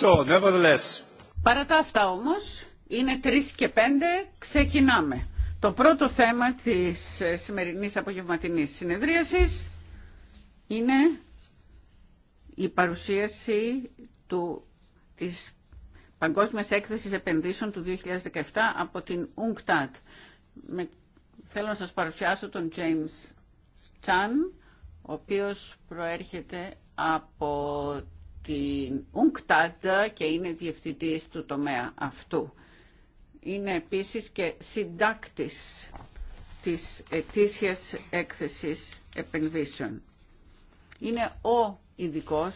So, nevertheless. Παρά τα αυτά όμως, είναι 3 και 5, ξεκινάμε. Το πρώτο θέμα της ε, σημερινής απογευματινής συνεδρίασης είναι η παρουσίαση του, της Παγκόσμιας Έκθεσης Επενδύσεων του 2017 από την UNCTAD. Με, θέλω να σας παρουσιάσω τον James Chan, ο οποίος προέρχεται από την UNCTAD και είναι διευθυντής του τομέα αυτού. Είναι επίσης και συντάκτης της ετήσιας έκθεσης επενδύσεων. Είναι ο ειδικό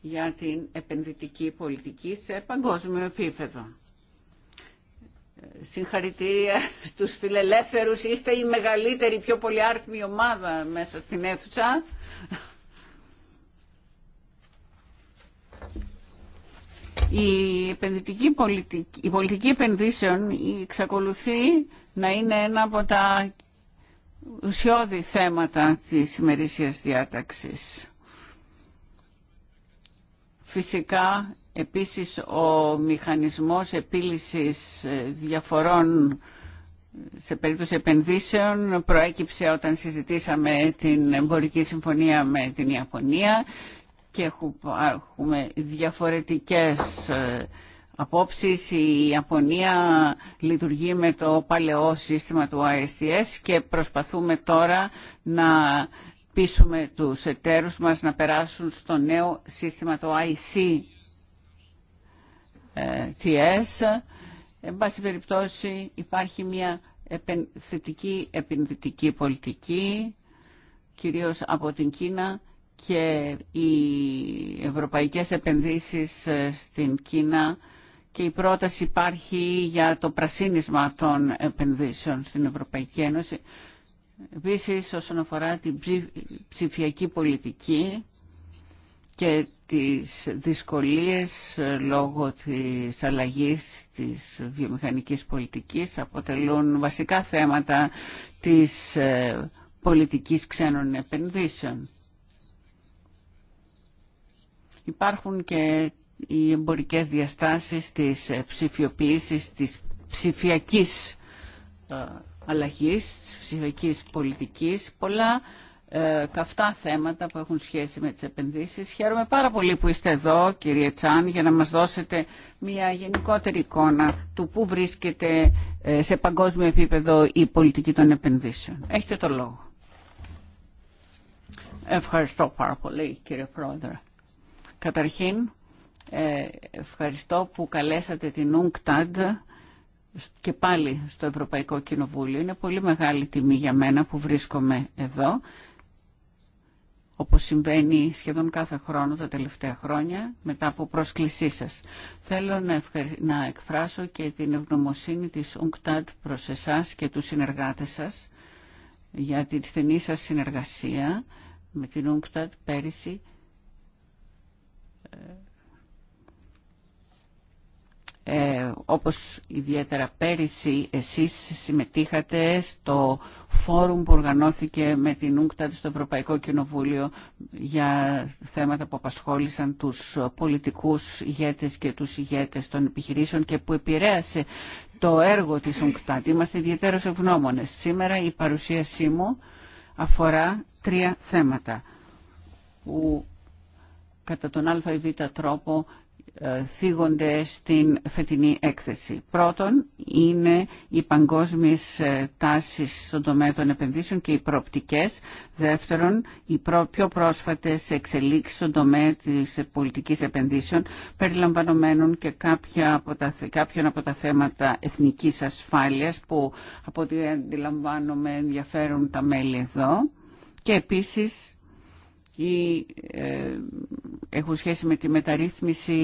για την επενδυτική πολιτική σε παγκόσμιο επίπεδο. Συγχαρητήρια στους φιλελεύθερους. Είστε η μεγαλύτερη, πιο πολυάριθμη ομάδα μέσα στην αίθουσα. Η, επενδυτική πολιτική, η πολιτική επενδύσεων εξακολουθεί να είναι ένα από τα ουσιώδη θέματα της ημερήσιας διάταξης. Φυσικά, επίσης, ο μηχανισμός επίλυσης διαφορών σε περίπτωση επενδύσεων προέκυψε όταν συζητήσαμε την εμπορική συμφωνία με την Ιαπωνία και έχουμε διαφορετικές ε, απόψεις. Η Ιαπωνία λειτουργεί με το παλαιό σύστημα του ISDS και προσπαθούμε τώρα να πείσουμε τους εταίρους μας να περάσουν στο νέο σύστημα το ICTS. Εν πάση περιπτώσει υπάρχει μια θετική επενδυτική πολιτική κυρίως από την Κίνα και οι ευρωπαϊκές επενδύσεις ε, στην Κίνα και η πρόταση υπάρχει για το πρασίνισμα των επενδύσεων στην Ευρωπαϊκή Ένωση. Επίσης, όσον αφορά την ψηφιακή πολιτική και τις δυσκολίες ε, λόγω της αλλαγής της βιομηχανικής πολιτικής αποτελούν βασικά θέματα της ε, πολιτικής ξένων επενδύσεων. Υπάρχουν και οι εμπορικές διαστάσεις της ε, ψηφιοποίησης, της ψηφιακής ε, αλλαγής, της ψηφιακής πολιτικής, πολλά ε, καυτά θέματα που έχουν σχέση με τις επενδύσεις. Χαίρομαι πάρα πολύ που είστε εδώ, κύριε Τσάν, για να μας δώσετε μια γενικότερη εικόνα του πού βρίσκεται σε παγκόσμιο επίπεδο η πολιτική των επενδύσεων. Έχετε το λόγο. Ευχαριστώ πάρα πολύ, κύριε Πρόεδρε. Καταρχήν, ε, ευχαριστώ που καλέσατε την UNCTAD και πάλι στο Ευρωπαϊκό Κοινοβούλιο. Είναι πολύ μεγάλη τιμή για μένα που βρίσκομαι εδώ, όπως συμβαίνει σχεδόν κάθε χρόνο τα τελευταία χρόνια, μετά από πρόσκλησή σας. Θέλω να, εκφράσω και την ευγνωμοσύνη της UNCTAD προς εσάς και τους συνεργάτες σας για την στενή σας συνεργασία με την UNCTAD πέρυσι ε, όπως ιδιαίτερα πέρυσι εσείς συμμετείχατε στο φόρουμ που οργανώθηκε με την ΟΚΤΑ στο Ευρωπαϊκό Κοινοβούλιο για θέματα που απασχόλησαν τους πολιτικούς ηγέτες και τους ηγέτες των επιχειρήσεων και που επηρέασε το έργο της ΟΚΤΑΤ. Είμαστε ιδιαίτερα ευγνώμονες. Σήμερα η παρουσίασή μου αφορά τρία θέματα κατά τον α τρόπο ε, θίγονται στην φετινή έκθεση. Πρώτον, είναι οι παγκόσμιες ε, τάσεις στον τομέα των επενδύσεων και οι προοπτικές. Δεύτερον, οι πιο πρόσφατες εξελίξεις στον τομέα της πολιτικής επενδύσεων, περιλαμβανομένων και κάποια από τα, κάποιων από τα θέματα εθνικής ασφάλειας, που από ό,τι αντιλαμβάνομαι ενδιαφέρουν τα μέλη εδώ. Και επίσης, ή ε, έχουν σχέση με τη μεταρρύθμιση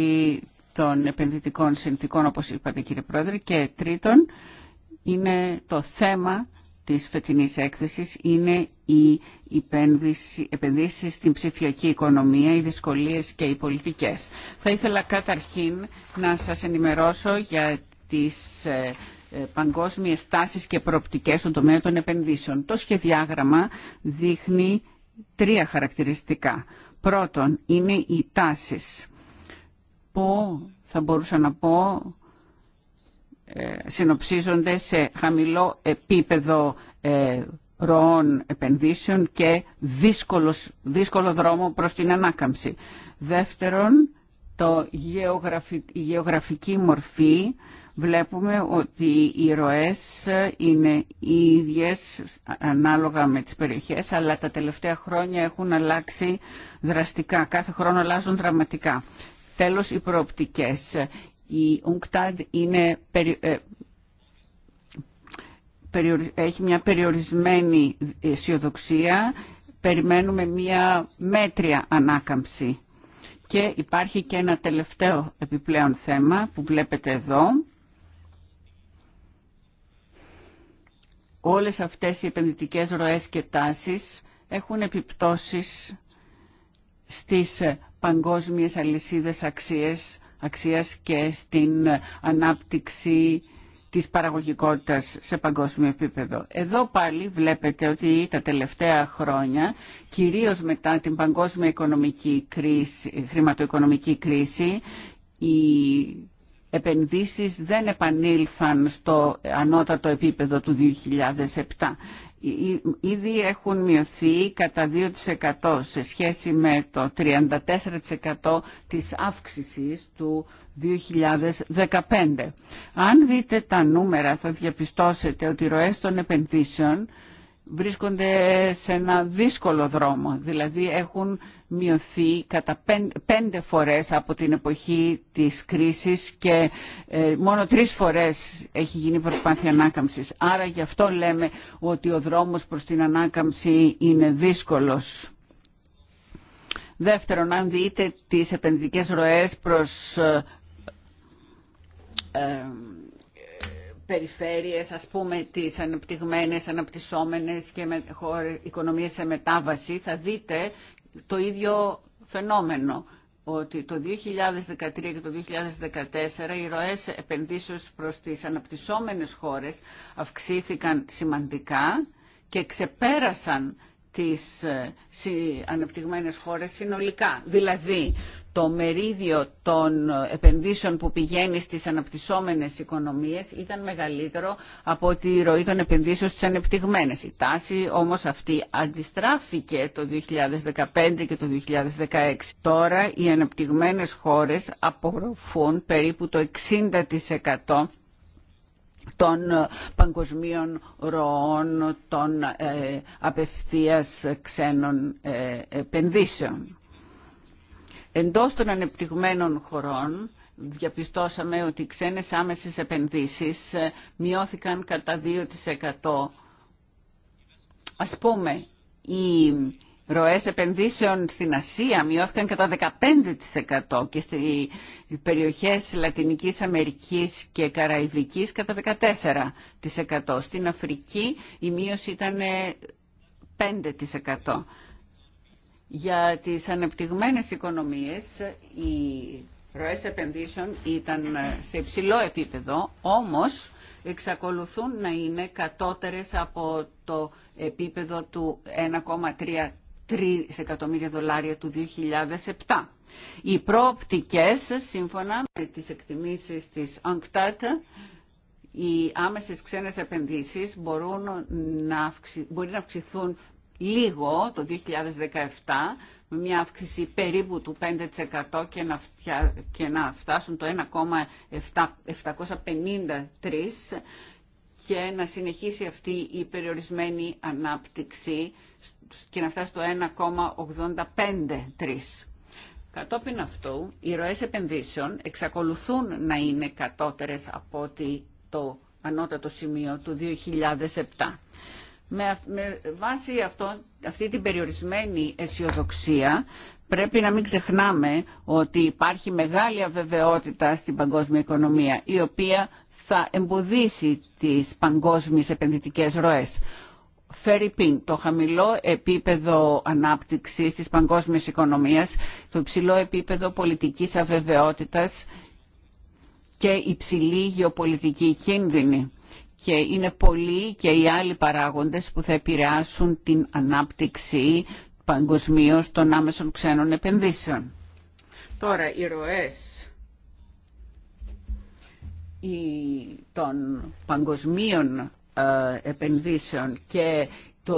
των επενδυτικών συνθήκων, όπως είπατε κύριε Πρόεδρε. Και τρίτον, είναι το θέμα της φετινής έκθεσης, είναι η επενδύσεις στην ψηφιακή οικονομία, οι δυσκολίες και οι πολιτικές. Θα ήθελα καταρχήν να σας ενημερώσω για τις ε, ε, παγκόσμιες τάσεις και προοπτικές στον τομέα των επενδύσεων. Το σχεδιάγραμμα δείχνει τρία χαρακτηριστικά. Πρώτον, είναι οι τάσεις που θα μπορούσα να πω ε, συνοψίζονται σε χαμηλό επίπεδο ε, ροών επενδύσεων και δύσκολος, δύσκολο δρόμο προς την ανάκαμψη. Δεύτερον, το η γεωγραφική μορφή βλέπουμε ότι οι ροές είναι οι ίδιες ανάλογα με τις περιοχές, αλλά τα τελευταία χρόνια έχουν αλλάξει δραστικά. Κάθε χρόνο αλλάζουν δραματικά. Τέλος, οι προοπτικές. Η UNCTAD είναι ε, έχει μια περιορισμένη αισιοδοξία, περιμένουμε μια μέτρια ανάκαμψη. Και υπάρχει και ένα τελευταίο επιπλέον θέμα που βλέπετε εδώ, όλες αυτές οι επενδυτικές ροές και τάσεις έχουν επιπτώσεις στις παγκόσμιες αλυσίδες αξίες, αξίας και στην ανάπτυξη της παραγωγικότητας σε παγκόσμιο επίπεδο. Εδώ πάλι βλέπετε ότι τα τελευταία χρόνια, κυρίως μετά την παγκόσμια οικονομική κρίση, χρηματοοικονομική κρίση, η επενδύσεις δεν επανήλθαν στο ανώτατο επίπεδο του 2007. Ήδη έχουν μειωθεί κατά 2% σε σχέση με το 34% της αύξησης του 2015. Αν δείτε τα νούμερα θα διαπιστώσετε ότι οι ροές των επενδύσεων βρίσκονται σε ένα δύσκολο δρόμο, δηλαδή έχουν μειωθεί κατά πέντε φορές από την εποχή της κρίσης και ε, μόνο τρεις φορές έχει γίνει προσπάθεια ανάκαμψης. Άρα γι' αυτό λέμε ότι ο δρόμος προς την ανάκαμψη είναι δύσκολος. Δεύτερον, αν δείτε τις επενδυτικές ροές προς ε, ε, περιφέρειες, ας πούμε, τις ανεπτυγμένες, αναπτυσσόμενες και με, οικονομίες σε μετάβαση, θα δείτε το ίδιο φαινόμενο ότι το 2013 και το 2014 οι ροές επενδύσεως προς τις αναπτυσσόμενες χώρες αυξήθηκαν σημαντικά και ξεπέρασαν τις ε, αναπτυγμένες χώρες συνολικά. Δηλαδή, το μερίδιο των επενδύσεων που πηγαίνει στις αναπτυσσόμενες οικονομίες ήταν μεγαλύτερο από τη ροή των επενδύσεων στις ανεπτυγμένες. Η τάση όμως αυτή αντιστράφηκε το 2015 και το 2016. Τώρα οι αναπτυγμένες χώρες απορροφούν περίπου το 60% των παγκοσμίων ροών των ε, απευθείας ξένων ε, επενδύσεων. Εντός των ανεπτυγμένων χωρών διαπιστώσαμε ότι οι ξένες άμεσες επενδύσεις ε, μειώθηκαν κατά 2%. Ας πούμε, οι ροές επενδύσεων στην Ασία μειώθηκαν κατά 15% και στις περιοχές Λατινικής Αμερικής και Καραϊβικής κατά 14%. Στην Αφρική η μείωση ήταν 5%. Ε, για τις ανεπτυγμένες οικονομίες οι ροές επενδύσεων ήταν σε υψηλό επίπεδο, όμως εξακολουθούν να είναι κατώτερες από το επίπεδο του 1,33 εκατομμύρια δολάρια του 2007. Οι προοπτικές, σύμφωνα με τις εκτιμήσεις της UNCTAD, οι άμεσες ξένες επενδύσεις μπορούν να μπορεί να αυξηθούν λίγο το 2017 με μια αύξηση περίπου του 5% και να, φτάσουν το 1,753 και να συνεχίσει αυτή η περιορισμένη ανάπτυξη και να φτάσει το 1,853. Κατόπιν αυτού, οι ροές επενδύσεων εξακολουθούν να είναι κατώτερες από το ανώτατο σημείο του 2007. Με, βάση αυτό, αυτή την περιορισμένη αισιοδοξία πρέπει να μην ξεχνάμε ότι υπάρχει μεγάλη αβεβαιότητα στην παγκόσμια οικονομία η οποία θα εμποδίσει τις παγκόσμιες επενδυτικές ροές. πίν το χαμηλό επίπεδο ανάπτυξης της παγκόσμιας οικονομίας, το υψηλό επίπεδο πολιτικής αβεβαιότητας και υψηλή γεωπολιτική κίνδυνη και είναι πολλοί και οι άλλοι παράγοντες που θα επηρεάσουν την ανάπτυξη παγκοσμίω των άμεσων ξένων επενδύσεων. Τώρα, οι ροές των παγκοσμίων ε, επενδύσεων και το,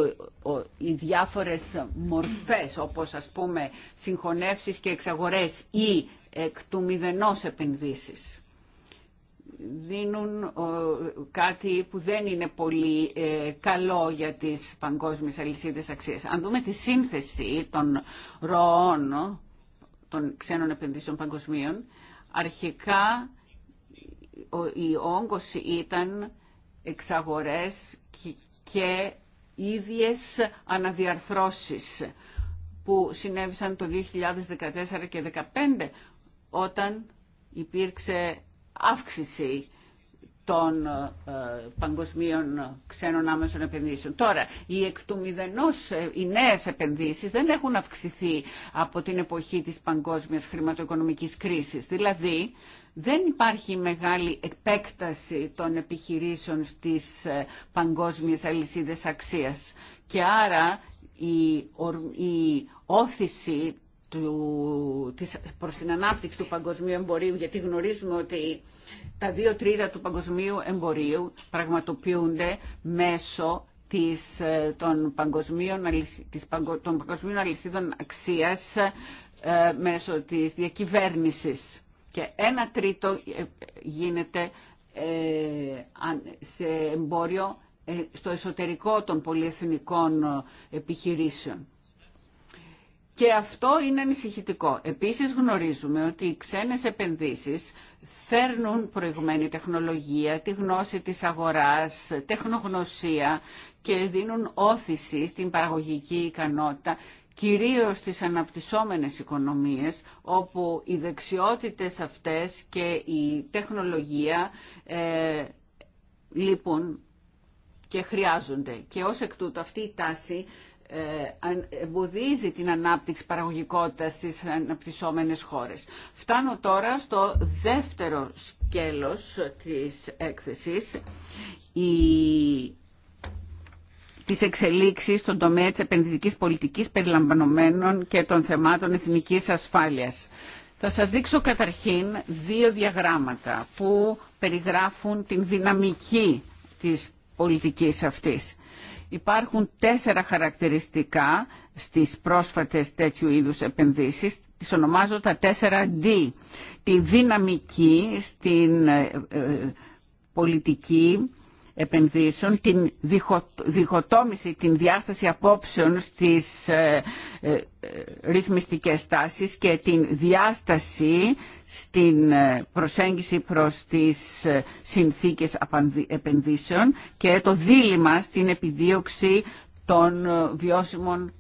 οι διάφορες μορφές όπως ας πούμε συγχωνεύσεις και εξαγορές ή εκ του μηδενός επενδύσεις δίνουν κάτι που δεν είναι πολύ ε, καλό για τις παγκόσμιες αλυσίδες αξίες. Αν δούμε τη σύνθεση των ροών των ξένων επενδύσεων παγκοσμίων, αρχικά η όγκος ήταν εξαγορές και ίδιες αναδιαρθρώσεις που συνέβησαν το 2014 και 2015 όταν υπήρξε αύξηση των ε, παγκοσμίων ξένων άμεσων επενδύσεων. Τώρα, οι εκ του ε, οι νέες επενδύσεις δεν έχουν αυξηθεί από την εποχή της παγκόσμιας χρηματοοικονομικής κρίσης. Δηλαδή, δεν υπάρχει μεγάλη επέκταση των επιχειρήσεων στις ε, παγκόσμιες αλυσίδες αξίας. Και άρα η, η όθηση του, της, προς την ανάπτυξη του παγκοσμίου εμπορίου, γιατί γνωρίζουμε ότι τα δύο τρίτα του παγκοσμίου εμπορίου πραγματοποιούνται μέσω της, ε, των, παγκοσμίων, της, των παγκοσμίων αλυσίδων αξίας ε, μέσω της διακυβέρνησης. Και ένα τρίτο ε, γίνεται σε εμπόριο στο εσωτερικό των πολυεθνικών επιχειρήσεων. Και αυτό είναι ανησυχητικό. Επίσης γνωρίζουμε ότι οι ξένες επενδύσεις φέρνουν προηγμένη τεχνολογία, τη γνώση της αγοράς, τεχνογνωσία και δίνουν όθηση στην παραγωγική ικανότητα κυρίως στις αναπτυσσόμενες οικονομίες, όπου οι δεξιότητες αυτές και η τεχνολογία ε, λείπουν και χρειάζονται. Και ως εκ τούτου αυτή η τάση ε, εμποδίζει την ανάπτυξη παραγωγικότητας στις αναπτυσσόμενες χώρες. Φτάνω τώρα στο δεύτερο σκέλος της έκθεσης, η τις εξελίξεις στον τομέα της επενδυτικής πολιτικής περιλαμβανομένων και των θεμάτων εθνικής ασφάλειας. Θα σας δείξω καταρχήν δύο διαγράμματα που περιγράφουν την δυναμική της πολιτικής αυτής. Υπάρχουν τέσσερα χαρακτηριστικά στις πρόσφατες τέτοιου είδους επενδύσεις, τις ονομάζω τα τέσσερα D. Τη δυναμική στην ε, ε, πολιτική, επενδύσεων, την διχοτόμηση, την διάσταση απόψεων στις ε, ε, ρυθμιστικές τάσεις και την διάσταση στην ε, προσέγγιση προς τις ε, συνθήκες επενδύσεων και το δίλημα στην επιδίωξη των ε, βιώσιμων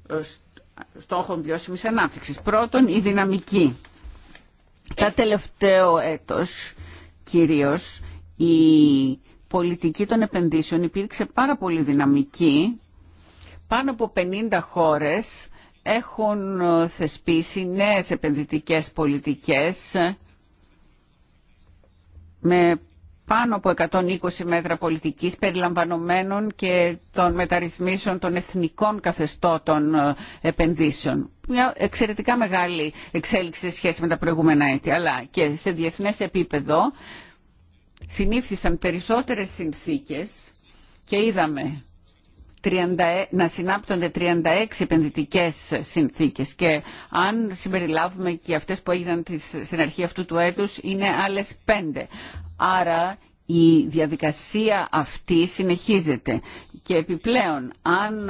στόχων βιώσιμης ανάπτυξης. Πρώτον, η δυναμική. Τα τελευταίο έτος κυρίως η πολιτική των επενδύσεων υπήρξε πάρα πολύ δυναμική. Πάνω από 50 χώρες έχουν ε, θεσπίσει νέες επενδυτικές πολιτικές με πάνω από 120 μέτρα πολιτικής περιλαμβανομένων και των μεταρρυθμίσεων των εθνικών καθεστώτων ε, επενδύσεων. Μια εξαιρετικά μεγάλη εξέλιξη σε σχέση με τα προηγούμενα έτη, αλλά και σε διεθνές επίπεδο συνήφθησαν περισσότερες συνθήκες και είδαμε 30, ε, να συνάπτονται 36 επενδυτικέ συνθήκες και αν συμπεριλάβουμε και αυτές που έγιναν στην αρχή αυτού του έτους είναι άλλες 5. Άρα η διαδικασία αυτή συνεχίζεται και επιπλέον αν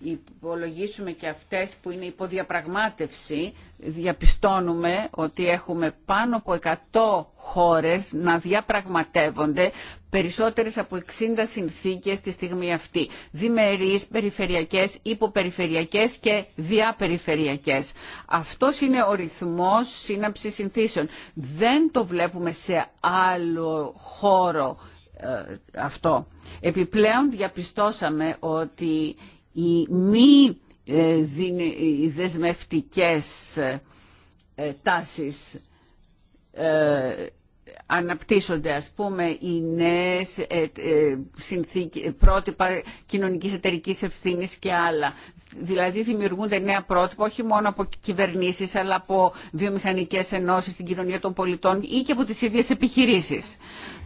υπολογίσουμε και αυτές που είναι υποδιαπραγμάτευση, διαπιστώνουμε ότι έχουμε πάνω από 100 χώρες να διαπραγματεύονται περισσότερες από 60 συνθήκες τη στιγμή αυτή. Διμερείς, περιφερειακές, υποπεριφερειακές και διαπεριφερειακές. Αυτός είναι ο ρυθμός σύναψης συνθήσεων. Δεν το βλέπουμε σε άλλο χώρο ε, αυτό. Επιπλέον διαπιστώσαμε ότι οι μη ε, δεσμευτικές ε, τάσεις ε, αναπτύσσονται ας πούμε οι νέες ε, ε, πρότυπα κοινωνικής εταιρικής ευθύνης και άλλα. Δηλαδή δημιουργούνται νέα πρότυπα όχι μόνο από κυβερνήσεις αλλά από βιομηχανικές ενώσεις στην κοινωνία των πολιτών ή και από τις ίδιες επιχειρήσεις.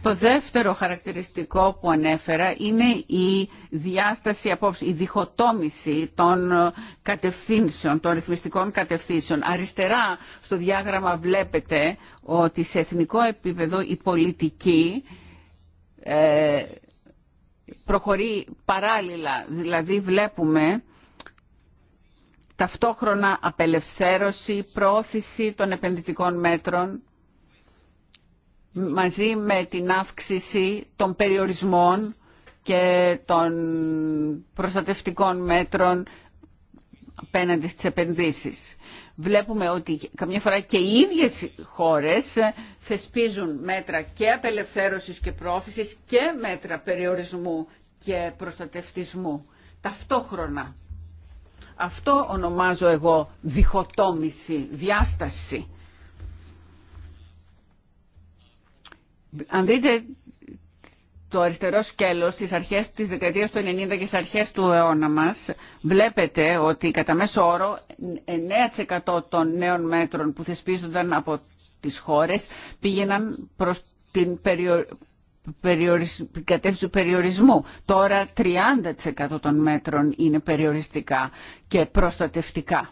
Το δεύτερο χαρακτηριστικό που ανέφερα είναι η διάσταση απόψη, η διχοτόμηση των κατευθύνσεων, των ρυθμιστικών κατευθύνσεων. Αριστερά στο διάγραμμα βλέπετε ότι σε εθνικό επίπεδο η πολιτική ε, προχωρεί παράλληλα. Δηλαδή βλέπουμε ταυτόχρονα απελευθέρωση, προώθηση των επενδυτικών μέτρων μαζί με την αύξηση των περιορισμών και των προστατευτικών μέτρων απέναντι στις επενδύσεις βλέπουμε ότι καμιά φορά και οι ίδιες χώρες θεσπίζουν μέτρα και απελευθέρωσης και πρόθεσης και μέτρα περιορισμού και προστατευτισμού ταυτόχρονα. Αυτό ονομάζω εγώ διχοτόμηση, διάσταση. Αν δείτε το αριστερό σκέλος στις αρχές της δεκαετίας του 90 και στις αρχές του αιώνα μας βλέπετε ότι κατά μέσο όρο 9% των νέων μέτρων που θεσπίζονταν από τις χώρες πήγαιναν προς την κατεύθυνση του περιορισμού. Τώρα 30% των μέτρων είναι περιοριστικά και προστατευτικά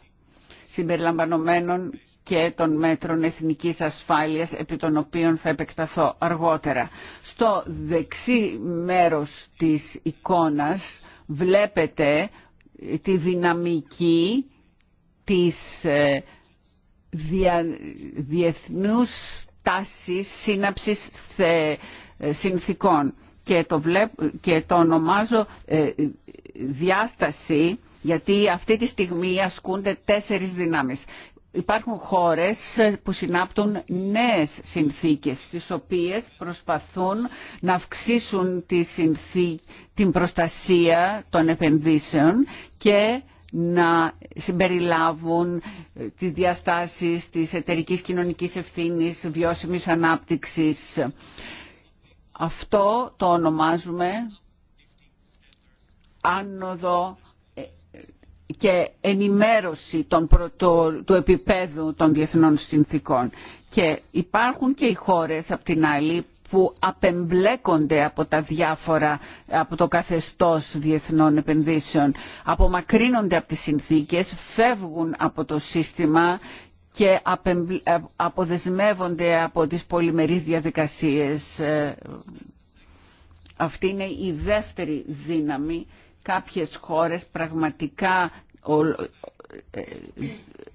συμπεριλαμβανομένων και των μέτρων εθνικής ασφάλειας επί των οποίων θα επεκταθώ αργότερα. Στο δεξί μέρος της εικόνας βλέπετε τη δυναμική της ε, δια, διεθνούς τάσης σύναψης θε, ε, συνθήκων και το, ονομάζω ε, διάσταση γιατί αυτή τη στιγμή ασκούνται τέσσερις δυνάμεις υπάρχουν χώρες ε, που συνάπτουν νέες συνθήκες, στις οποίες προσπαθούν να αυξήσουν τη συνθή, την προστασία των επενδύσεων και να συμπεριλάβουν ε, τις διαστάσεις της εταιρικής κοινωνικής ευθύνης, βιώσιμης ανάπτυξης. Αυτό το ονομάζουμε άνοδο ε, και ενημέρωση των του επίπεδου των διεθνών συνθήκων. Και υπάρχουν και οι χώρες, απ' την άλλη, που απεμπλέκονται από τα διάφορα, από το καθεστώς διεθνών επενδύσεων, απομακρύνονται από τις συνθήκες, φεύγουν από το σύστημα και αποδεσμεύονται από τις πολυμερείς διαδικασίες. Ε, αυτή είναι η δεύτερη δύναμη κάποιες χώρες πραγματικά ε,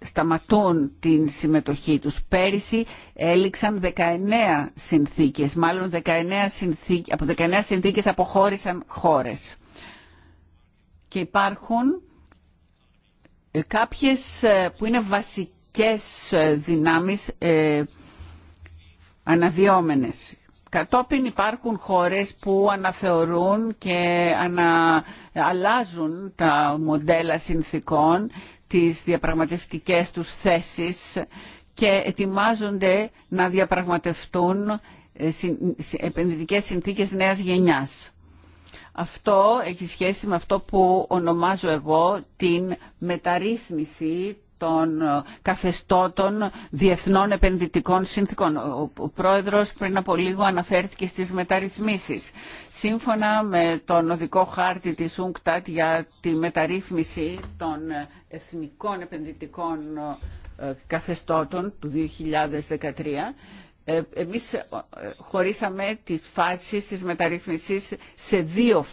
σταματούν την συμμετοχή τους. Πέρυσι έληξαν 19 συνθήκες, μάλλον 19 συνθήκες, από 19 συνθήκες αποχώρησαν χώρες. Και υπάρχουν ε, κάποιες ε, που είναι βασικές δυνάμεις αναδιόμενες. Κατόπιν υπάρχουν χώρες που αναθεωρούν και ανα... αλλάζουν τα μοντέλα συνθήκων, τις διαπραγματευτικές τους θέσεις και ετοιμάζονται να διαπραγματευτούν ε, επενδυτικές συνθήκες νέας γενιάς. Αυτό έχει σχέση με αυτό που ονομάζω εγώ την μεταρρύθμιση των ε, καθεστώτων διεθνών επενδυτικών συνθήκων. Ο πρόεδρος πριν από λίγο αναφέρθηκε στις μεταρρυθμίσεις. Σύμφωνα με τον οδικό χάρτη της UNCTAD για τη μεταρρύθμιση των ε, εθνικών επενδυτικών ε, καθεστώτων του 2013, εμείς χωρίσαμε τις φάσεις της μεταρρύθμισης σε δύο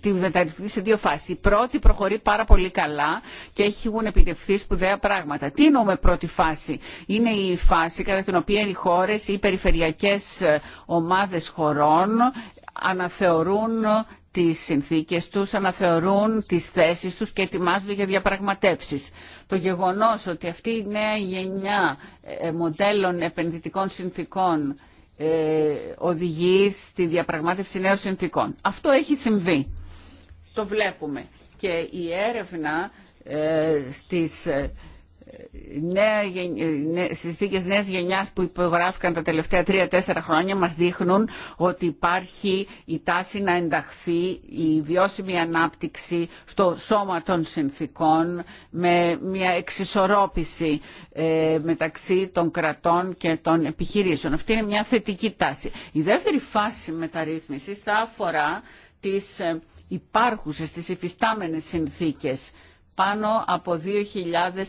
τη μεταρρυθμίσει σε δύο φάσει. Η πρώτη προχωρεί πάρα πολύ καλά και έχουν επιτευχθεί σπουδαία πράγματα. Τι εννοούμε πρώτη φάση. Είναι η φάση κατά την οποία οι χώρε ή οι περιφερειακές ε, ομάδες χωρών αναθεωρούν ε, τις συνθήκες τους, αναθεωρούν τις θέσεις τους και ετοιμάζονται για διαπραγματεύσεις. Το γεγονός ότι αυτή η νέα γενιά ε, μοντέλων επενδυτικών συνθήκων ε, οδηγεί στη διαπραγμάτευση νέων συνθήκων. Αυτό έχει συμβεί. Το βλέπουμε. Και η έρευνα ε, στις ε, νέα, ε, συνθήκες νέας γενιάς που υπογράφηκαν τα τελευταία τρία-τέσσερα χρόνια μας δείχνουν ότι υπάρχει η τάση να ενταχθεί η βιώσιμη ανάπτυξη στο σώμα των συνθήκων με μια εξισορρόπηση ε, μεταξύ των κρατών και των επιχειρήσεων. Αυτή είναι μια θετική τάση. Η δεύτερη φάση μεταρρύθμισης θα αφορά τις ε, υπάρχουσες, τις υφιστάμενες συνθήκες πάνω από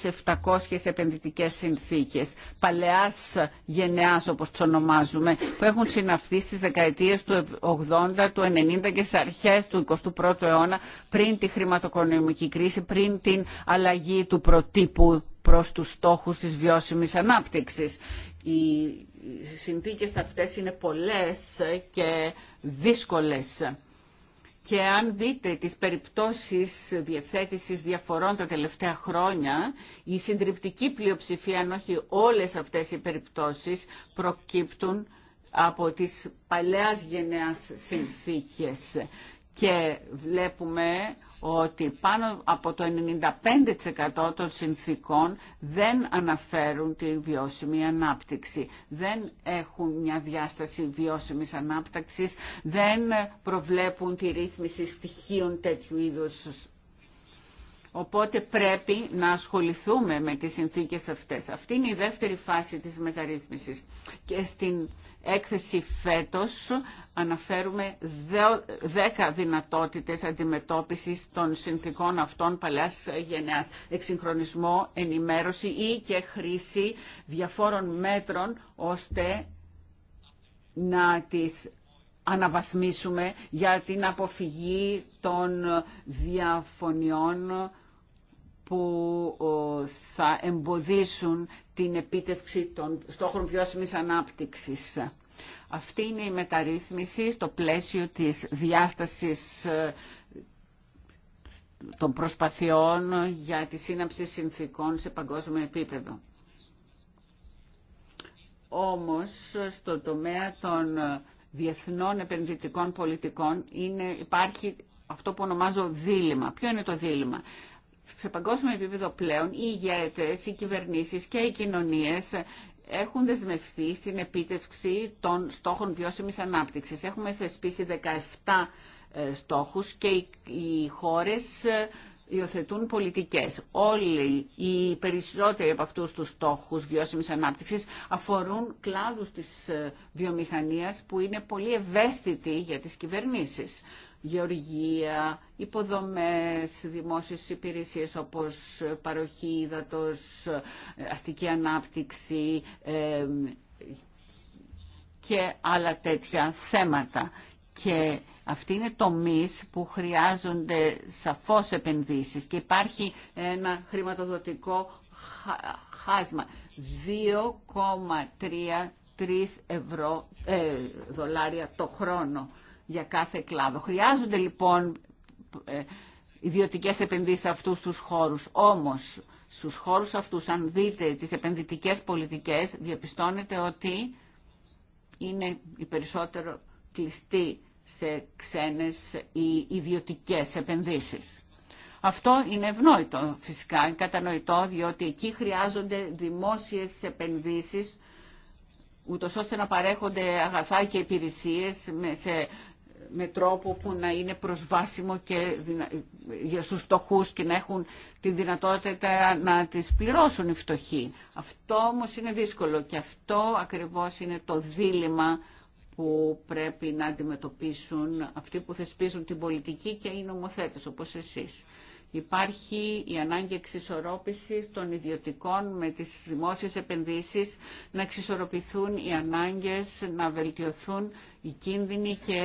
2.700 επενδυτικές συνθήκες παλαιάς γενεάς όπως τους ονομάζουμε που έχουν συναυθεί στις δεκαετίες του 80, του 90 και στις αρχές του 21ου αιώνα πριν τη χρηματοοικονομική κρίση, πριν την αλλαγή του προτύπου προς τους στόχους της βιώσιμης ανάπτυξης. Οι συνθήκες αυτές είναι πολλές και δύσκολες και αν δείτε τις περιπτώσεις διευθέτησης διαφορών τα τελευταία χρόνια, η συντριπτική πλειοψηφία, αν όχι όλες αυτές οι περιπτώσεις, προκύπτουν από τις παλαιάς γενεάς συνθήκες και βλέπουμε ότι πάνω από το 95% των συνθήκων δεν αναφέρουν τη βιώσιμη ανάπτυξη. Δεν έχουν μια διάσταση βιώσιμης ανάπτυξης, δεν προβλέπουν τη ρύθμιση στοιχείων τέτοιου είδους. Οπότε πρέπει να ασχοληθούμε με τις συνθήκες αυτές. Αυτή είναι η δεύτερη φάση της μεταρρύθμισης. Και στην έκθεση φέτος αναφέρουμε δέκα δυνατότητες αντιμετώπισης των συνθήκων αυτών παλαιάς γενεάς. Εξυγχρονισμό, ενημέρωση ή και χρήση διαφόρων μέτρων ώστε να τις αναβαθμίσουμε για την αποφυγή των διαφωνιών που θα εμποδίσουν την επίτευξη των στόχων βιώσιμης ανάπτυξης. Αυτή είναι η μεταρρύθμιση στο πλαίσιο της διάστασης ε, των προσπαθειών για τη σύναψη συνθήκων σε παγκόσμιο επίπεδο. Όμως, στο τομέα των διεθνών επενδυτικών πολιτικών είναι, υπάρχει αυτό που ονομάζω δίλημα. Ποιο είναι το δίλημα. Σε παγκόσμιο επίπεδο πλέον οι ηγέτες, οι κυβερνήσεις και οι κοινωνίες έχουν δεσμευτεί στην επίτευξη των στόχων βιώσιμης ανάπτυξης. Έχουμε θεσπίσει 17 ε, στόχους και οι χώρες ε, υιοθετούν πολιτικές. Όλοι οι περισσότεροι από αυτούς τους στόχους βιώσιμης ανάπτυξης αφορούν κλάδους της ε, βιομηχανίας που είναι πολύ ευαίσθητοι για τις κυβερνήσεις γεωργία, υποδομές, δημόσιες υπηρεσίες όπως παροχή ύδατος, αστική ανάπτυξη και άλλα τέτοια θέματα. Και αυτοί είναι τομείς που χρειάζονται σαφώς επενδύσεις και υπάρχει ένα χρηματοδοτικό χάσμα 2,33 ευρώ ε, δολάρια το χρόνο για κάθε κλάδο. Χρειάζονται λοιπόν ε, ιδιωτικές επενδύσεις σε αυτούς τους χώρους. Όμως, στους χώρους αυτούς, αν δείτε τις επενδυτικές πολιτικές, διαπιστώνετε ότι είναι η περισσότερο κλειστή σε ξένες ή ιδιωτικές επενδύσεις. Αυτό είναι ευνόητο φυσικά, είναι κατανοητό, διότι εκεί χρειάζονται δημόσιες επενδύσεις, ούτω ώστε να παρέχονται αγαθά και υπηρεσίες σε με τρόπο που να είναι προσβάσιμο και για στους φτωχούς και να έχουν τη δυνατότητα να τις πληρώσουν οι φτωχοί. Αυτό όμω είναι δύσκολο και αυτό ακριβώς είναι το δίλημα που πρέπει να αντιμετωπίσουν αυτοί που θεσπίζουν την πολιτική και οι νομοθέτες όπως εσείς. Υπάρχει η ανάγκη εξισορρόπησης των ιδιωτικών με τις δημόσιες επενδύσεις, να εξισορροπηθούν οι ανάγκες, να βελτιωθούν οι κίνδυνοι και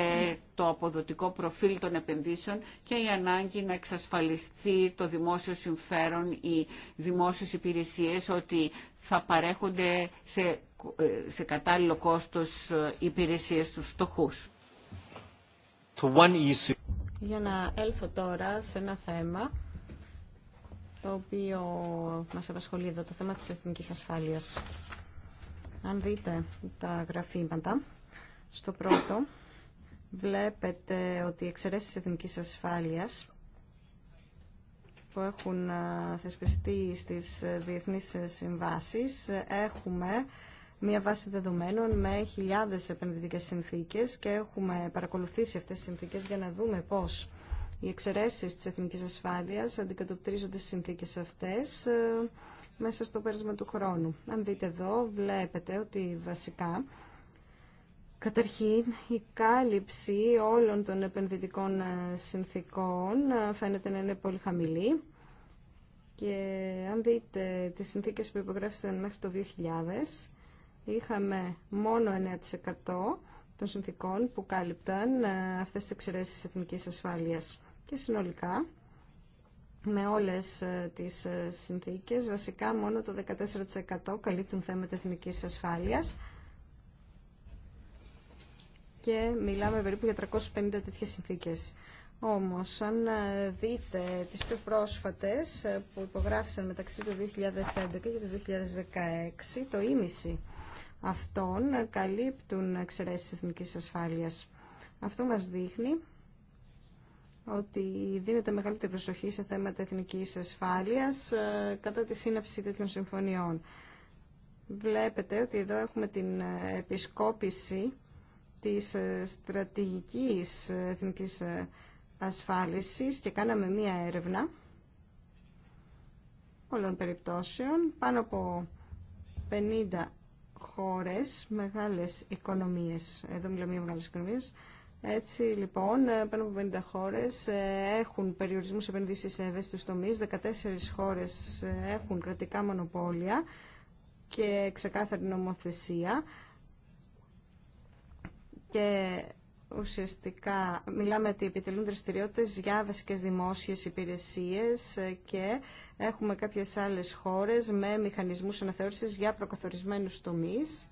το αποδοτικό προφίλ των επενδύσεων και η ανάγκη να εξασφαλιστεί το δημόσιο συμφέρον, οι δημόσιες υπηρεσίες, ότι θα παρέχονται σε, σε κατάλληλο κόστος ε, υπηρεσίες στους φτωχούς για να έλθω τώρα σε ένα θέμα το οποίο μας απασχολεί εδώ, το θέμα της εθνικής ασφάλειας. Αν δείτε τα γραφήματα, στο πρώτο βλέπετε ότι οι εξαιρέσεις της εθνικής ασφάλειας που έχουν ε, θεσπιστεί στις ε, διεθνείς ε, συμβάσεις έχουμε μια βάση δεδομένων με χιλιάδες επενδυτικές συνθήκες και έχουμε παρακολουθήσει αυτές τις συνθήκες για να δούμε πώς οι εξαιρέσεις της εθνικής ασφάλειας αντικατοπτρίζονται στις συνθήκες αυτές ε, μέσα στο πέρασμα του χρόνου. Αν δείτε εδώ, βλέπετε ότι βασικά Καταρχήν, η κάλυψη όλων των επενδυτικών ε, συνθήκων ε, φαίνεται να είναι πολύ χαμηλή και αν δείτε τις συνθήκες που υπογράφησαν μέχρι το 2000, είχαμε μόνο 9% των συνθήκων που κάλυπταν ε, αυτές τις εξαιρέσεις εθνικής ασφάλειας. Και συνολικά, με όλες ε, τις ε, συνθήκες, βασικά μόνο το 14% καλύπτουν θέματα εθνικής ασφάλειας και μιλάμε περίπου για 350 τέτοιες συνθήκες. Όμως, αν δείτε τις πιο πρόσφατες που υπογράφησαν μεταξύ του 2011 και του 2016, το ίμιση αυτών καλύπτουν εξαιρέσεις εθνικής ασφάλειας. Αυτό μας δείχνει ότι δίνεται μεγαλύτερη προσοχή σε θέματα εθνικής ασφάλειας ε, κατά τη σύναψη τέτοιων συμφωνιών. Βλέπετε ότι εδώ έχουμε την ε, επισκόπηση της ε, στρατηγικής εθνικής ασφάλισης και κάναμε μία έρευνα όλων περιπτώσεων, πάνω από 50 χώρες, μεγάλες οικονομίες, εδώ μιλάμε για μεγάλες οικονομίες, έτσι λοιπόν, πάνω από 50 χώρε ε, έχουν περιορισμού επενδύσει σε ευαίσθητου τομεί, 14 χώρε ε, έχουν κρατικά μονοπόλια και ξεκάθαρη νομοθεσία. Και ουσιαστικά μιλάμε ότι επιτελούν δραστηριότητες για βασικές δημόσιες υπηρεσίες και έχουμε κάποιες άλλες χώρες με μηχανισμούς αναθεώρησης για προκαθορισμένους τομείς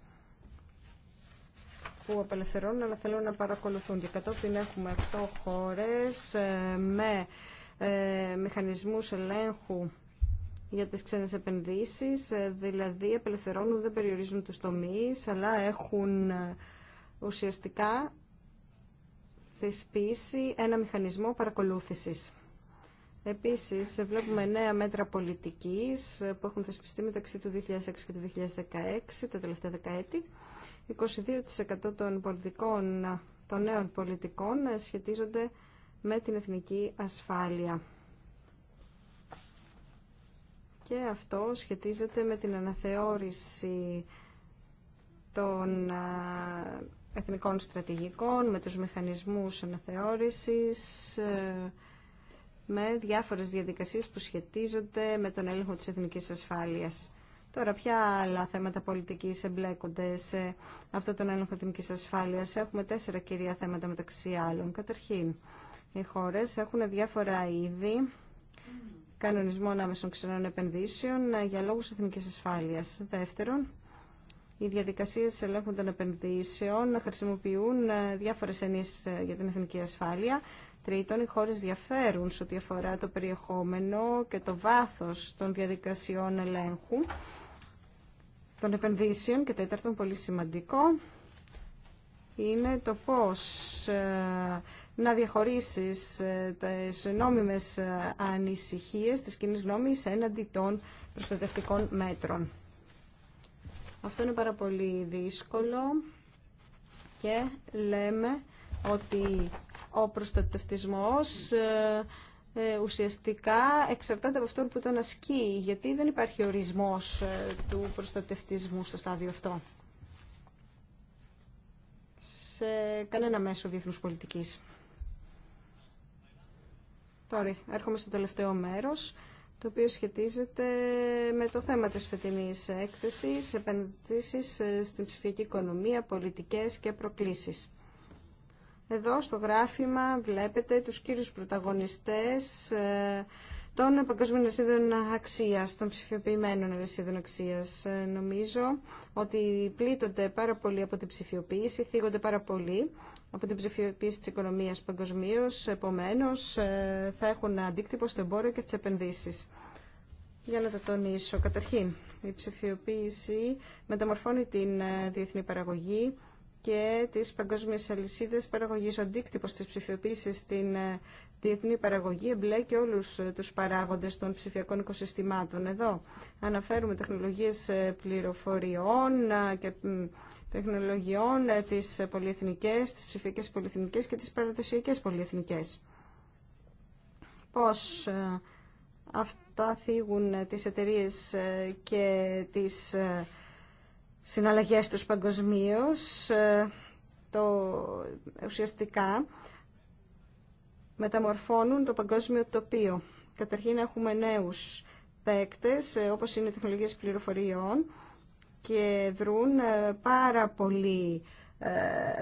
που απελευθερώνουν αλλά θέλουν να παρακολουθούν και κατόπιν έχουμε 8 χώρες ε, με ε, μηχανισμούς ελέγχου για τις ξένες επενδύσεις, ε, δηλαδή απελευθερώνουν, δεν περιορίζουν τους τομείς, αλλά έχουν ουσιαστικά θεσπίσει ένα μηχανισμό παρακολούθησης. Επίσης, βλέπουμε νέα μέτρα πολιτικής που έχουν θεσπιστεί μεταξύ του 2006 και του 2016, τα τελευταία δεκαέτη. 22% των, πολιτικών, των νέων πολιτικών σχετίζονται με την εθνική ασφάλεια. Και αυτό σχετίζεται με την αναθεώρηση των εθνικών στρατηγικών, με τους μηχανισμούς αναθεώρησης, ε, με διάφορες διαδικασίες που σχετίζονται με τον έλεγχο της εθνικής ασφάλειας. Τώρα, ποια άλλα θέματα πολιτικής εμπλέκονται σε αυτό τον έλεγχο εθνικής ασφάλειας. Έχουμε τέσσερα κυρία θέματα μεταξύ άλλων. Καταρχήν, οι χώρες έχουν διάφορα είδη κανονισμών άμεσων ξενών επενδύσεων ε, για λόγους εθνικής ασφάλειας. Δεύτερον, οι διαδικασίες ελέγχου των επενδύσεων χρησιμοποιούν ε, διάφορες ενίες ε, για την εθνική ασφάλεια. Τρίτον, οι χώρες διαφέρουν σε ό,τι αφορά το περιεχόμενο και το βάθος των διαδικασιών ελέγχου των επενδύσεων. Και τέταρτον, πολύ σημαντικό, είναι το πώ ε, να διαχωρίσεις τι νόμιμες ανησυχίε της κοινή γνώμη έναντι των προστατευτικών μέτρων. Αυτό είναι πάρα πολύ δύσκολο και λέμε ότι ο προστατευτισμός ε, ε, ουσιαστικά εξαρτάται από αυτόν που τον ασκεί, γιατί δεν υπάρχει ορισμός ε, του προστατευτισμού στο στάδιο αυτό σε κανένα μέσο διεθνούς πολιτικής. Τώρα έρχομαι στο τελευταίο μέρος το οποίο σχετίζεται με το θέμα της φετινής έκθεσης, επενδύσεις ε, στην ψηφιακή οικονομία, πολιτικές και προκλήσεις. Εδώ στο γράφημα βλέπετε τους κύριους πρωταγωνιστές ε, των παγκοσμίων αλυσίδων αξία, των ψηφιοποιημένων αλυσίδων αξία. Ε, νομίζω ότι πλήττονται πάρα πολύ από την ψηφιοποίηση, θίγονται πάρα πολύ από την ψηφιοποίηση της οικονομίας παγκοσμίω, επομένως ε, θα έχουν αντίκτυπο στο εμπόριο και στις επενδύσεις. Για να το τονίσω, καταρχήν, η ψηφιοποίηση μεταμορφώνει την ε, διεθνή παραγωγή και τις παγκόσμιες αλυσίδες παραγωγής. Ο αντίκτυπος τη ψηφιοποίηση στην ε, διεθνή παραγωγή εμπλέκει όλους τους παράγοντες των ψηφιακών οικοσυστημάτων. Εδώ αναφέρουμε τεχνολογίες πληροφοριών και τεχνολογιών, ε, τις πολυεθνικές, τις ψηφιακές πολυεθνικές και τις παραδοσιακές πολυεθνικές. Πώς ε, αυτά θίγουν ε, τις εταιρείες και τις συναλλαγές τους παγκοσμίω, το ουσιαστικά μεταμορφώνουν το παγκόσμιο τοπίο. Καταρχήν έχουμε νέους παίκτες, όπως είναι οι τεχνολογίες πληροφοριών, και δρούν ε, πάρα πολύ ε,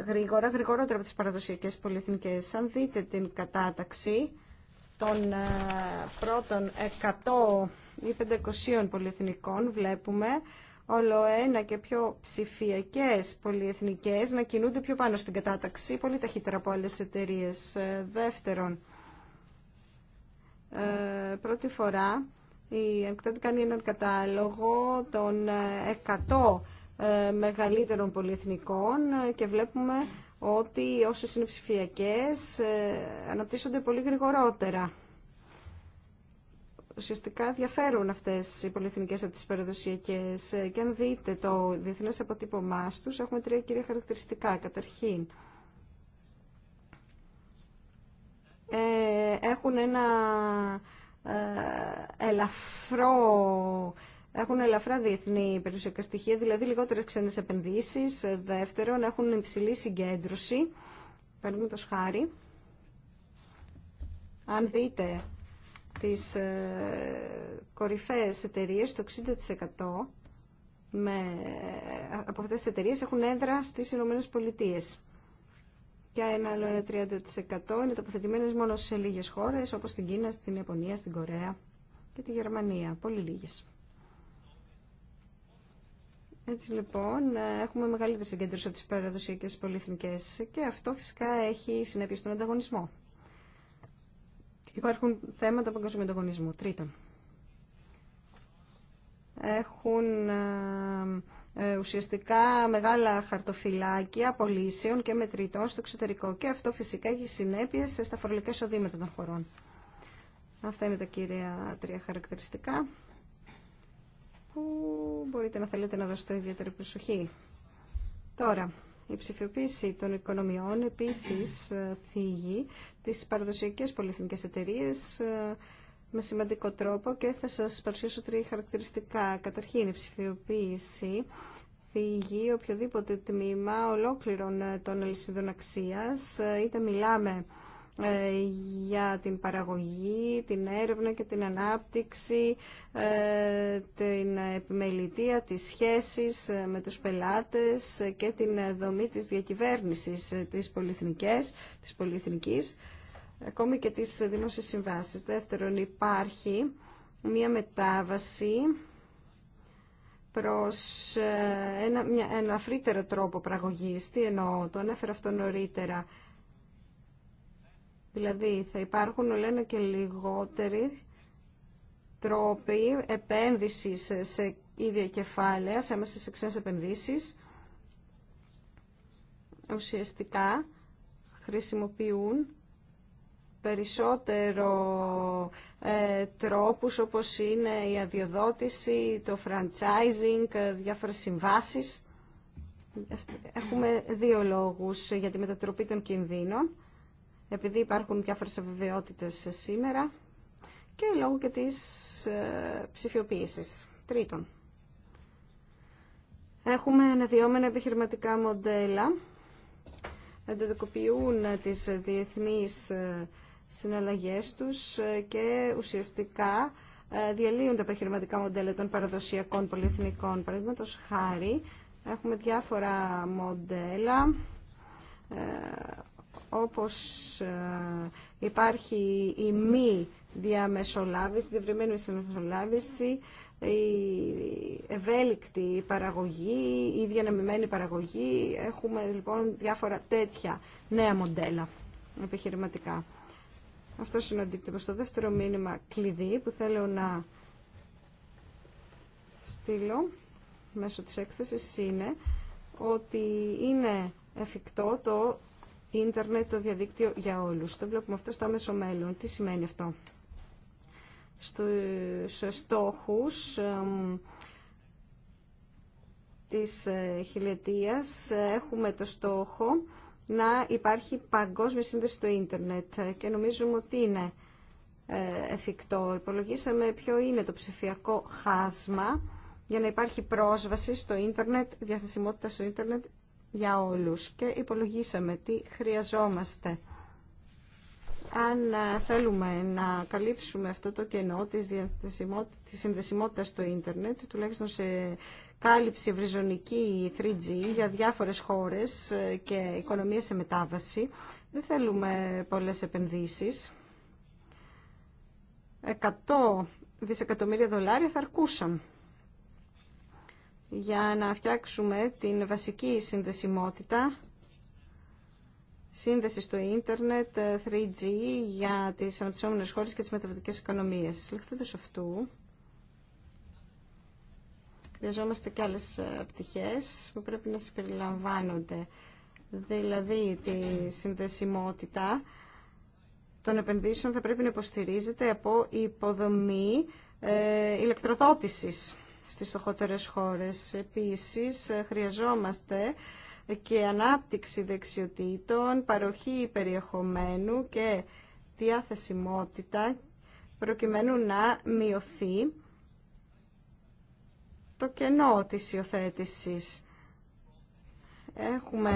γρήγορα, γρηγορότερα από τις παραδοσιακές πολυεθνικές. Αν δείτε την κατάταξη των ε, πρώτων 100 ή 500 πολυεθνικών βλέπουμε όλο ένα και πιο ψηφιακές πολυεθνικές να κινούνται πιο πάνω στην κατάταξη, πολύ ταχύτερα από άλλες εταιρείες. Δεύτερον, πρώτη φορά η Εκτότη κάνει έναν κατάλογο των 100 ε, ε, μεγαλύτερων πολυεθνικών ε, και βλέπουμε ότι όσε είναι ψηφιακέ αναπτύσσονται πολύ γρηγορότερα. Ουσιαστικά διαφέρουν αυτές οι πολυεθνικέ από τις παραδοσιακέ. και αν δείτε το διεθνέ αποτύπωμά τους έχουμε τρία κυρία χαρακτηριστικά. Καταρχήν, έχουν ένα ε, ελαφρό έχουν ελαφρά διεθνή περιουσιακά στοιχεία, δηλαδή λιγότερες ξένες επενδύσεις. Ε, δεύτερον, έχουν υψηλή συγκέντρωση. το σχάρι. αν δείτε τις ε, κορυφαίες εταιρείες, το 60% με, από αυτές τις εταιρείες έχουν έδρα στις Ηνωμένες Πολιτείες και ένα άλλο ένα 30%. Είναι τοποθετημένε μόνο σε λίγε χώρε όπω στην Κίνα, στην Ιαπωνία, στην Κορέα και τη Γερμανία. Πολύ λίγε. Έτσι λοιπόν, ε, έχουμε μεγαλύτερη συγκέντρωση από τι παραδοσιακέ πολυεθνικέ και αυτό φυσικά έχει συνέπειε στον ανταγωνισμό. Υπάρχουν θέματα παγκόσμιου ανταγωνισμού. Τρίτον, έχουν ε, ε, ουσιαστικά μεγάλα χαρτοφυλάκια απολύσεων και μετρητών στο εξωτερικό και αυτό φυσικά έχει συνέπειες στα φορολογικά εισοδήματα των χωρών. Αυτά είναι τα κύρια τρία χαρακτηριστικά που μπορείτε να θέλετε να δώσετε ιδιαίτερη προσοχή. Τώρα, η ψηφιοποίηση των οικονομιών επίσης ε, θίγει τις παραδοσιακές πολυεθνικές εταιρείες ε, με σημαντικό τρόπο και θα σας παρουσιάσω τρία χαρακτηριστικά. Καταρχήν, η ψηφιοποίηση φύγει οποιοδήποτε τμήμα ολόκληρων των αλυσίδων αξίας, ε, είτε μιλάμε ε, για την παραγωγή, την έρευνα και την ανάπτυξη, ε, την επιμελητία, τις σχέσεις με τους πελάτες και την δομή της διακυβέρνησης της πολυεθνικής, της πολυεθνικής ακόμη και τις δημόσιες συμβάσεις. Δεύτερον, υπάρχει μία μετάβαση προς ε, ένα, μια, ένα αφρύτερο τρόπο πραγωγής. Τι εννοώ, το ανέφερα αυτό νωρίτερα. Δηλαδή, θα υπάρχουν ολένα και λιγότεροι τρόποι επένδυσης σε ίδια κεφάλαια, σε άμεσες εξένες επενδύσεις. Ουσιαστικά, χρησιμοποιούν περισσότερο ε, τρόπους όπως είναι η αδειοδότηση, το franchising, διάφορες συμβάσεις. Έχουμε δύο λόγους για τη μετατροπή των κινδύνων, επειδή υπάρχουν διάφορες αβεβαιότητες σήμερα και λόγω και της ε, ψηφιοποίησης. Τρίτον, έχουμε αναδυόμενα επιχειρηματικά μοντέλα, αντιδοκοποιούν τις διεθνείς ε, συναλλαγές τους ε, και ουσιαστικά ε, διαλύουν τα επιχειρηματικά μοντέλα των παραδοσιακών πολυεθνικών. Παραδείγματο χάρη έχουμε διάφορα μοντέλα ε, όπως υπάρχει η μη διαμεσολάβηση, διευρυμένη μεσολάβηση, η ευέλικτη παραγωγή, η διανεμημένη παραγωγή. Έχουμε λοιπόν διάφορα τέτοια νέα μοντέλα επιχειρηματικά. Αυτό είναι ο αντίκτυπο. Το δεύτερο μήνυμα κλειδί που θέλω να στείλω μέσω της έκθεσης είναι ότι είναι εφικτό το ίντερνετ, το διαδίκτυο για όλους. Το βλέπουμε αυτό στο άμεσο μέλλον. Τι σημαίνει αυτό. Στους στόχους της ε, χιλιετίας ε, έχουμε το στόχο να υπάρχει παγκόσμια σύνδεση στο ίντερνετ και νομίζουμε ότι είναι ε, εφικτό. Υπολογίσαμε ποιο είναι το ψηφιακό χάσμα για να υπάρχει πρόσβαση στο ίντερνετ, διαθεσιμότητα στο ίντερνετ για όλους και υπολογίσαμε τι χρειαζόμαστε. Αν ε, θέλουμε να καλύψουμε αυτό το κενό της, της συνδεσιμότητας στο ίντερνετ, τουλάχιστον σε κάλυψη ευρυζωνική 3G για διάφορες χώρες ε, και οικονομία σε μετάβαση. Δεν θέλουμε πολλές επενδύσεις. 100 δισεκατομμύρια δολάρια θα αρκούσαν για να φτιάξουμε την βασική συνδεσιμότητα σύνδεση στο ίντερνετ 3G ε, για τις αναπτυσσόμενες χώρες και τις μεταβατικές οικονομίες. Λεχθέντως αυτού, Χρειαζόμαστε και άλλες ε, πτυχέ που πρέπει να συμπεριλαμβάνονται, δηλαδή τη συνδεσιμότητα των επενδύσεων θα πρέπει να υποστηρίζεται από υποδομή ε, ηλεκτροδότησης στις στοχότερες χώρες. Επίσης, ε, χρειαζόμαστε και ανάπτυξη δεξιοτήτων, παροχή περιεχομένου και διαθεσιμότητα προκειμένου να μειωθεί το κενό της υιοθέτηση. Έχουμε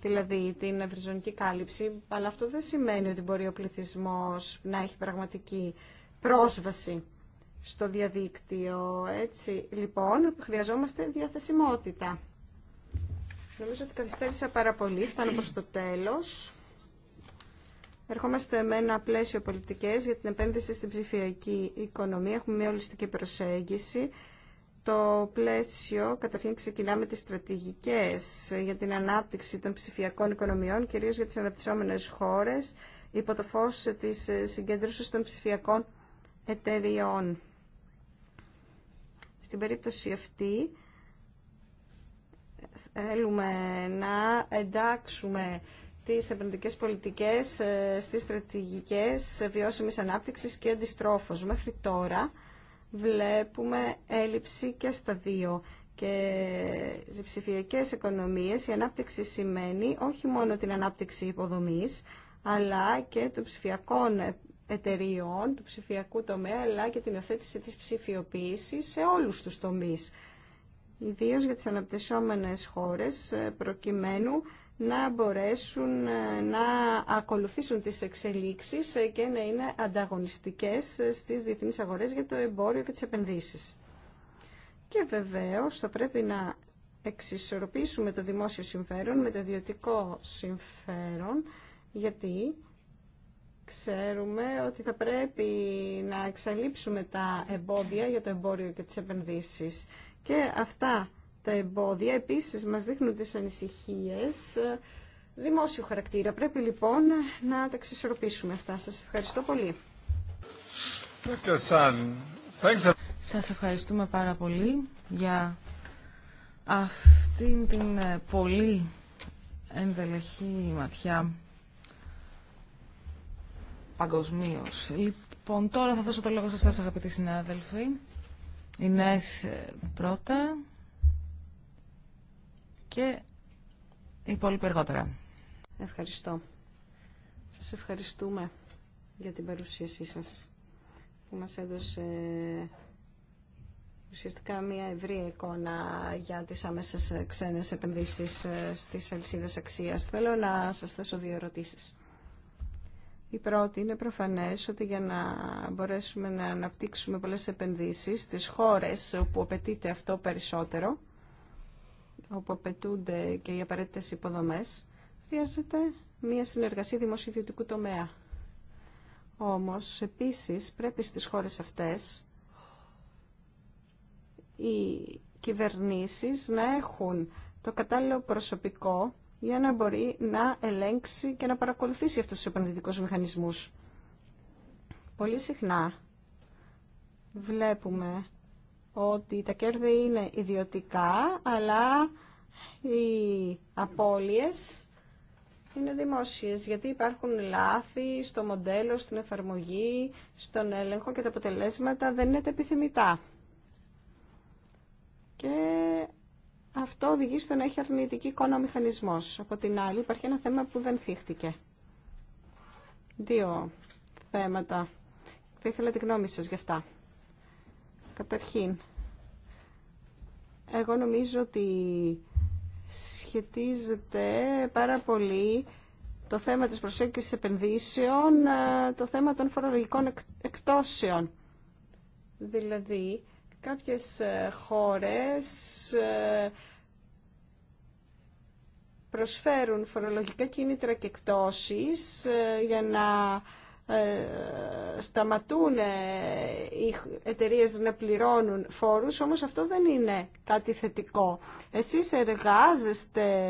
δηλαδή την ευρυζωνική κάλυψη, αλλά αυτό δεν σημαίνει ότι μπορεί ο πληθυσμό να έχει πραγματική πρόσβαση στο διαδίκτυο. Έτσι, λοιπόν, χρειαζόμαστε διαθεσιμότητα. Νομίζω ότι καθυστέρησα πάρα πολύ, φτάνω προς το τέλος. Ερχόμαστε με ένα πλαίσιο πολιτικές για την επένδυση στην ψηφιακή οικονομία. Έχουμε μια ολιστική προσέγγιση το πλαίσιο, καταρχήν ξεκινάμε τις στρατηγικές για την ανάπτυξη των ψηφιακών οικονομιών, κυρίως για τις αναπτυσσόμενες χώρες, υπό το φως της συγκέντρωσης των ψηφιακών εταιριών. Στην περίπτωση αυτή, θέλουμε να εντάξουμε τις επενδυτικές πολιτικές ε, στις στρατηγικές βιώσιμης ανάπτυξης και αντιστρόφως. Μέχρι τώρα, βλέπουμε έλλειψη και στα δύο. Και σε ψηφιακές οικονομίες η ανάπτυξη σημαίνει όχι μόνο την ανάπτυξη υποδομής, αλλά και των ψηφιακών εταιριών, του ψηφιακού τομέα, αλλά και την οθέτηση της ψηφιοποίησης σε όλους τους τομείς. Ιδίω για τις αναπτυσσόμενες χώρες, προκειμένου να μπορέσουν ε, να ακολουθήσουν τις εξελίξεις ε, και να είναι ανταγωνιστικές ε, στις διεθνείς αγορές για το εμπόριο και τις επενδύσεις. Και βεβαίως θα πρέπει να εξισορροπήσουμε το δημόσιο συμφέρον με το ιδιωτικό συμφέρον, γιατί ξέρουμε ότι θα πρέπει να εξαλείψουμε τα εμπόδια για το εμπόριο και τις επενδύσεις. Και αυτά τα εμπόδια επίσης μας δείχνουν τις ανησυχίες ε, δημόσιου χαρακτήρα. Πρέπει λοιπόν να τα ξεσορροπήσουμε αυτά. Σας ευχαριστώ πολύ. Σας ευχαριστούμε πάρα πολύ για αυτήν την ε, πολύ ενδελεχή ματιά παγκοσμίω. Λοιπόν, τώρα θα δώσω το λόγο σε εσά, αγαπητοί συνάδελφοι. είναι πρώτα και υπόλοιποι εργότερα. Ευχαριστώ. Σας ευχαριστούμε για την παρουσίασή σας που μας έδωσε ουσιαστικά μια ευρύ εικόνα για τις άμεσες ξένες επενδύσεις ε, στις αλυσίδες αξίας. Θέλω να σας θέσω δύο ερωτήσεις. Η πρώτη είναι προφανές ότι για να μπορέσουμε να αναπτύξουμε πολλές επενδύσεις στις χώρες όπου απαιτείται αυτό περισσότερο, όπου απαιτούνται και οι απαραίτητε υποδομές, χρειάζεται μία συνεργασία δημοσιοδιωτικού τομέα. Όμως, επίσης, πρέπει στις χώρες αυτές οι κυβερνήσεις να έχουν το κατάλληλο προσωπικό για να μπορεί να ελέγξει και να παρακολουθήσει αυτούς τους επενδυτικούς μηχανισμούς. Πολύ συχνά βλέπουμε ότι τα κέρδη είναι ιδιωτικά, αλλά οι απώλειες είναι δημόσιες, γιατί υπάρχουν λάθη στο μοντέλο, στην εφαρμογή, στον έλεγχο και τα αποτελέσματα δεν είναι τα επιθυμητά. Και αυτό οδηγεί στο να έχει αρνητική εικόνα ο μηχανισμός. Από την άλλη υπάρχει ένα θέμα που δεν θύχτηκε. Δύο θέματα. Θα ήθελα τη γνώμη σας γι' αυτά. Καταρχήν, εγώ νομίζω ότι σχετίζεται πάρα πολύ το θέμα της προσέγγισης επενδύσεων, ε, το θέμα των φορολογικών εκτόσεων, Δηλαδή, κάποιες ε, χώρες ε, προσφέρουν φορολογικά κίνητρα και εκπτώσεις για να ε, σταματούν οι εταιρείε να πληρώνουν φόρους, όμως αυτό δεν είναι κάτι θετικό. Εσείς εργάζεστε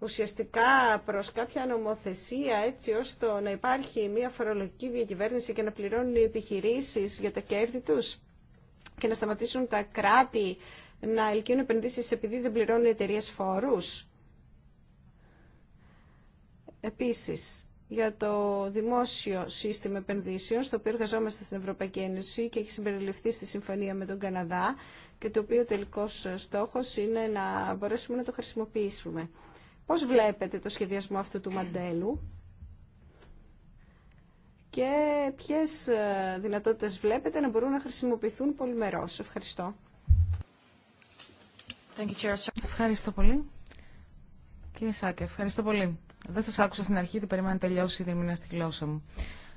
ουσιαστικά προς κάποια νομοθεσία έτσι ώστε να υπάρχει μια φορολογική διακυβέρνηση και να πληρώνουν οι επιχειρήσεις για τα κέρδη τους και να σταματήσουν τα κράτη να ελκύουν επενδύσεις επειδή δεν πληρώνουν οι εταιρείε φόρους. Επίσης, για το δημόσιο σύστημα επενδύσεων, στο οποίο εργαζόμαστε στην Ευρωπαϊκή Ένωση και έχει συμπεριληφθεί στη συμφωνία με τον Καναδά και το οποίο τελικός στόχος είναι να μπορέσουμε να το χρησιμοποιήσουμε. Πώς βλέπετε το σχεδιασμό αυτού του μαντέλου και ποιες ε, δυνατότητες βλέπετε να μπορούν να χρησιμοποιηθούν πολυμερώς. Ευχαριστώ. Thank you, Ευχαριστώ πολύ. Κύριε Σάκη, ευχαριστώ πολύ. Δεν σα άκουσα στην αρχή, την περιμένω να τελειώσει η διερμηνία στη γλώσσα μου.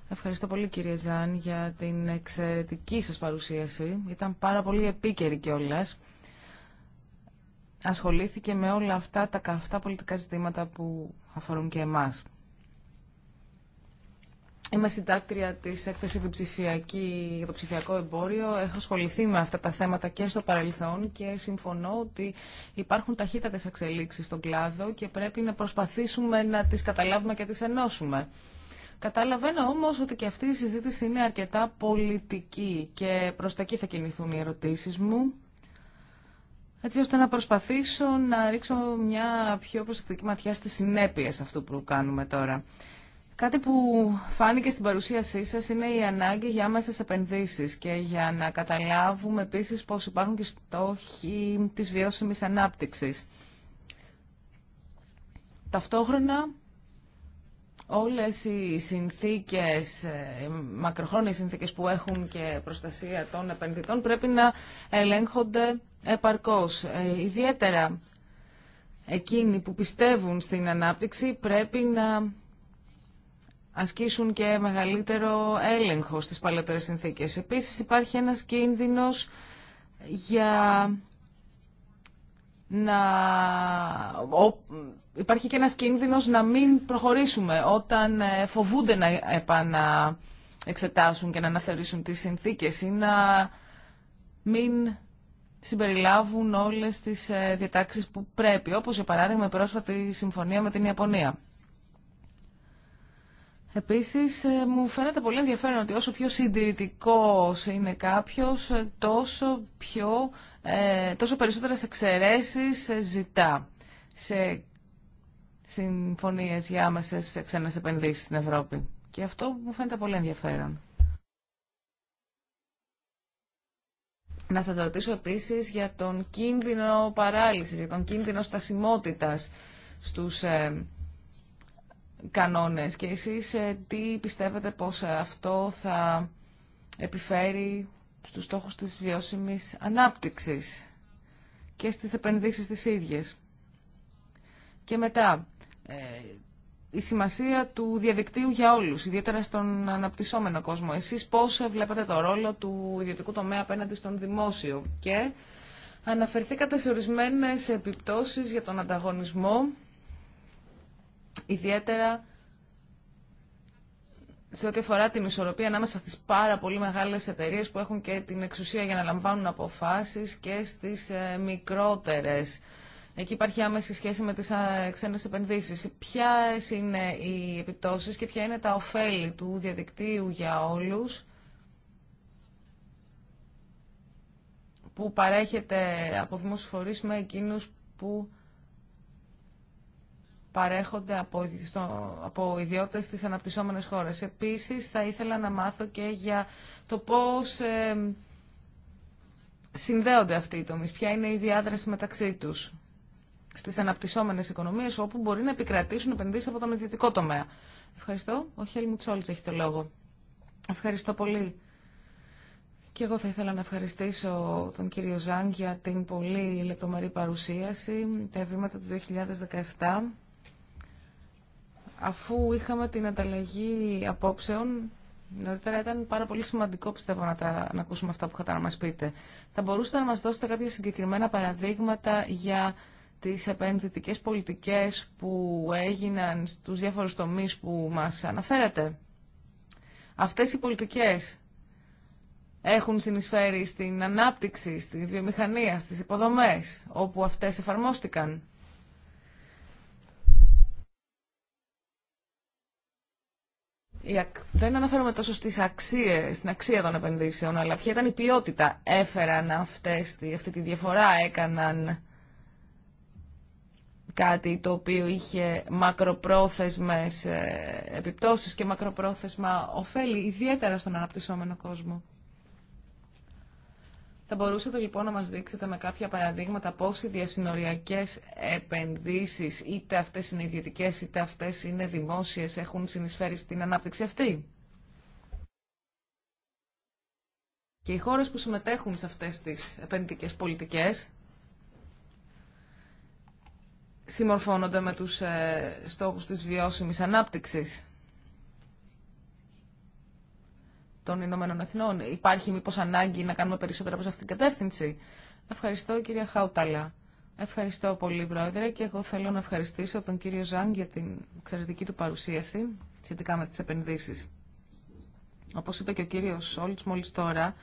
Ευχαριστώ πολύ κύριε Ζαν για την εξαιρετική σας παρουσίαση. Ήταν πάρα πολύ επίκαιρη κιόλα. Ασχολήθηκε με όλα αυτά τα καυτά πολιτικά ζητήματα που αφορούν και εμάς. Είμαι συντάκτρια τη έκθεση για το ψηφιακό εμπόριο. Έχω ασχοληθεί με αυτά τα θέματα και στο παρελθόν και συμφωνώ ότι υπάρχουν ταχύτατε εξελίξει στον κλάδο και πρέπει να προσπαθήσουμε να τι καταλάβουμε και τι ενώσουμε. Καταλαβαίνω όμω ότι και αυτή η συζήτηση είναι αρκετά πολιτική και προ τα εκεί θα κινηθούν οι ερωτήσει μου. Έτσι ώστε να προσπαθήσω να ρίξω μια πιο προσεκτική ματιά στι συνέπειε αυτού που κάνουμε τώρα. Κάτι που φάνηκε στην παρουσίασή σας είναι η ανάγκη για άμεσες επενδύσεις και για να καταλάβουμε επίσης πως υπάρχουν και στόχοι της βιώσιμης ανάπτυξης. Ταυτόχρονα όλες οι συνθήκες, οι ε, μακροχρόνιες συνθήκες που έχουν και προστασία των επενδυτών πρέπει να ελέγχονται επαρκώς. Ε, ιδιαίτερα εκείνοι που πιστεύουν στην ανάπτυξη πρέπει να ασκήσουν και μεγαλύτερο έλεγχο στις παλαιότερες συνθήκες. Επίσης υπάρχει ένας κίνδυνος για να... Υπάρχει και ένας κίνδυνος να μην προχωρήσουμε όταν ε, φοβούνται να επαναεξετάσουν και να αναθεωρήσουν τις συνθήκες ή να μην συμπεριλάβουν όλες τις ε, διατάξεις που πρέπει, όπως για παράδειγμα η πρόσφατη συμφωνία με την Ιαπωνία. Επίσης, ε, μου φαίνεται πολύ ενδιαφέρον ότι όσο πιο συντηρητικός είναι κάποιος, ε, τόσο, πιο, ε, τόσο περισσότερες εξαιρέσεις ε, ζητά σε συμφωνίες για άμεσες ξένες επενδύσεις στην Ευρώπη. Και αυτό μου φαίνεται πολύ ενδιαφέρον. Να σας ρωτήσω επίσης για τον κίνδυνο παράλυσης, για τον κίνδυνο στασιμότητας στους κανόνες και εσείς ε, τι πιστεύετε πως αυτό θα επιφέρει στους στόχους της βιώσιμης ανάπτυξης και στις επενδύσεις της ίδιες. Και μετά, ε, η σημασία του διαδικτύου για όλους, ιδιαίτερα στον αναπτυσσόμενο κόσμο. Εσείς πώς βλέπετε το ρόλο του ιδιωτικού τομέα απέναντι στον δημόσιο και αναφερθήκατε σε ορισμένες επιπτώσεις για τον ανταγωνισμό ιδιαίτερα σε ό,τι αφορά την ισορροπία ανάμεσα στις πάρα πολύ μεγάλες εταιρείες που έχουν και την εξουσία για να λαμβάνουν αποφάσεις και στις ε, μικρότερες. Εκεί υπάρχει άμεση σχέση με τις α, ξένες επενδύσεις. είναι οι επιπτώσεις και ποια είναι τα ωφέλη του διαδικτύου για όλους που παρέχεται από δημόσιους φορείς με εκείνους που παρέχονται από, από ιδιώτες στις αναπτυσσόμενες χώρες. Επίσης, θα ήθελα να μάθω και για το πώς συνδέονται αυτοί οι τομείς, ποια είναι η διάδραση μεταξύ τους στις αναπτυσσόμενες οικονομίες, όπου μπορεί να επικρατήσουν επενδύσεις από τον ιδιωτικό τομέα. Ευχαριστώ. Ο Χέλμου Τσόλτς έχει το λόγο. Ευχαριστώ πολύ. Και εγώ θα ήθελα να ευχαριστήσω τον κύριο Ζάν για την πολύ λεπτομερή παρουσίαση, τα ευρήματα του 2017 αφού είχαμε την ανταλλαγή απόψεων νωρίτερα, ήταν πάρα πολύ σημαντικό πιστεύω να, τα, να ακούσουμε αυτά που είχατε να μας πείτε. Θα μπορούσατε να μας δώσετε κάποια συγκεκριμένα παραδείγματα για τις επενδυτικές πολιτικές που έγιναν στους διάφορους τομείς που μας αναφέρατε. Αυτές οι πολιτικές έχουν συνεισφέρει στην ανάπτυξη, στη βιομηχανία, στις υποδομές, όπου αυτές εφαρμόστηκαν. δεν αναφέρομαι τόσο στις αξίες, στην αξία των επενδύσεων, αλλά ποια ήταν η ποιότητα. Έφεραν αυτές, αυτή τη διαφορά, έκαναν κάτι το οποίο είχε μακροπρόθεσμες ε, επιπτώσεις και μακροπρόθεσμα ωφέλη, ιδιαίτερα στον αναπτυσσόμενο κόσμο. Θα μπορούσατε λοιπόν να μας δείξετε με κάποια παραδείγματα πώς οι διασυνοριακές επενδύσεις, είτε αυτές είναι ιδιωτικές είτε αυτές είναι δημόσιες, έχουν συνεισφέρει στην ανάπτυξη αυτή. Και οι χώρες που συμμετέχουν σε αυτές τις επενδυτικές πολιτικές συμμορφώνονται με τους ε, στόχους της βιώσιμης ανάπτυξης. των Ηνωμένων Εθνών. Υπάρχει μήπως ανάγκη να κάνουμε περισσότερα προς αυτήν την κατεύθυνση. Ευχαριστώ κυρία Χαουτάλα. Ευχαριστώ πολύ πρόεδρε και εγώ θέλω να ευχαριστήσω τον κύριο Ζαν για την εξαιρετική του παρουσίαση σχετικά με τις επενδύσεις. Όπως είπε και ο κύριος Σόλτς μόλις τώρα,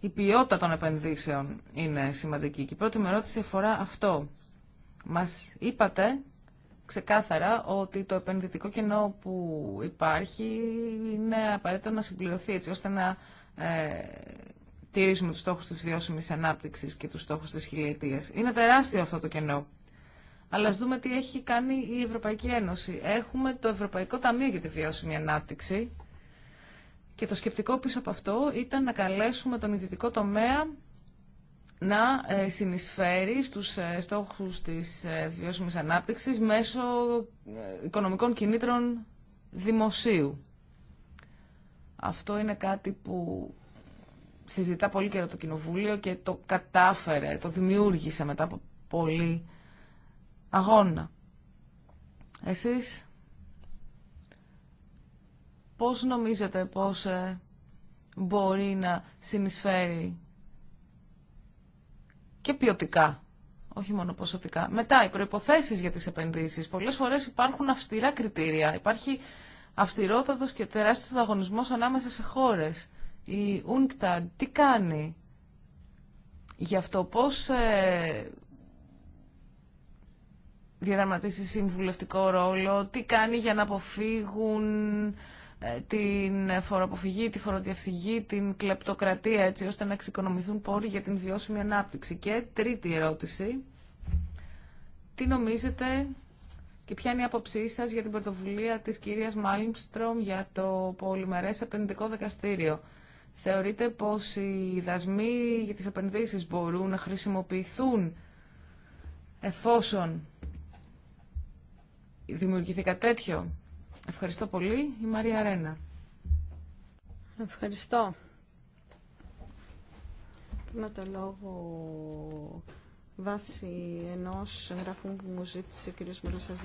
η ποιότητα των επενδύσεων είναι σημαντική. Και η πρώτη μου ερώτηση αφορά αυτό. Μας είπατε ξεκάθαρα ότι το επενδυτικό κενό που υπάρχει είναι απαραίτητο να συμπληρωθεί έτσι ώστε να ε, τηρήσουμε τους στόχους της βιώσιμης ανάπτυξης και τους στόχους της χιλιετίας. Είναι τεράστιο αυτό το κενό. Αλλά ας δούμε τι έχει κάνει η Ευρωπαϊκή Ένωση. Έχουμε το Ευρωπαϊκό Ταμείο για τη Βιώσιμη Ανάπτυξη και το σκεπτικό πίσω από αυτό ήταν να καλέσουμε τον ιδιωτικό τομέα να ε, συνεισφέρει στους ε, στόχους της ε, βιώσιμης ανάπτυξης μέσω οικονομικών κινήτρων δημοσίου. Αυτό είναι κάτι που συζητά πολύ καιρό το Κοινοβούλιο και το κατάφερε, το δημιούργησε μετά από πολύ αγώνα. Εσείς πώς νομίζετε πώς μπορεί να συνεισφέρει και ποιοτικά, όχι μόνο ποσοτικά. Μετά, οι προποθέσει για τις επενδύσεις. Πολλές φορές υπάρχουν αυστηρά κριτήρια. Υπάρχει αυστηρότατος και τεράστιος ανταγωνισμό ανάμεσα σε χώρες. Η UNCTAD τι κάνει γι' αυτό, πώς ε, διαδραματίσει συμβουλευτικό ρόλο, τι κάνει για να αποφύγουν ε, την φοροαποφυγή, τη φοροδιαφυγή, την κλεπτοκρατία, έτσι ώστε να εξοικονομηθούν πόροι για την βιώσιμη ανάπτυξη. Και τρίτη ερώτηση, τι νομίζετε και ποια είναι η άποψή σα για την πρωτοβουλία της κυρίας Μάλιμστρομ για το πολυμερές επενδυτικό δικαστήριο. Θεωρείτε πως οι δασμοί για τις επενδύσεις μπορούν να χρησιμοποιηθούν εφόσον δημιουργηθεί τέτοιο. Ευχαριστώ πολύ. Η Μαρία Ρένα. Ευχαριστώ. Με το λόγο βάσει ενός εγγραφού που μου ζήτησε ο κύριος Μουλής σας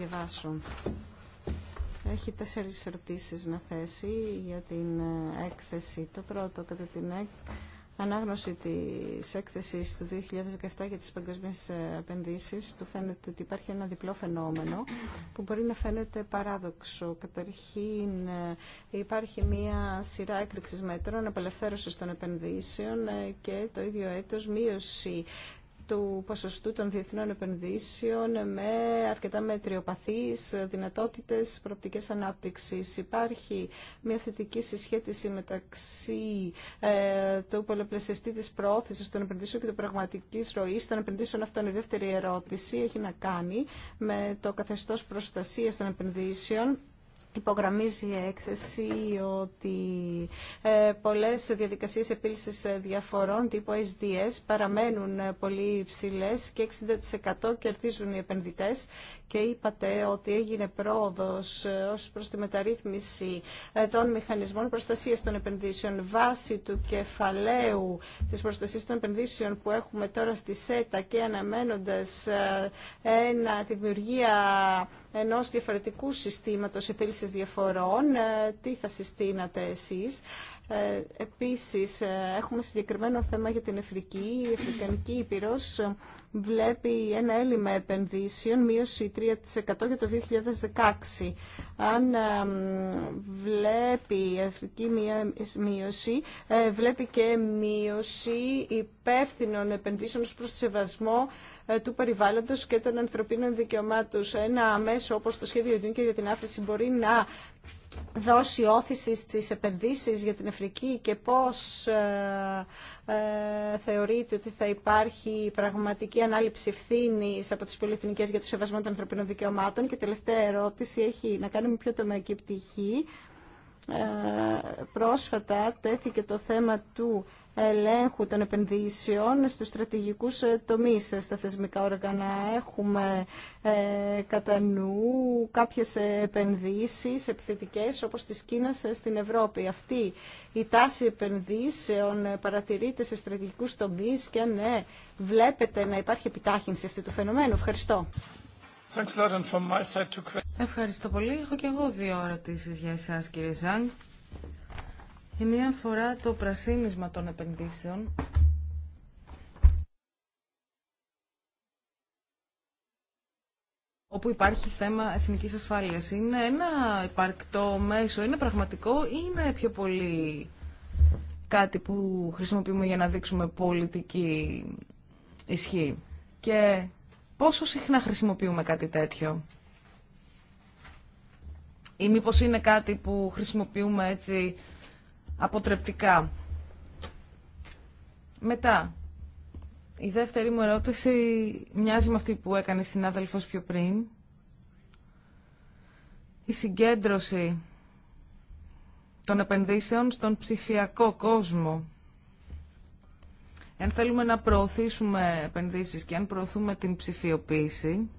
Έχει τέσσερις ερωτήσεις να θέσει για την ε, έκθεση. Το πρώτο, κατά την έκθεση ανάγνωση της έκθεσης του 2017 για τις παγκοσμίες ε, επενδύσεις του φαίνεται ότι υπάρχει ένα διπλό φαινόμενο που μπορεί να φαίνεται παράδοξο. Καταρχήν ε, υπάρχει μία σειρά έκρηξης μέτρων απελευθέρωσης των επενδύσεων ε, και το ίδιο έτος μείωση του ποσοστού των διεθνών επενδύσεων με αρκετά μετριοπαθείς δυνατότητες προοπτικές ανάπτυξης. Υπάρχει μια θετική συσχέτιση μεταξύ ε, του πολλαπλασιαστή της πρόθεσης των επενδύσεων και του πραγματικής ροής των επενδύσεων αυτών. Η δεύτερη ερώτηση έχει να κάνει με το καθεστώς προστασίας των επενδύσεων Υπογραμμίζει η έκθεση ότι ε, πολλές διαδικασίες επίλυσης ε, διαφορών τύπου SDS παραμένουν ε, πολύ υψηλές και 60% κερδίζουν οι επενδυτές και είπατε ότι έγινε πρόοδος ε, ως προς τη μεταρρύθμιση ε, των μηχανισμών προστασίας των επενδύσεων βάσει του κεφαλαίου της προστασίας των επενδύσεων που έχουμε τώρα στη ΣΕΤΑ και αναμένοντας ε, ένα, τη δημιουργία ενός διαφορετικού συστήματος επίλυση διαφορών, τι θα συστήνατε εσείς. Επίσης, έχουμε συγκεκριμένο θέμα για την εφρική η Αφρικανική βλέπει ένα έλλειμμα επενδύσεων, μείωση 3% για το 2016. Αν ε, βλέπει η Αφρική μία μείωση, ε, βλέπει και μείωση υπεύθυνων επενδύσεων ως προς σεβασμό ε, του περιβάλλοντος και των ανθρωπίνων δικαιωμάτων. Ένα μέσο όπως το σχέδιο Juncker για την άφηση μπορεί να δώσει όθηση στις επενδύσεις για την Αφρική και πώς ε, ε θεωρείτε ότι θα υπάρχει πραγματική ανάληψη ευθύνη από τις πολυεθνικές για το σεβασμό των ανθρωπίνων δικαιωμάτων. Και τελευταία ερώτηση έχει να κάνει με πιο τομεακή πτυχή ε, πρόσφατα τέθηκε το θέμα του ελέγχου των επενδύσεων στους στρατηγικούς ε, τομείς ε, στα θεσμικά όργανα. Έχουμε ε, κατά νου κάποιες επενδύσεις επιθετικές όπως της Κίνας στην Ευρώπη. Αυτή η τάση επενδύσεων παρατηρείται σε στρατηγικούς τομείς και ναι, βλέπετε να υπάρχει επιτάχυνση αυτού του φαινομένου. Ευχαριστώ. Ευχαριστώ πολύ. Έχω και εγώ δύο ερωτήσει για εσά, κύριε Ζαν. Η μία αφορά το πρασίνισμα των επενδύσεων. όπου υπάρχει θέμα εθνικής ασφάλειας. Είναι ένα υπαρκτό μέσο, είναι πραγματικό ή είναι πιο πολύ κάτι που χρησιμοποιούμε για να δείξουμε πολιτική ισχύ. Και Πόσο συχνά χρησιμοποιούμε κάτι τέτοιο ή μήπω είναι κάτι που χρησιμοποιούμε έτσι αποτρεπτικά. Μετά, η δεύτερη μου ερώτηση μοιάζει με αυτή που έκανε η συνάδελφος πιο πριν. Η συγκέντρωση των επενδύσεων στον ψηφιακό κόσμο. Εάν θέλουμε να προωθήσουμε επενδύσεις και αν προωθούμε την ψηφιοποίηση,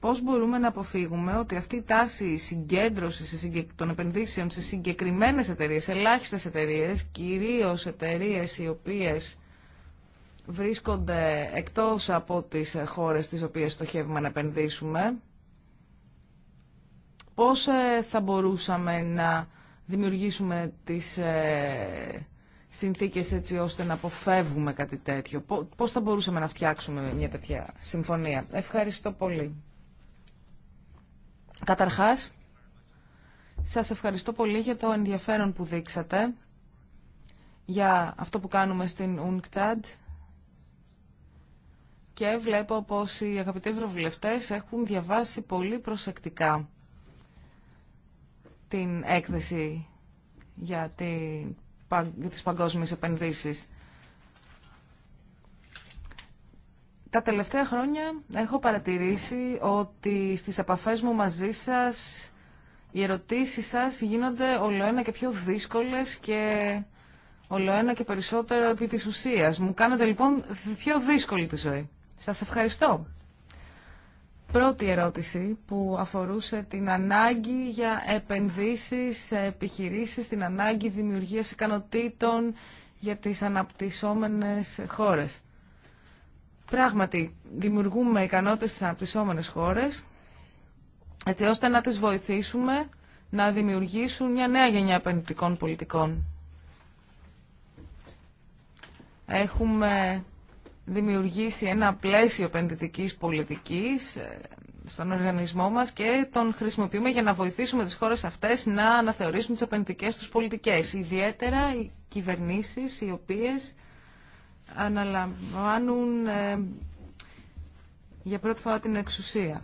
πώς μπορούμε να αποφύγουμε ότι αυτή η τάση συγκέντρωση των επενδύσεων σε συγκεκριμένες εταιρείες, ελάχιστες εταιρείες, κυρίως εταιρείες οι οποίες βρίσκονται εκτός από τις χώρες τις οποίες στοχεύουμε να επενδύσουμε, πώς ε, θα μπορούσαμε να δημιουργήσουμε τις ε, συνθήκες έτσι ώστε να αποφεύγουμε κάτι τέτοιο. Πώς θα μπορούσαμε να φτιάξουμε μια τέτοια συμφωνία. Ευχαριστώ πολύ. Καταρχάς, σας ευχαριστώ πολύ για το ενδιαφέρον που δείξατε για αυτό που κάνουμε στην UNCTAD και βλέπω πως οι αγαπητοί ευρωβουλευτές έχουν διαβάσει πολύ προσεκτικά την έκθεση για τις παγκόσμιες επενδύσεις. Τα τελευταία χρόνια έχω παρατηρήσει ότι στις επαφές μου μαζί σας οι ερωτήσεις σας γίνονται ολοένα και πιο δύσκολες και ολοένα και περισσότερο επί της ουσίας. Μου κάνετε λοιπόν πιο δύσκολη τη ζωή. Σας ευχαριστώ πρώτη ερώτηση που αφορούσε την ανάγκη για επενδύσεις σε επιχειρήσεις, την ανάγκη δημιουργίας ικανοτήτων για τις αναπτυσσόμενες χώρες. Πράγματι, δημιουργούμε ικανότητες στις αναπτυσσόμενες χώρες, έτσι ώστε να τις βοηθήσουμε να δημιουργήσουν μια νέα γενιά επενδυτικών πολιτικών. Έχουμε δημιουργήσει ένα πλαίσιο επενδυτικής πολιτικής ε, στον οργανισμό μας και τον χρησιμοποιούμε για να βοηθήσουμε τις χώρες αυτές να αναθεωρήσουν τις επενδυτικές τους πολιτικές. Ιδιαίτερα οι κυβερνήσεις οι οποίες αναλαμβάνουν ε, για πρώτη φορά την εξουσία.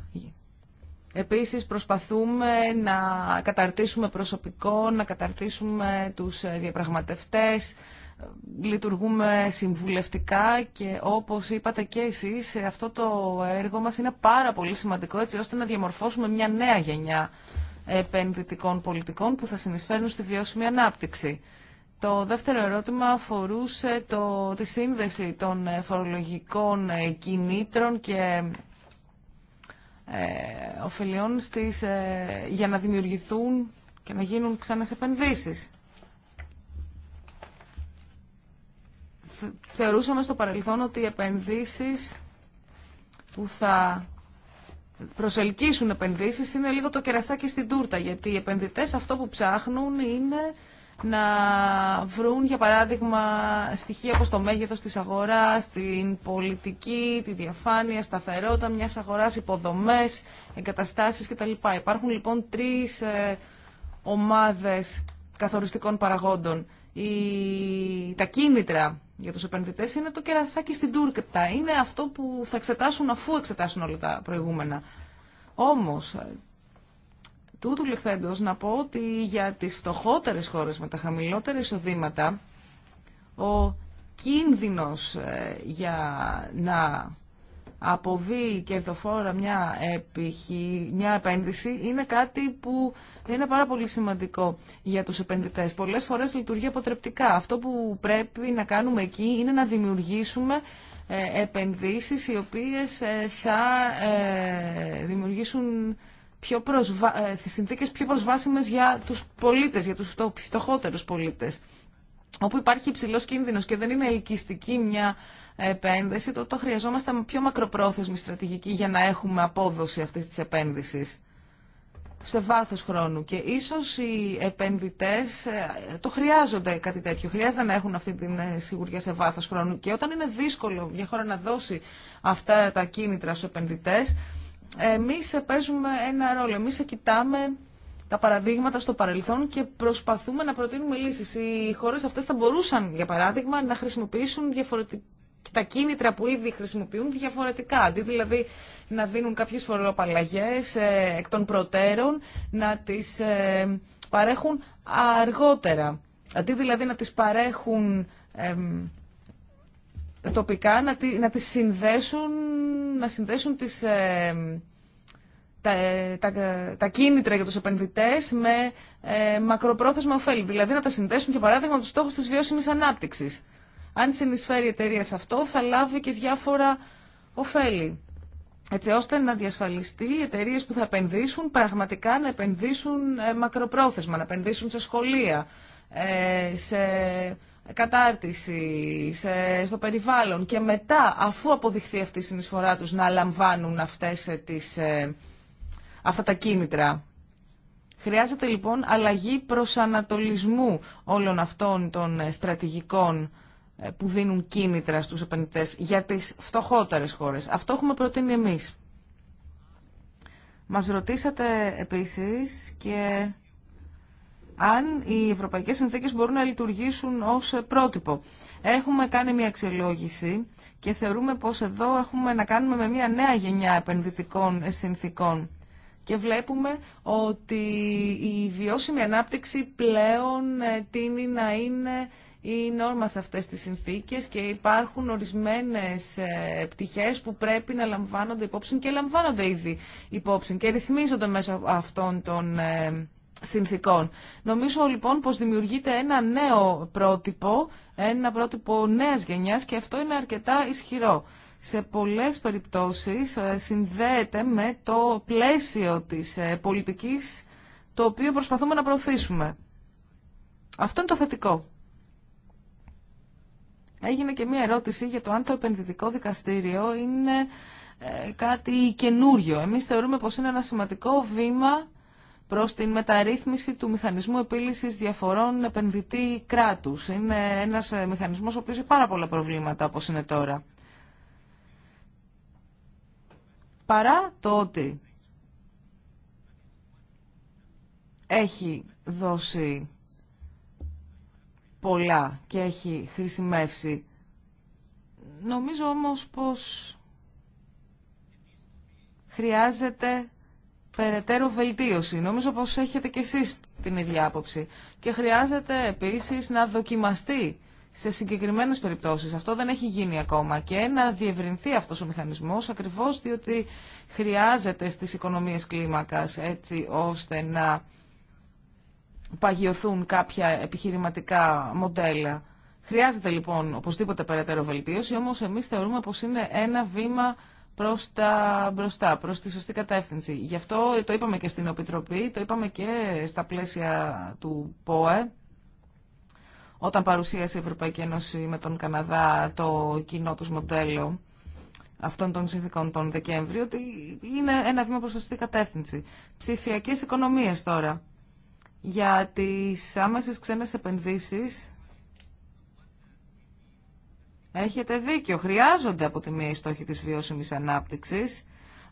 Επίσης προσπαθούμε να καταρτήσουμε προσωπικό, να καταρτήσουμε τους ε, διαπραγματευτές, λειτουργούμε συμβουλευτικά και όπως είπατε και εσείς, αυτό το έργο μας είναι πάρα πολύ σημαντικό έτσι ώστε να διαμορφώσουμε μια νέα γενιά επενδυτικών πολιτικών που θα συνεισφέρουν στη βιώσιμη ανάπτυξη. Το δεύτερο ερώτημα αφορούσε το, τη σύνδεση των φορολογικών κινήτρων και ε, ωφελιών στις, ε, για να δημιουργηθούν και να γίνουν ξανά επενδύσεις. θεωρούσαμε στο παρελθόν ότι οι επενδύσεις που θα προσελκύσουν επενδύσεις είναι λίγο το κεραστάκι στην τούρτα, γιατί οι επενδυτές αυτό που ψάχνουν είναι να βρουν, για παράδειγμα, στοιχεία όπως το μέγεθος της αγοράς, την πολιτική, τη διαφάνεια, σταθερότητα μιας αγοράς, υποδομές, εγκαταστάσεις κτλ. Υπάρχουν λοιπόν τρεις ε, ομάδες καθοριστικών παραγόντων η... τα κίνητρα για τους επενδυτές είναι το κερασάκι στην τούρκετα. Είναι αυτό που θα εξετάσουν αφού εξετάσουν όλα τα προηγούμενα. Όμως, τούτου λεχθέντος να πω ότι για τις φτωχότερες χώρες με τα χαμηλότερα εισοδήματα, ο κίνδυνος ε, για να αποβεί κερδοφόρα μια, επιχει... μια επένδυση είναι κάτι που είναι πάρα πολύ σημαντικό για τους επενδυτές. Πολλές φορές λειτουργεί αποτρεπτικά. Αυτό που πρέπει να κάνουμε εκεί είναι να δημιουργήσουμε ε, επενδύσεις οι οποίες ε, θα ε, δημιουργήσουν πιο προσβα... συνθήκες πιο προσβάσιμες για τους πολίτες, για τους φτωχότερους πολίτες. Όπου υπάρχει υψηλός κίνδυνος και δεν είναι ελκυστική μια επένδυση, τότε χρειαζόμαστε πιο μακροπρόθεσμη στρατηγική για να έχουμε απόδοση αυτή τη επένδυση σε βάθο χρόνου και ίσω οι επενδυτές ε, το χρειάζονται κάτι τέτοιο. Χρειάζεται να έχουν αυτή την ε, σιγουριά σε βάθο χρόνου και όταν είναι δύσκολο για χώρα να δώσει αυτά τα κίνητρα στους επενδυτές, εμείς ε, παίζουμε ένα ρόλο. Εμείς κοιτάμε τα παραδείγματα στο παρελθόν και προσπαθούμε να προτείνουμε λύσει. Οι χώρε αυτέ θα μπορούσαν, για παράδειγμα, να χρησιμοποιήσουν διαφορετικά τα κίνητρα που ήδη χρησιμοποιούν διαφορετικά. Αντί δηλαδή να δίνουν κάποιες φοροπαλλαγέ ε, εκ των προτέρων, να τις ε, παρέχουν αργότερα. Αντί δηλαδή να τις παρέχουν τοπικά, να, τι να τις συνδέσουν, να συνδέσουν τις, ε, τα, τα, κίνητρα για τους επενδυτές με μακροπρόθεσμα ωφέλη. Δηλαδή να τα συνδέσουν, για παράδειγμα, τους στόχους της βιώσιμης ανάπτυξης αν συνεισφέρει η εταιρεία σε αυτό, θα λάβει και διάφορα ωφέλη. Έτσι ώστε να διασφαλιστεί οι εταιρείε που θα επενδύσουν πραγματικά να επενδύσουν ε, μακροπρόθεσμα, να επενδύσουν σε σχολεία, ε, σε κατάρτιση, σε, στο περιβάλλον και μετά, αφού αποδειχθεί αυτή η συνεισφορά τους, να λαμβάνουν αυτές ε, τις, αυτά τα κίνητρα. Χρειάζεται λοιπόν αλλαγή προσανατολισμού όλων αυτών των στρατηγικών ε, που δίνουν κίνητρα στους επενδυτές για τις φτωχότερες χώρες. Αυτό έχουμε προτείνει εμείς. Μας ρωτήσατε επίσης και αν οι ευρωπαϊκές συνθήκες μπορούν να λειτουργήσουν ως πρότυπο. Έχουμε κάνει μια αξιολόγηση και θεωρούμε πως εδώ έχουμε να κάνουμε με μια νέα γενιά επενδυτικών συνθήκων. Και βλέπουμε ότι η βιώσιμη ανάπτυξη πλέον ε, τίνει να είναι η νόρμα σε αυτές τις συνθήκες και υπάρχουν ορισμένες ε, πτυχές που πρέπει να λαμβάνονται υπόψη και λαμβάνονται ήδη υπόψη και ρυθμίζονται μέσω αυτών των ε, συνθήκων. Νομίζω λοιπόν πως δημιουργείται ένα νέο πρότυπο, ένα πρότυπο νέας γενιάς και αυτό είναι αρκετά ισχυρό. Σε πολλές περιπτώσεις ε, συνδέεται με το πλαίσιο της πολιτικής το οποίο προσπαθούμε να προωθήσουμε. Αυτό είναι το θετικό. Έγινε και μία ερώτηση για το αν το επενδυτικό δικαστήριο είναι ε, κάτι καινούριο. Εμείς θεωρούμε πως είναι ένα σημαντικό βήμα προς την μεταρρύθμιση του μηχανισμού επίλυσης διαφορών επενδυτή κράτους. Είναι ένας ε, μηχανισμός ο οποίος έχει πάρα πολλά προβλήματα όπως είναι τώρα. Παρά το ότι έχει δώσει πολλά και έχει χρησιμεύσει. Νομίζω όμως πως χρειάζεται περαιτέρω βελτίωση. Νομίζω πως έχετε κι εσείς την ίδια άποψη. Και χρειάζεται επίσης να δοκιμαστεί σε συγκεκριμένες περιπτώσεις. Αυτό δεν έχει γίνει ακόμα και να διευρυνθεί αυτός ο μηχανισμός ακριβώς διότι χρειάζεται στις οικονομίες κλίμακας έτσι ώστε να παγιωθούν κάποια επιχειρηματικά μοντέλα. Χρειάζεται λοιπόν οπωσδήποτε περαιτέρω βελτίωση, όμως εμείς θεωρούμε πως είναι ένα βήμα προς τα μπροστά, προς τη σωστή κατεύθυνση. Γι' αυτό το είπαμε και στην Επιτροπή, το είπαμε και στα πλαίσια του ΠΟΕ, όταν παρουσίασε η Ευρωπαϊκή Ένωση με τον Καναδά το κοινό τους μοντέλο αυτών των συνθήκων τον Δεκέμβριο, ότι είναι ένα βήμα προς τη σωστή κατεύθυνση. Ψηφιακές οικονομίες τώρα. Για τις άμεσες ξένες επενδύσεις έχετε δίκιο. Χρειάζονται από τη μία οι στόχοι της βιώσιμης ανάπτυξης.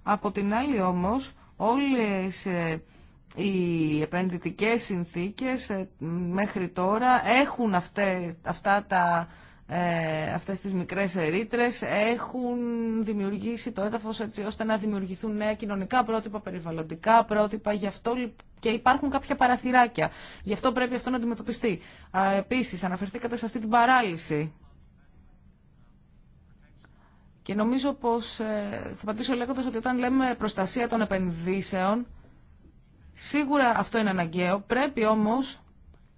Από την άλλη όμως όλες ε, οι επενδυτικές συνθήκες ε, μέχρι τώρα έχουν αυτά τα ε, αυτές τις μικρές ερίτρες έχουν δημιουργήσει το έδαφος έτσι ώστε να δημιουργηθούν νέα κοινωνικά πρότυπα, περιβαλλοντικά πρότυπα, γι' αυτό και υπάρχουν κάποια παραθυράκια. Γι' αυτό πρέπει αυτό να αντιμετωπιστεί. Ε, επίσης, αναφερθήκατε σε αυτή την παράλυση. Και νομίζω πως, ε, θα πατήσω λέγοντας ότι όταν λέμε προστασία των επενδύσεων, σίγουρα αυτό είναι αναγκαίο, πρέπει όμως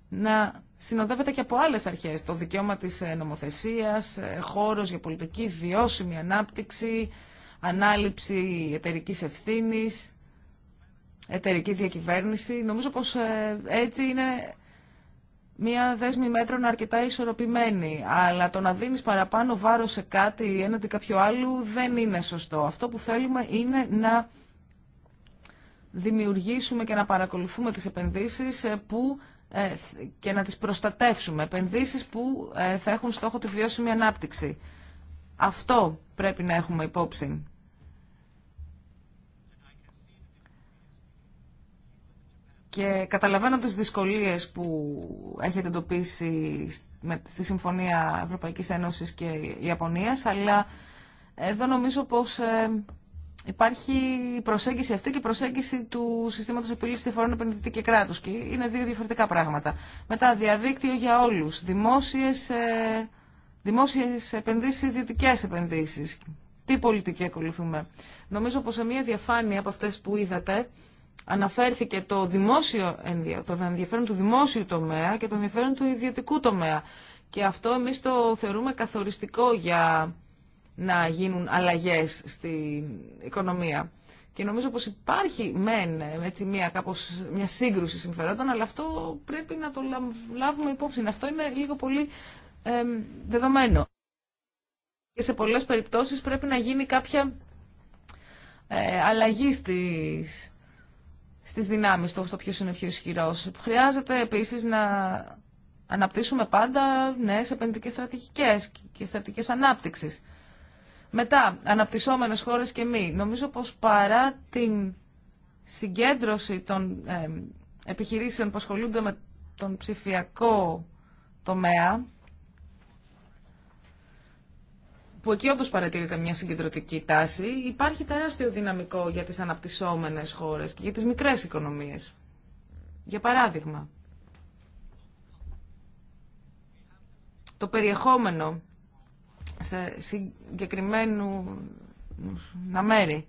να συνοδεύεται και από άλλες αρχές. Το δικαίωμα της ε, νομοθεσία, ε, χώρος για πολιτική, βιώσιμη ανάπτυξη, ανάληψη εταιρική ευθύνης, εταιρική διακυβέρνηση. Νομίζω πω ε, έτσι είναι μια δέσμη μέτρων αρκετά ισορροπημένη, αλλά το να δίνεις παραπάνω βάρος σε κάτι έναντι κάποιο άλλου δεν είναι σωστό. Αυτό που θέλουμε είναι να δημιουργήσουμε και να παρακολουθούμε τις επενδύσεις που ε, και να τις προστατεύσουμε. Επενδύσεις που ε, θα έχουν στόχο τη βιώσιμη ανάπτυξη. Αυτό πρέπει να έχουμε υπόψη. Και καταλαβαίνω τις δυσκολίες που έχετε εντοπίσει στη Συμφωνία Ευρωπαϊκής Ένωσης και Ιαπωνίας, αλλά εδώ νομίζω πως ε, υπάρχει προσέγγιση αυτή και προσέγγιση του συστήματος επιλύση διαφορών επενδυτή και και είναι δύο διαφορετικά πράγματα. Μετά διαδίκτυο για όλου. Δημόσιε ε, δημόσιες επενδύσεις, ιδιωτικές επενδύσεις. Τι πολιτική ακολουθούμε. Νομίζω πω σε μια διαφάνεια από αυτέ που είδατε αναφέρθηκε το, δημόσιο, το ενδιαφέρον του δημόσιου τομέα και το ενδιαφέρον του ιδιωτικού τομέα. Και αυτό εμείς το θεωρούμε καθοριστικό για να γίνουν αλλαγές στην οικονομία. Και νομίζω πως υπάρχει μεν έτσι, μια, κάπως, μια σύγκρουση συμφερόντων, αλλά αυτό πρέπει να το λάβουμε υπόψη. Αυτό είναι λίγο πολύ ε, δεδομένο. Και σε πολλές περιπτώσεις πρέπει να γίνει κάποια ε, αλλαγή στις, στις δυνάμεις, το ποιος είναι πιο ισχυρό Χρειάζεται επίσης να αναπτύσσουμε πάντα νέες επενδυτικές στρατηγικές και στρατηγικές ανάπτυξης. Μετά, αναπτυσσόμενες χώρες και μη. Νομίζω πως παρά την συγκέντρωση των επιχειρήσεων που ασχολούνται με τον ψηφιακό τομέα, που εκεί όντως παρατηρείται μια συγκεντρωτική τάση, υπάρχει τεράστιο δυναμικό για τις αναπτυσσόμενες χώρες και για τις μικρές οικονομίες. Για παράδειγμα, το περιεχόμενο σε συγκεκριμένου να μέρη.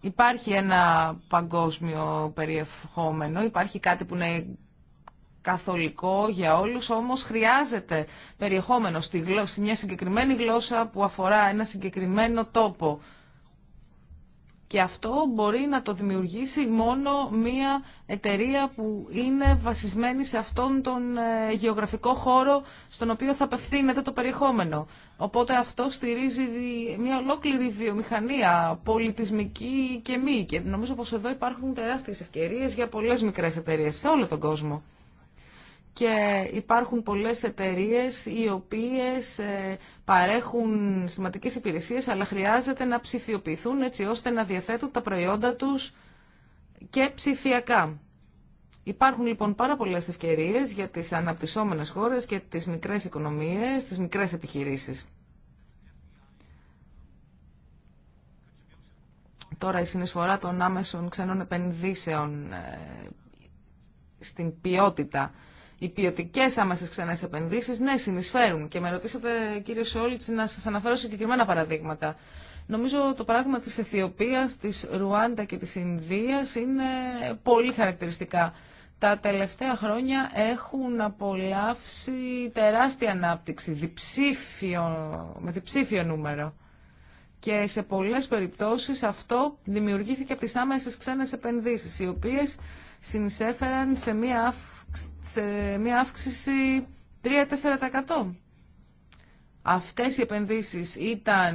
Υπάρχει ένα παγκόσμιο περιεχόμενο, υπάρχει κάτι που είναι καθολικό για όλους, όμως χρειάζεται περιεχόμενο στη γλώσσα, σε μια συγκεκριμένη γλώσσα που αφορά ένα συγκεκριμένο τόπο. Και αυτό μπορεί να το δημιουργήσει μόνο μία εταιρεία που είναι βασισμένη σε αυτόν τον ε, γεωγραφικό χώρο στον οποίο θα απευθύνεται το περιεχόμενο. Οπότε αυτό στηρίζει μία ολόκληρη βιομηχανία, πολιτισμική και μη. Και νομίζω πως εδώ υπάρχουν τεράστιες ευκαιρίες για πολλές μικρές εταιρείες σε όλο τον κόσμο και υπάρχουν πολλές εταιρείες οι οποίες ε, παρέχουν σημαντικές υπηρεσίες αλλά χρειάζεται να ψηφιοποιηθούν έτσι ώστε να διαθέτουν τα προϊόντα τους και ψηφιακά. Υπάρχουν λοιπόν πάρα πολλές ευκαιρίες για τις αναπτυσσόμενες χώρες και τις μικρές οικονομίες, τις μικρές επιχειρήσεις. Τώρα η συνεισφορά των άμεσων ξένων επενδύσεων ε, στην ποιότητα οι ποιοτικέ άμεσε ξενέ επενδύσει, ναι, συνεισφέρουν. Και με ρωτήσατε, κύριε Σόλτ, να σα αναφέρω συγκεκριμένα παραδείγματα. Νομίζω το παράδειγμα τη Αιθιοπία, τη Ρουάντα και τη Ινδία είναι πολύ χαρακτηριστικά. Τα τελευταία χρόνια έχουν απολαύσει τεράστια ανάπτυξη, διψήφιο, με διψήφιο νούμερο. Και σε πολλές περιπτώσεις αυτό δημιουργήθηκε από τις άμεσες ξένες επενδύσεις, οι οποίες συνεισέφεραν σε μία σε μια αύξηση 3-4%. Αυτές οι επενδύσεις ήταν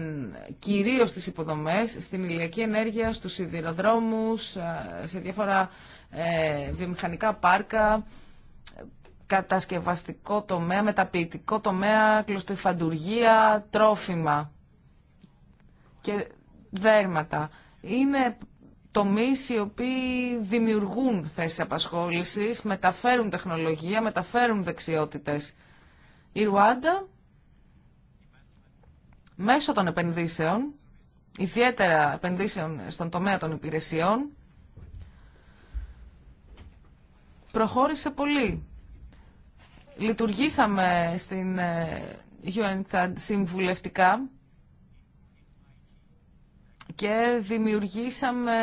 κυρίως στις υποδομές, στην ηλιακή ενέργεια, στους σιδηροδρόμους, ε, σε διάφορα ε, βιομηχανικά πάρκα, κατασκευαστικό τομέα, μεταποιητικό τομέα, κλωστοϊφαντουργία, τρόφιμα και δέρματα. Είναι τομείς οι οποίοι δημιουργούν θέσεις απασχόλησης, μεταφέρουν τεχνολογία, μεταφέρουν δεξιότητες. Η Ρουάντα, μέσω των επενδύσεων, ιδιαίτερα επενδύσεων στον τομέα των υπηρεσιών, προχώρησε πολύ. Λειτουργήσαμε στην ε, UNTAD συμβουλευτικά και δημιουργήσαμε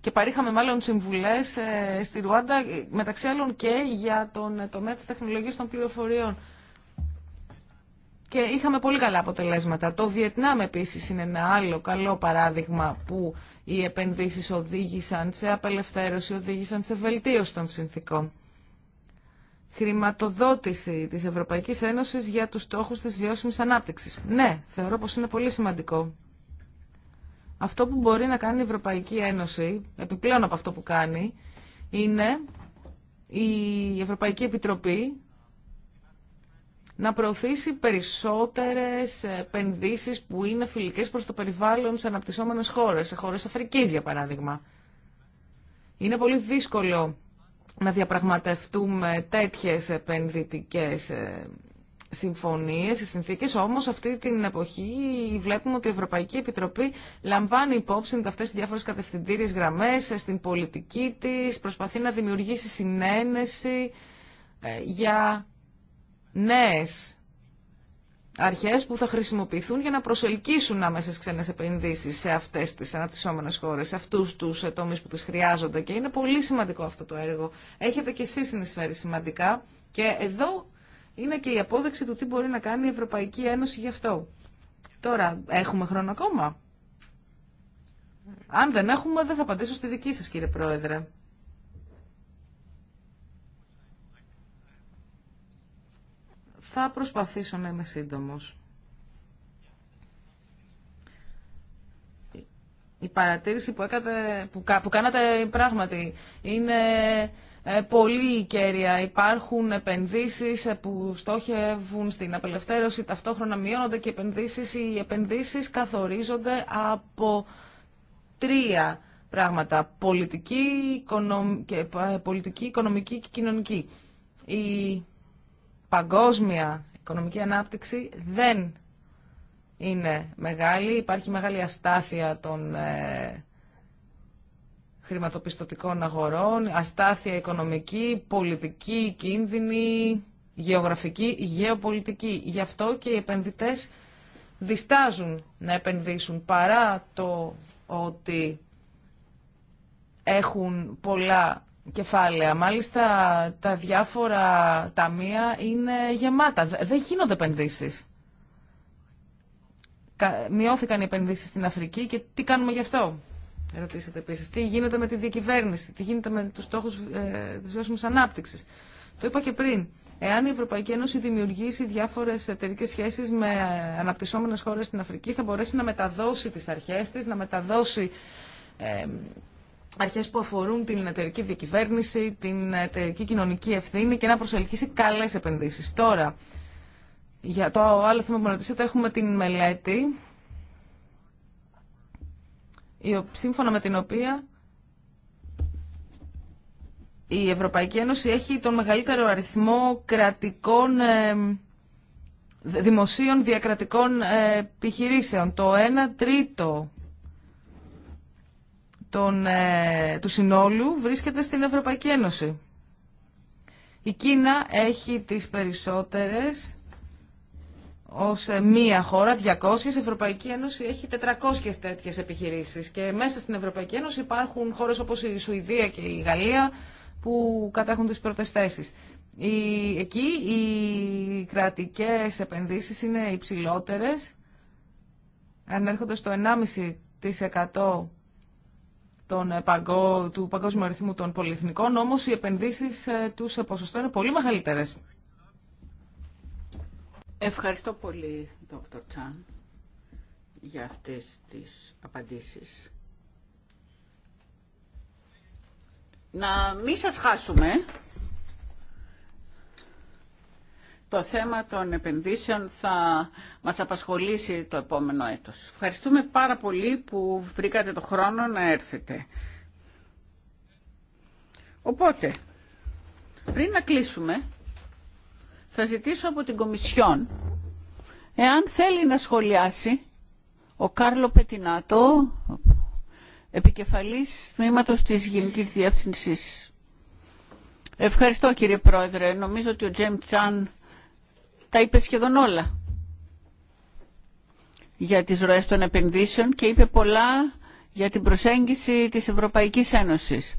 και παρήχαμε μάλλον συμβουλές ε, στη Ρουάντα μεταξύ άλλων και για τον τομέα της τεχνολογίας των πληροφοριών. Και είχαμε πολύ καλά αποτελέσματα. Το Βιετνάμ επίσης είναι ένα άλλο καλό παράδειγμα που οι επενδύσεις οδήγησαν σε απελευθέρωση, οδήγησαν σε βελτίωση των συνθήκων. Χρηματοδότηση της Ευρωπαϊκής Ένωσης για τους στόχους της βιώσιμης ανάπτυξης. Ναι, θεωρώ πως είναι πολύ σημαντικό. Αυτό που μπορεί να κάνει η Ευρωπαϊκή Ένωση, επιπλέον από αυτό που κάνει, είναι η Ευρωπαϊκή Επιτροπή να προωθήσει περισσότερες επενδύσεις που είναι φιλικές προς το περιβάλλον σε αναπτυσσόμενες χώρες, σε χώρες Αφρικής για παράδειγμα. Είναι πολύ δύσκολο να διαπραγματευτούμε τέτοιες επενδυτικές ε, συμφωνίες, οι συνθήκες, όμως αυτή την εποχή βλέπουμε ότι η Ευρωπαϊκή Επιτροπή λαμβάνει υπόψη αυτέ τις διάφορε κατευθυντήριε γραμμέ ε, στην πολιτική τη προσπαθεί να δημιουργήσει συνένεση ε, για νέε αρχέ που θα χρησιμοποιηθούν για να προσελκύσουν άμεσε ξένε επενδύσει σε αυτέ τι αναπτυσσόμενε χώρε, σε αυτού του ε, τομεί που τι χρειάζονται και είναι πολύ σημαντικό αυτό το έργο. Έχετε και εσεί συνεισφέρει σημαντικά και εδώ είναι και η απόδειξη του τι μπορεί να κάνει η Ευρωπαϊκή Ένωση γι' αυτό. Τώρα, έχουμε χρόνο ακόμα. Αν δεν έχουμε, δεν θα απαντήσω στη δική σας, κύριε Πρόεδρε. Θα προσπαθήσω να είμαι σύντομος. Η παρατήρηση που, έκατε, που κάνατε πράγματι είναι ε, πολύ κέρια. Υπάρχουν επενδύσεις που στόχευουν στην απελευθέρωση, ταυτόχρονα μειώνονται και οι επενδύσεις. Οι επενδύσεις καθορίζονται από τρία πράγματα. Ε, πολιτική, οικονομική και κοινωνική. Η παγκόσμια οικονομική ανάπτυξη δεν είναι μεγάλη. Υπάρχει μεγάλη αστάθεια των ε, χρηματοπιστωτικών αγορών, αστάθεια οικονομική, πολιτική, κίνδυνη, γεωγραφική, γεωπολιτική. Γι' αυτό και οι επενδυτές διστάζουν να επενδύσουν παρά το ότι έχουν πολλά κεφάλαια. Μάλιστα τα διάφορα ταμεία είναι γεμάτα. Δεν γίνονται επενδύσεις. Μειώθηκαν οι επενδύσεις στην Αφρική και τι κάνουμε γι' αυτό ρωτήσατε επίση. Τι γίνεται με τη διακυβέρνηση, τι γίνεται με του στόχου ε, τη βιώσιμη ανάπτυξη. Το είπα και πριν. Εάν η Ευρωπαϊκή Ένωση δημιουργήσει διάφορε εταιρικέ σχέσει με αναπτυσσόμενε χώρε στην Αφρική, θα μπορέσει να μεταδώσει τι αρχέ τη, να μεταδώσει ε, αρχέ που αφορούν την εταιρική διακυβέρνηση, την εταιρική κοινωνική ευθύνη και να προσελκύσει καλέ επενδύσει. Τώρα, για το άλλο θέμα που με ρωτήσατε, έχουμε την μελέτη σύμφωνα με την οποία η Ευρωπαϊκή Ένωση έχει τον μεγαλύτερο αριθμό κρατικών ε, δημοσίων διακρατικών ε, επιχειρήσεων. Το 1 τρίτο ε, του συνόλου βρίσκεται στην Ευρωπαϊκή Ένωση. Η Κίνα έχει τις περισσότερες ως ε, μία χώρα, 200, η Ευρωπαϊκή Ένωση έχει 400 τέτοιες επιχειρήσεις και μέσα στην Ευρωπαϊκή Ένωση υπάρχουν χώρες όπως η Σουηδία και η Γαλλία που κατέχουν τις πρώτες θέσεις. εκεί οι κρατικές επενδύσεις είναι υψηλότερες, ανέρχονται στο 1,5% τον ε, του παγκόσμιου αριθμού των πολυεθνικών, όμως οι επενδύσεις ε, τους σε ποσοστό είναι πολύ μεγαλύτερες. Ευχαριστώ πολύ, Δόκτωρ Τσάν, για αυτές τις απαντήσεις. Να μην σας χάσουμε. Το θέμα των επενδύσεων θα μας απασχολήσει το επόμενο έτος. Ευχαριστούμε πάρα πολύ που βρήκατε το χρόνο να έρθετε. Οπότε, πριν να κλείσουμε, θα ζητήσω από την Κομισιόν, εάν θέλει να σχολιάσει, ο Κάρλο Πετινάτο, επικεφαλής τμήματος της Γενικής Διεύθυνσης. Ευχαριστώ κύριε Πρόεδρε. Νομίζω ότι ο Τζέμ Τσάν τα είπε σχεδόν όλα για τις ροές των επενδύσεων και είπε πολλά για την προσέγγιση της Ευρωπαϊκής Ένωσης.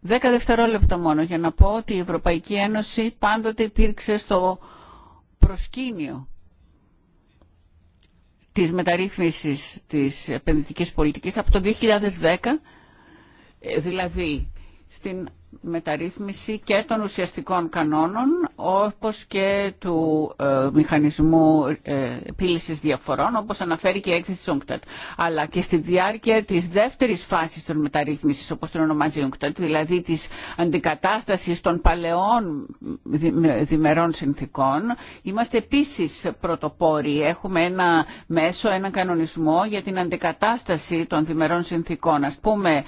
Δέκα δευτερόλεπτα μόνο για να πω ότι η Ευρωπαϊκή Ένωση πάντοτε υπήρξε στο προσκήνιο της μεταρρύθμισης της επενδυτικής πολιτικής από το 2010, ε, δηλαδή στην μεταρρύθμιση και των ουσιαστικών κανόνων όπως και του ε, μηχανισμού ε, διαφορών όπως αναφέρει και η έκθεση της αλλά και στη διάρκεια της δεύτερης φάσης των μεταρρύθμισης όπως την ονομάζει η UNCTAD δηλαδή της αντικατάστασης των παλαιών διμερών συνθήκων είμαστε επίσης πρωτοπόροι έχουμε ένα μέσο, ένα κανονισμό για την αντικατάσταση των διμερών συνθήκων ας πούμε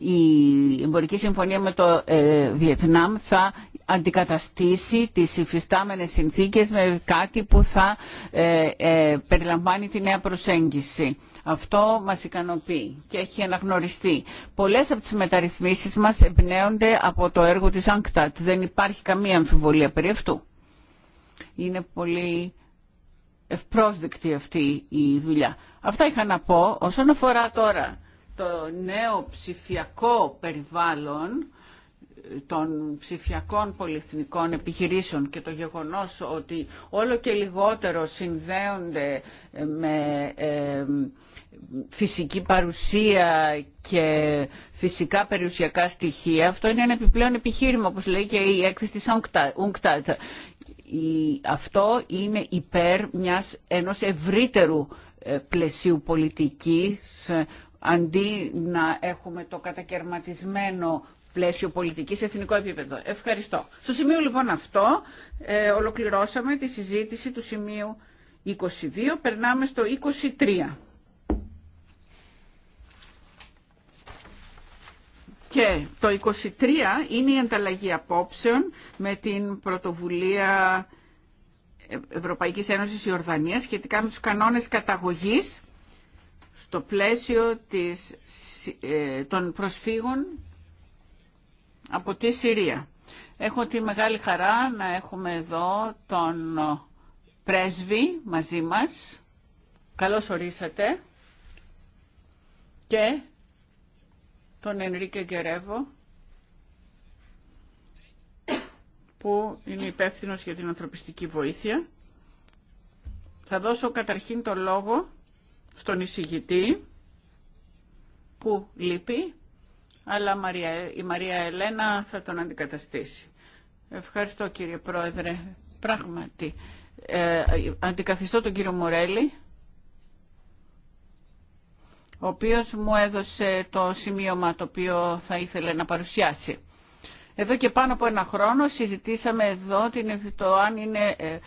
η εμπορική συμφωνία με το ε, Βιετνάμ θα αντικαταστήσει τις υφιστάμενες συνθήκες με κάτι που θα ε, ε, περιλαμβάνει τη νέα προσέγγιση. Αυτό μας ικανοποιεί και έχει αναγνωριστεί. Πολλές από τις μεταρρυθμίσεις μας εμπνέονται από το έργο της ΑΝΚΤΑΤ. Δεν υπάρχει καμία αμφιβολία περί αυτού. Είναι πολύ ευπρόσδεκτη αυτή η δουλειά. Αυτά είχα να πω. Όσον αφορά τώρα το νέο ψηφιακό περιβάλλον, των ψηφιακών πολυεθνικών επιχειρήσεων και το γεγονός ότι όλο και λιγότερο συνδέονται με ε, φυσική παρουσία και φυσικά περιουσιακά στοιχεία. Αυτό είναι ένα επιπλέον επιχείρημα, όπως λέει και η έκθεση της UNCTAD. Αυτό είναι υπέρ μιας ενός ευρύτερου ε, πλαισίου πολιτικής, ε, αντί να έχουμε το κατακαιρματισμένο πλαίσιο πολιτική σε εθνικό επίπεδο. Ευχαριστώ. Στο σημείο λοιπόν αυτό ε, ολοκληρώσαμε τη συζήτηση του σημείου 22. Περνάμε στο 23. Και το 23 είναι η ανταλλαγή απόψεων με την πρωτοβουλία Ευρωπαϊκής Ένωσης Ιορδανίας σχετικά με τους κανόνες καταγωγής στο πλαίσιο της, ε, των προσφύγων από τη Συρία. Έχω τη μεγάλη χαρά να έχουμε εδώ τον πρέσβη μαζί μας. Καλώς ορίσατε. Και τον Ενρίκε Γκερεύο, που είναι υπεύθυνο για την ανθρωπιστική βοήθεια. Θα δώσω καταρχήν το λόγο στον εισηγητή που λείπει, αλλά η Μαρία Ελένα θα τον αντικαταστήσει. Ευχαριστώ κύριε Πρόεδρε. Πράγματι, ε, αντικαθιστώ τον κύριο Μορέλη, ο οποίος μου έδωσε το σημείωμα το οποίο θα ήθελε να παρουσιάσει. Εδώ και πάνω από ένα χρόνο συζητήσαμε εδώ το αν είναι ε,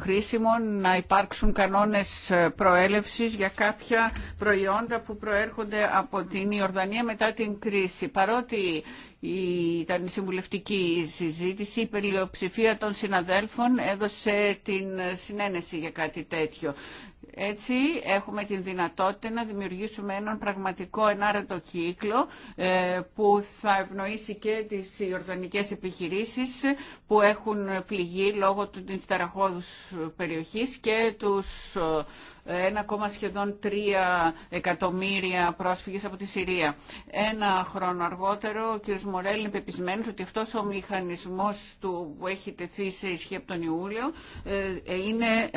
χρήσιμο να υπάρξουν κανόνες προέλευσης για κάποια προϊόντα που προέρχονται από την Ιορδανία μετά την κρίση. Παρότι ήταν συμβουλευτική συζήτηση, η περιοψηφία των συναδέλφων έδωσε την συνένεση για κάτι τέτοιο. Έτσι έχουμε την δυνατότητα να δημιουργήσουμε έναν πραγματικό ενάρετο κύκλο ε, που θα ευνοήσει και τις οργανικές επιχειρήσεις που έχουν πληγεί λόγω του ταραχώδους περιοχής και τους 1, ε, σχεδόν 3 εκατομμύρια πρόσφυγες από τη Συρία. Ένα χρόνο αργότερο ο κ. Μορέλ είναι πεπισμένος ότι αυτός ο μηχανισμός του που έχει τεθεί σε ισχύ από τον Ιούλιο ε, είναι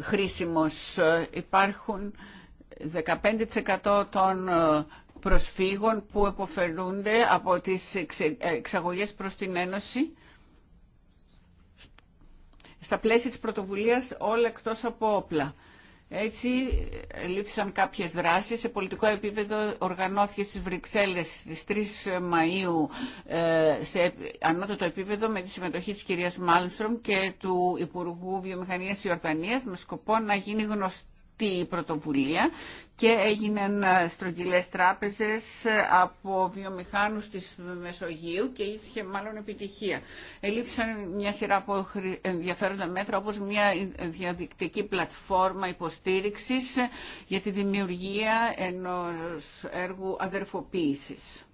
χρήσιμος. Υπάρχουν 15% των ε, προσφύγων που εποφελούνται από τις ε, εξαγωγές προς την Ένωση στα πλαίσια της πρωτοβουλίας όλα εκτός από όπλα. Έτσι λήφθησαν κάποιες δράσεις σε πολιτικό επίπεδο οργανώθηκε στις Βρυξέλλες στις 3 Μαΐου ε, σε ανώτατο επίπεδο με τη συμμετοχή της κυρίας Μάλμστρομ και του Υπουργού Βιομηχανίας της Ιορδανίας με σκοπό να γίνει γνωστό η πρωτοβουλία και έγιναν ε, στρογγυλές τράπεζες ε, από βιομηχάνους της Μεσογείου και είχε μάλλον επιτυχία. Ελήφθησαν μια σειρά από ενδιαφέροντα μέτρα όπως μια διαδικτική πλατφόρμα υποστήριξης ε, για τη δημιουργία ενός έργου αδερφοποίησης.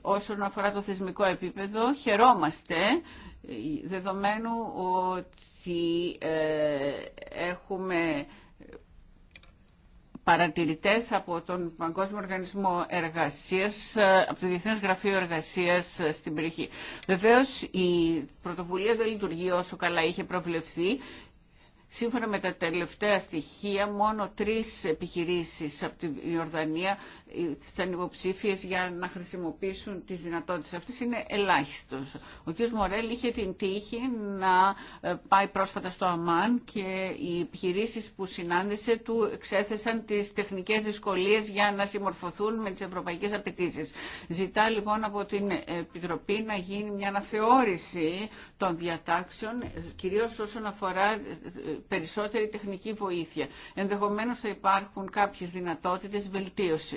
Όσον αφορά το θεσμικό επίπεδο, χαιρόμαστε δεδομένου ότι έχουμε παρατηρητές από τον Παγκόσμιο Οργανισμό Εργασίας, από το Διεθνές Γραφείο Εργασίας στην περιοχή. Βεβαίως η πρωτοβουλία δεν λειτουργεί όσο καλά είχε προβλεφθεί. Σύμφωνα με τα τελευταία στοιχεία, μόνο τρεις επιχειρήσεις από την Ιορδανία τις ανυποψήφιε για να χρησιμοποιήσουν τι δυνατότητε. αυτές είναι ελάχιστο. Ο κ. Μορέλ είχε την τύχη να ε, πάει πρόσφατα στο ΑΜΑΝ και οι επιχειρήσει που συνάντησε του εξέθεσαν τι τεχνικές δυσκολίε για να συμμορφωθούν με τι ευρωπαϊκέ απαιτήσει. Ζητά λοιπόν από την Επιτροπή να γίνει μια αναθεώρηση των διατάξεων, κυρίω όσον αφορά ε, περισσότερη τεχνική βοήθεια. Ενδεχομένω θα υπάρχουν κάποιε δυνατότητε βελτίωση.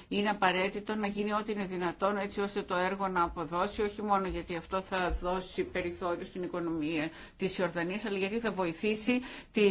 είναι απαραίτητο να γίνει ό,τι είναι δυνατόν έτσι ώστε το έργο να αποδώσει, όχι μόνο γιατί αυτό θα δώσει περιθώριο στην οικονομία τη Ιορδανία, αλλά γιατί θα βοηθήσει τι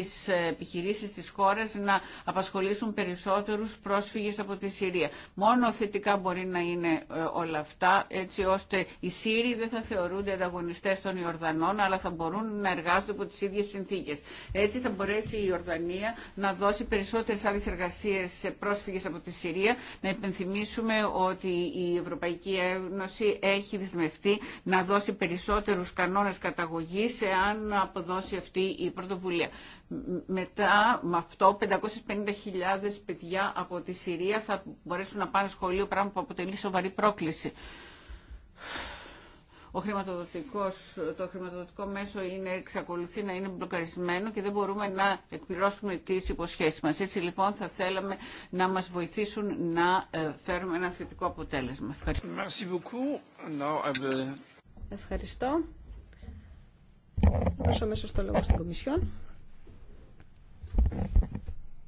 επιχειρήσει τη χώρα να απασχολήσουν περισσότερου πρόσφυγε από τη Συρία. Μόνο θετικά μπορεί να είναι ε, όλα αυτά, έτσι ώστε οι Σύριοι δεν θα θεωρούνται ανταγωνιστές των Ιορδανών, αλλά θα μπορούν να εργάζονται από τις ίδιες συνθήκες. Έτσι θα μπορέσει η Ιορδανία να δώσει περισσότερες άδειες εργασίες σε πρόσφυγες από τη Συρία, να υπενθυμίσουμε ότι η Ευρωπαϊκή Ένωση έχει δεσμευτεί να δώσει περισσότερους κανόνες καταγωγής εάν αποδώσει αυτή η πρωτοβουλία. Μετά με αυτό 550.000 παιδιά από τη Συρία θα μπορέσουν να πάνε σχολείο, πράγμα που αποτελεί σοβαρή πρόκληση ο χρηματοδοτικός, το χρηματοδοτικό μέσο είναι, εξακολουθεί να είναι μπλοκαρισμένο και δεν μπορούμε να εκπληρώσουμε τις υποσχέσεις μας. Έτσι λοιπόν θα θέλαμε να μας βοηθήσουν να ε, φέρουμε ένα θετικό αποτέλεσμα. Ευχαριστώ. Ευχαριστώ. Δώσω μέσα στο λόγο στην Κομισιόν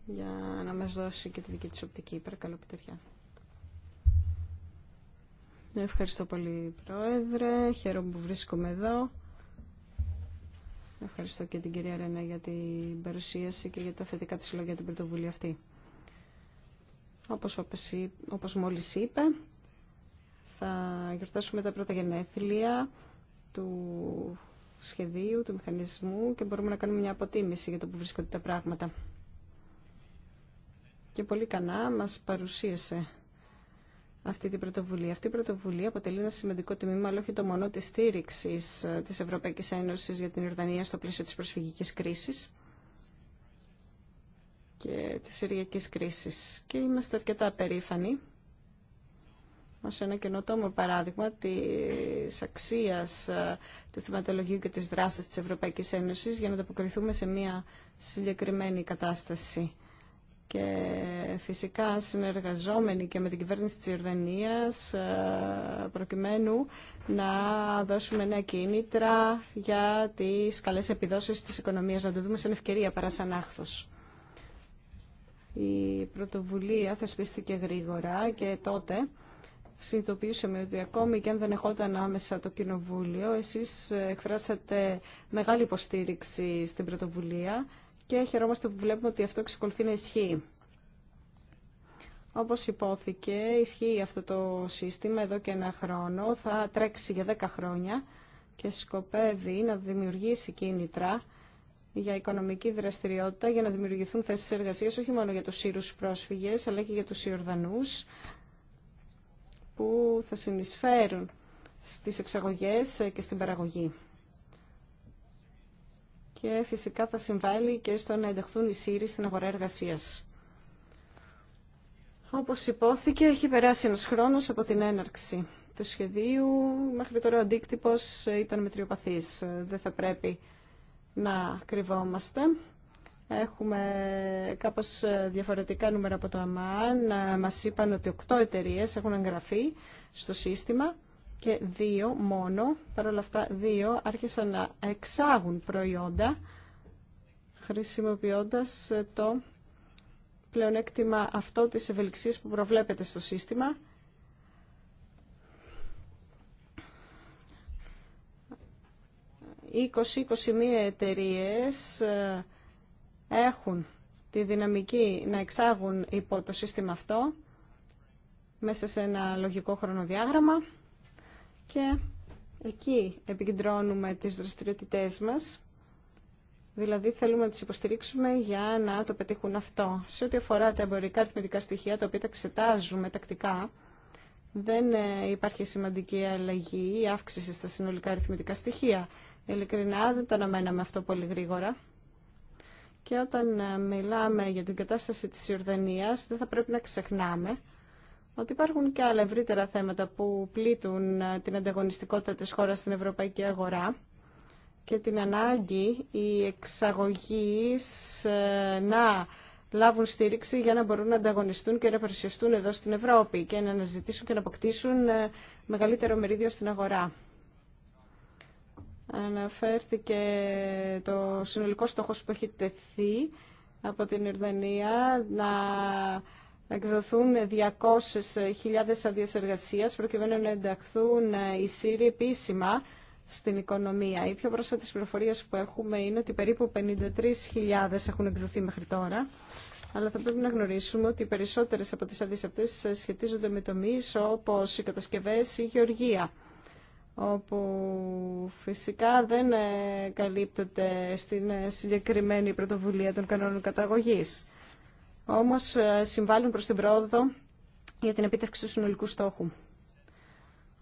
για να μας δώσει και τη δική της οπτική. Παρακαλώ, Πετεριά. Ευχαριστώ πολύ, Πρόεδρε. Χαίρομαι που βρίσκομαι εδώ. Ευχαριστώ και την κυρία Ρένα για την παρουσίαση και για τα θετικά της λόγια την πρωτοβουλία αυτή. Όπως, όπως μόλις είπε, θα γιορτάσουμε τα πρώτα γενέθλια του σχεδίου, του μηχανισμού και μπορούμε να κάνουμε μια αποτίμηση για το που βρίσκονται τα πράγματα. Και πολύ κανά μας παρουσίασε αυτή την πρωτοβουλία. Αυτή η πρωτοβουλία αποτελεί ένα σημαντικό τμήμα, αλλά όχι το μόνο τη στήριξη ε, τη Ευρωπαϊκή Ένωση για την Ιορδανία στο πλαίσιο τη προσφυγική κρίση και τη Συριακή κρίση. Και είμαστε αρκετά περήφανοι ω ένα καινοτόμο παράδειγμα της αξίας ε, του θεματολογίου και της δράσης τη Ευρωπαϊκή Ένωση, για να ανταποκριθούμε σε μια συγκεκριμένη κατάσταση και φυσικά συνεργαζόμενοι και με την κυβέρνηση της Ιορδανίας ε, προκειμένου να δώσουμε νέα κίνητρα για τις καλές επιδόσεις της οικονομίας, να το δούμε σαν ευκαιρία παρά σαν άχθος. Η πρωτοβουλία θεσπίστηκε γρήγορα και τότε συνειδητοποιήσαμε ότι ακόμη και αν δεν εχόταν άμεσα το Κοινοβούλιο, εσείς εκφράσατε μεγάλη υποστήριξη στην πρωτοβουλία και χαιρόμαστε που βλέπουμε ότι αυτό εξακολουθεί να ισχύει. Όπως υπόθηκε, ισχύει αυτό το σύστημα εδώ και ένα χρόνο, θα τρέξει για 10 χρόνια και σκοπεύει να δημιουργήσει κίνητρα για οικονομική δραστηριότητα, για να δημιουργηθούν θέσεις εργασίας, όχι μόνο για τους Σύρους πρόσφυγες, αλλά και για τους Ιορδανούς, που θα συνεισφέρουν στις εξαγωγές και στην παραγωγή και φυσικά θα συμβάλλει και στο να ενταχθούν οι ΣΥΡΙ στην αγορά εργασίας. Όπως υπόθηκε, έχει περάσει ένα χρόνος από την έναρξη του σχεδίου. Μέχρι τώρα ο αντίκτυπο ήταν μετριοπαθής. Δεν θα πρέπει να κρυβόμαστε. Έχουμε κάπως διαφορετικά νούμερα από το ΑΜΑΝ. Μας είπαν ότι οκτώ εταιρείες έχουν εγγραφεί στο σύστημα και δύο μόνο, παρόλα αυτά δύο, άρχισαν να εξάγουν προϊόντα χρησιμοποιώντας το πλεονέκτημα αυτό της ευελιξίας που προβλέπεται στο σύστημα. 20-21 εταιρείε ε, έχουν τη δυναμική να εξάγουν υπό το σύστημα αυτό μέσα σε ένα λογικό χρονοδιάγραμμα και εκεί επικεντρώνουμε τις δραστηριότητές μας. Δηλαδή θέλουμε να τις υποστηρίξουμε για να το πετύχουν αυτό. Σε ό,τι αφορά τα εμπορικά αριθμητικά στοιχεία, τα οποία τα εξετάζουμε τακτικά, δεν ε, υπάρχει σημαντική αλλαγή ή αύξηση στα συνολικά αριθμητικά στοιχεία. Ειλικρινά δεν το αναμέναμε αυτό πολύ γρήγορα. Και όταν ε, μιλάμε για την κατάσταση της Ιορδανίας, δεν θα πρέπει να ξεχνάμε ότι υπάρχουν και άλλα ευρύτερα θέματα που πλήττουν ε, την ανταγωνιστικότητα της χώρας στην ευρωπαϊκή αγορά και την ανάγκη οι εξαγωγείς ε, να λάβουν στήριξη για να μπορούν να ανταγωνιστούν και να παρουσιαστούν εδώ στην Ευρώπη και να αναζητήσουν και να αποκτήσουν ε, μεγαλύτερο μερίδιο στην αγορά. Αναφέρθηκε το συνολικό στόχος που έχει τεθεί από την Ιρδανία να εκδοθούν 200.000 άδειε εργασία προκειμένου να ενταχθούν οι ΣΥΡΙ επίσημα στην οικονομία. Οι πιο πρόσφατε πληροφορίε που έχουμε είναι ότι περίπου 53.000 έχουν εκδοθεί μέχρι τώρα. Αλλά θα πρέπει να γνωρίσουμε ότι οι περισσότερε από τι άδειε αυτέ σχετίζονται με τομεί όπω οι κατασκευέ ή η γεωργία όπου φυσικά δεν ε, καλύπτονται στην ε, συγκεκριμένη πρωτοβουλία των κανόνων καταγωγής όμως ε, συμβάλλουν προς την πρόοδο για την επίτευξη του συνολικού στόχου.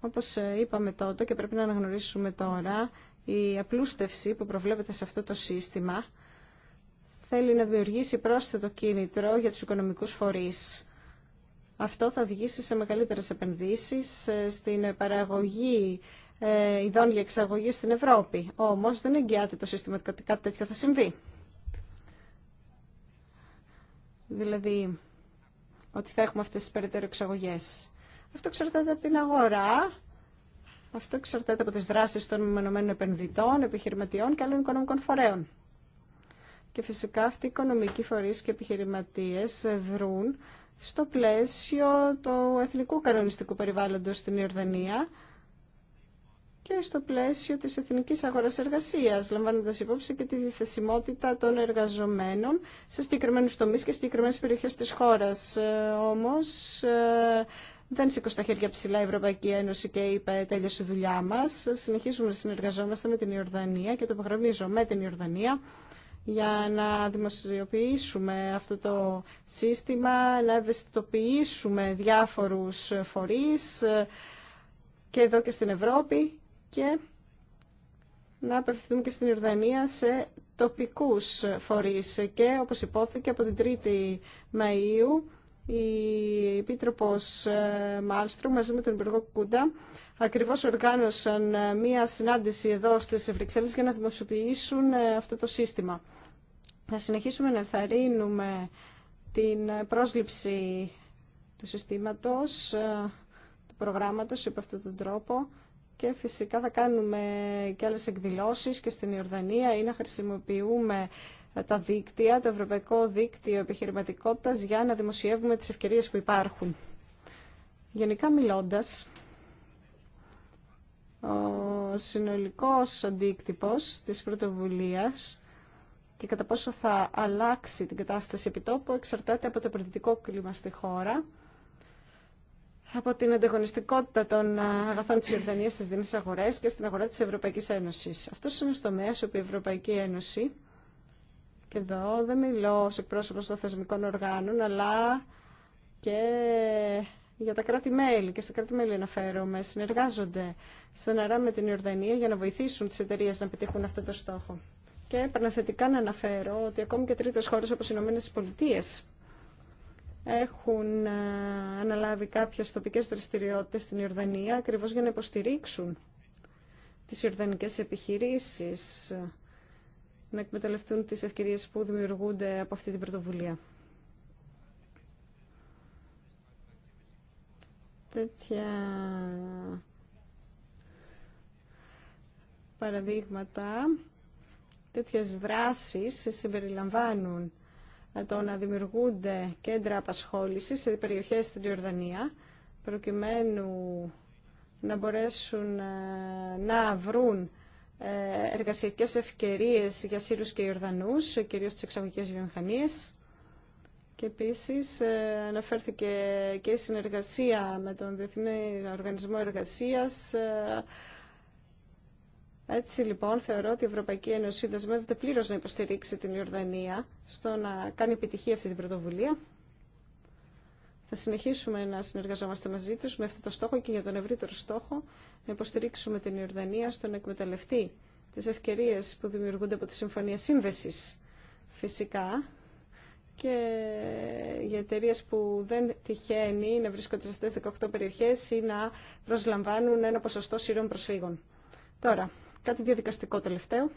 Όπως ε, είπαμε τότε και πρέπει να αναγνωρίσουμε τώρα, η απλούστευση που προβλέπεται σε αυτό το σύστημα θέλει να δημιουργήσει πρόσθετο κίνητρο για τους οικονομικούς φορείς. Αυτό θα οδηγήσει σε μεγαλύτερες επενδύσεις ε, στην παραγωγή ειδών για εξαγωγή στην Ευρώπη. Όμως δεν εγγυάται το σύστημα ότι κάτι τέτοιο θα συμβεί. Δηλαδή, ότι θα έχουμε αυτές τις περαιτέρω εξαγωγέ. Αυτό εξαρτάται από την αγορά, αυτό εξαρτάται από τις δράσεις των μεμονωμένων επενδυτών, επιχειρηματιών και άλλων οικονομικών φορέων. Και φυσικά αυτοί οι οικονομικοί φορείς και επιχειρηματίες δρούν στο πλαίσιο του εθνικού κανονιστικού περιβάλλοντος στην Ιορδανία, και στο πλαίσιο της εθνικής αγοράς εργασίας, λαμβάνοντας υπόψη και τη διθεσιμότητα των εργαζομένων σε συγκεκριμένους τομείς και συγκεκριμένες περιοχές της χώρας. Ε, όμως, ε, δεν σήκω στα χέρια ψηλά η Ευρωπαϊκή Ένωση και είπε τέλειωσε η δουλειά μας. Συνεχίζουμε να συνεργαζόμαστε με την Ιορδανία και το υπογραμμίζω με την Ιορδανία για να δημοσιοποιήσουμε αυτό το σύστημα, να ευαισθητοποιήσουμε διάφορους φορείς ε, και εδώ και στην Ευρώπη και να απευθυνθούμε και στην Ιορδανία σε τοπικούς φορείς και όπως υπόθηκε από την 3η Μαΐου η Επίτροπος ε, Μάλστρου μαζί με τον Υπουργό Κούντα ακριβώς οργάνωσαν ε, μία συνάντηση εδώ στις Βρυξέλλες για να δημοσιοποιήσουν ε, αυτό το σύστημα. Θα συνεχίσουμε να ενθαρρύνουμε την πρόσληψη του συστήματος, του προγράμματος, υπό αυτόν τον τρόπο και φυσικά θα κάνουμε και άλλες εκδηλώσεις και στην Ιορδανία ή να χρησιμοποιούμε τα δίκτυα, το Ευρωπαϊκό Δίκτυο Επιχειρηματικότητας για να δημοσιεύουμε τις ευκαιρίες που υπάρχουν. Γενικά μιλώντας, ο συνολικός αντίκτυπος της πρωτοβουλίας και κατά πόσο θα αλλάξει την κατάσταση επιτόπου εξαρτάται από το επενδυτικό κλίμα στη χώρα από την ανταγωνιστικότητα των αγαθών τη Ιορδανίας στι δινέ αγορέ και στην αγορά τη Ευρωπαϊκή Ένωση. Αυτό είναι ο τομέα όπου η Ευρωπαϊκή Ένωση, και εδώ δεν μιλώ ως εκπρόσωπος των θεσμικών οργάνων, αλλά και για τα κράτη-μέλη και στα κράτη-μέλη αναφέρομαι, συνεργάζονται στεναρά με την Ιορδανία για να βοηθήσουν τις εταιρείε να πετύχουν αυτό το στόχο. Και επαναθετικά να αναφέρω ότι ακόμη και τρίτε χώρε όπως οι Ηνωμένες Πολιτείες έχουν ε, αναλάβει κάποιες τοπικές δραστηριότητες στην Ιορδανία ακριβώς για να υποστηρίξουν τις Ιορδανικές επιχειρήσεις ε, να εκμεταλλευτούν τις ευκαιρίες που δημιουργούνται από αυτή την πρωτοβουλία. Τέτοια παραδείγματα, τέτοιες δράσεις συμπεριλαμβάνουν το να δημιουργούνται κέντρα απασχόλησης σε περιοχές στην Ιορδανία, προκειμένου να μπορέσουν ε, να βρουν ε, εργασιακές ευκαιρίες για Σύρους και Ιορδανούς, κυρίως στις εξαγωγικές βιομηχανίες. Και επίσης ε, αναφέρθηκε και η συνεργασία με τον Διεθνή Οργανισμό Εργασίας έτσι λοιπόν θεωρώ ότι η Ευρωπαϊκή Ένωση δεσμεύεται πλήρως να υποστηρίξει την Ιορδανία στο να κάνει επιτυχία αυτή την πρωτοβουλία. Θα συνεχίσουμε να συνεργαζόμαστε μαζί τους με αυτό το στόχο και για τον ευρύτερο στόχο να υποστηρίξουμε την Ιορδανία στο να εκμεταλλευτεί τις ευκαιρίες που δημιουργούνται από τη Συμφωνία Σύνδεσης φυσικά και για εταιρείε που δεν τυχαίνει να βρίσκονται σε αυτές τις 18 περιοχές ή να προσλαμβάνουν ένα ποσοστό σύρων προσφύγων. Τώρα, Κάτι διαδικαστικό τελευταίο.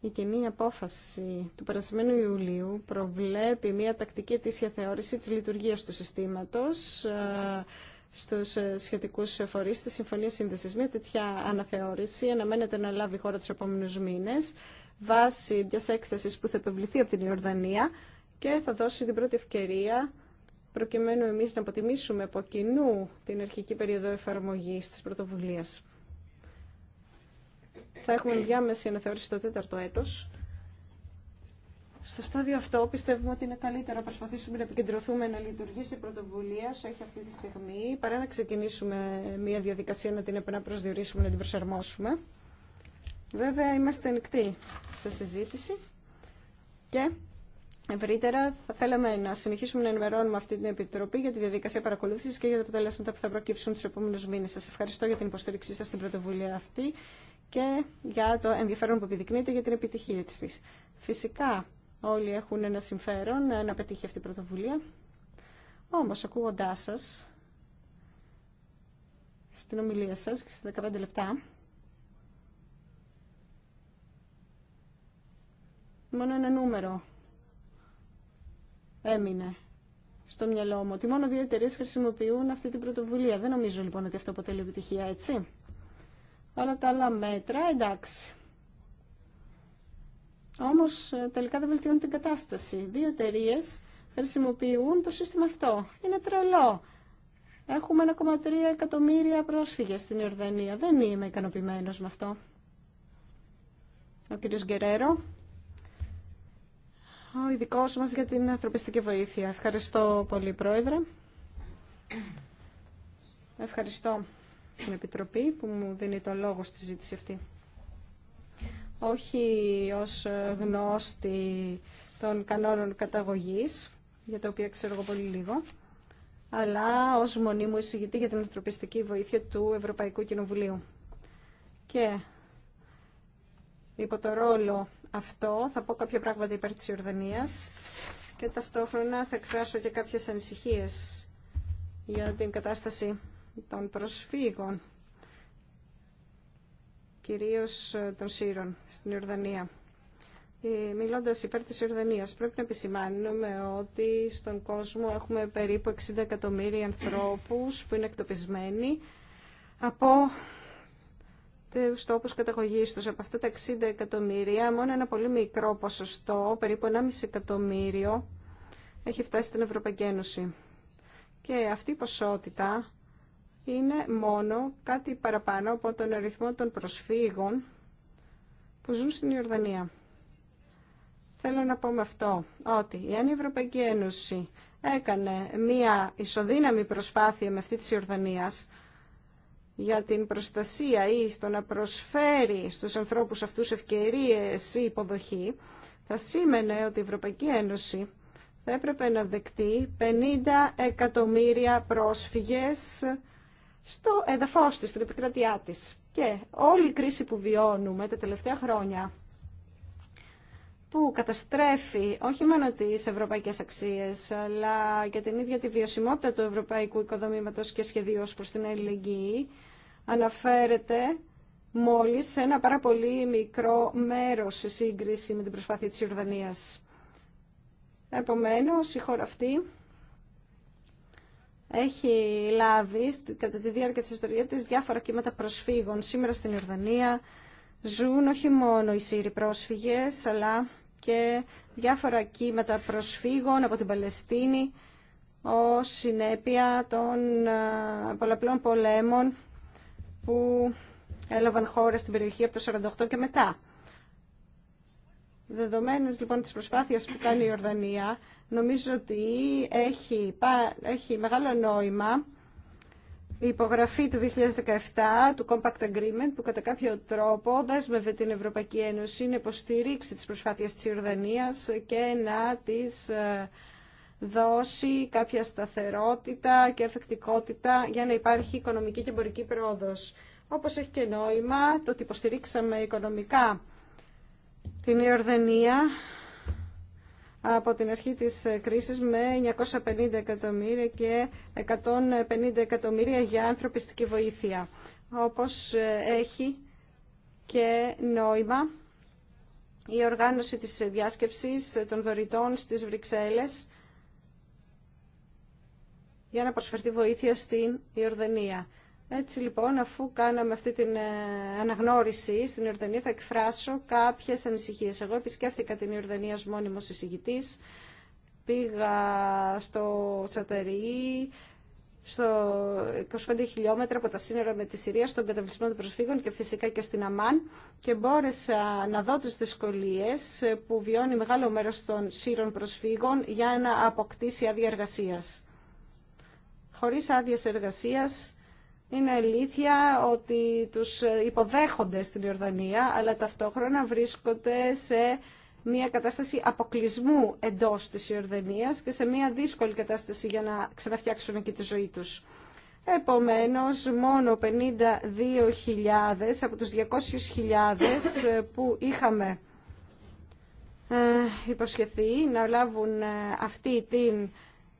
Η κοινή απόφαση του περασμένου Ιουλίου προβλέπει μια τακτική αιτήσια θεώρηση της λειτουργίας του συστήματος ε, στους ε, σχετικούς φορείς της Συμφωνίας Σύνδεσης. Μια τέτοια αναθεώρηση αναμένεται να λάβει χώρα του επόμενους μήνες βάσει μια έκθεσης που θα επιβληθεί από την Ιορδανία και θα δώσει την πρώτη ευκαιρία προκειμένου εμείς να αποτιμήσουμε από κοινού την αρχική περίοδο εφαρμογής της πρωτοβουλίας θα έχουμε διάμεση αναθεώρηση το τέταρτο έτος. Στο στάδιο αυτό πιστεύουμε ότι είναι καλύτερο να προσπαθήσουμε να επικεντρωθούμε να λειτουργήσει η πρωτοβουλία όσο όχι αυτή τη στιγμή, παρά να ξεκινήσουμε μια διαδικασία να την επαναπροσδιορίσουμε, να την προσαρμόσουμε. Βέβαια, είμαστε ανοιχτοί σε συζήτηση και ευρύτερα θα θέλαμε να συνεχίσουμε να ενημερώνουμε αυτή την Επιτροπή για τη διαδικασία παρακολούθηση και για τα αποτελέσματα που θα προκύψουν του επόμενου μήνε. Σα ευχαριστώ για την υποστήριξή σα στην πρωτοβουλία αυτή και για το ενδιαφέρον που επιδεικνύεται για την επιτυχία τη. Φυσικά όλοι έχουν ένα συμφέρον ε, να πετύχει αυτή η πρωτοβουλία. όμω ακούγοντά σα. στην ομιλία σα, σε 15 λεπτά, μόνο ένα νούμερο έμεινε στο μυαλό μου, ότι μόνο δύο εταιρείε χρησιμοποιούν αυτή την πρωτοβουλία. Δεν νομίζω λοιπόν ότι αυτό αποτελεί επιτυχία, έτσι όλα τα άλλα μέτρα, εντάξει. Όμως ε, τελικά δεν βελτιώνει την κατάσταση. Δύο εταιρείε χρησιμοποιούν το σύστημα αυτό. Είναι τρελό. Έχουμε 1,3 εκατομμύρια πρόσφυγες στην Ιορδανία. Δεν είμαι ικανοποιημένο με αυτό. Ο κύριος Γκερέρο, ο ειδικό μας για την ανθρωπιστική βοήθεια. Ευχαριστώ πολύ, Πρόεδρε. Ευχαριστώ την Επιτροπή που μου δίνει το λόγο στη ζήτηση αυτή. Όχι ως γνώστη των κανόνων καταγωγής, για τα οποία ξέρω εγώ πολύ λίγο, αλλά ως μονίμου εισηγητή για την ανθρωπιστική βοήθεια του Ευρωπαϊκού Κοινοβουλίου. Και υπό το ρόλο αυτό θα πω κάποια πράγματα υπέρ της Ιορδανίας και ταυτόχρονα θα εκφράσω και κάποιες ανησυχίες για την κατάσταση των προσφύγων, κυρίως ε, των Σύρων στην Ιορδανία. Ε, μιλώντας υπέρ της Ιορδανίας, πρέπει να επισημάνουμε ότι στον κόσμο έχουμε περίπου 60 εκατομμύρια ανθρώπους που είναι εκτοπισμένοι από τους τόπους καταγωγής τους. Από αυτά τα 60 εκατομμύρια, μόνο ένα πολύ μικρό ποσοστό, περίπου 1,5 εκατομμύριο, έχει φτάσει στην Ευρωπαϊκή Ένωση. Και αυτή η ποσότητα είναι μόνο κάτι παραπάνω από τον αριθμό των προσφύγων που ζουν στην Ιορδανία. Θέλω να πω με αυτό ότι αν η Ευρωπαϊκή Ένωση έκανε μία ισοδύναμη προσπάθεια με αυτή της Ιορδανίας για την προστασία ή στο να προσφέρει στους ανθρώπους αυτούς ευκαιρίες ή υποδοχή, θα σήμαινε ότι η Ευρωπαϊκή Ένωση θα έπρεπε να δεκτεί 50 εκατομμύρια πρόσφυγες στο έδαφος της, στην επικρατειά της. Και όλη η κρίση που βιώνουμε τα τελευταία χρόνια, που καταστρέφει όχι μόνο τις ευρωπαϊκές αξίες, αλλά και την ίδια τη βιωσιμότητα του ευρωπαϊκού οικοδομήματος και σχεδίου προς την ελληνική, αναφέρεται μόλις σε ένα πάρα πολύ μικρό μέρος σε σύγκριση με την προσπάθεια της Ιορδανίας. Επομένως, η χώρα αυτή έχει λάβει κατά τη διάρκεια της ιστορίας της διάφορα κύματα προσφύγων. Σήμερα στην Ιορδανία ζουν όχι μόνο οι Σύριοι πρόσφυγες, αλλά και διάφορα κύματα προσφύγων από την Παλαιστίνη ως συνέπεια των πολλαπλών πολέμων που έλαβαν χώρα στην περιοχή από το 1948 και μετά. Δεδομένες λοιπόν της προσπάθειας που κάνει η Ορδανία, νομίζω ότι έχει, έχει μεγάλο νόημα η υπογραφή του 2017 του Compact Agreement που κατά κάποιο τρόπο δέσμευε την Ευρωπαϊκή Ένωση να υποστηρίξει τις προσπάθειες της Ιορδανίας και να τις ε, δώσει κάποια σταθερότητα και εφεκτικότητα για να υπάρχει οικονομική και εμπορική πρόοδος. Όπως έχει και νόημα το ότι υποστηρίξαμε οικονομικά την Ιορδανία από την αρχή της κρίσης με 950 εκατομμύρια και 150 εκατομμύρια για ανθρωπιστική βοήθεια. Όπως έχει και νόημα η οργάνωση της διάσκεψης των δωρητών στις Βρυξέλλες για να προσφερθεί βοήθεια στην Ιορδανία. Έτσι λοιπόν, αφού κάναμε αυτή την ε, αναγνώριση στην Ιορδανία, θα εκφράσω κάποιες ανησυχίες. Εγώ επισκέφθηκα την Ιορδανία ως μόνιμος εισηγητής, πήγα στο Σατερί, στο 25 χιλιόμετρα από τα σύνορα με τη Συρία, στον καταβλησμό των προσφύγων και φυσικά και στην Αμάν και μπόρεσα να δω τις δυσκολίες που βιώνει μεγάλο μέρος των Σύρων προσφύγων για να αποκτήσει άδεια εργασίας. Χωρίς άδειες εργασίας είναι αλήθεια ότι τους υποδέχονται στην Ιορδανία, αλλά ταυτόχρονα βρίσκονται σε μια κατάσταση αποκλεισμού εντός της Ιορδανίας και σε μια δύσκολη κατάσταση για να ξαναφτιάξουν εκεί τη ζωή τους. Επομένως, μόνο 52.000 από τους 200.000 που είχαμε ε, υποσχεθεί να λάβουν ε, αυτή την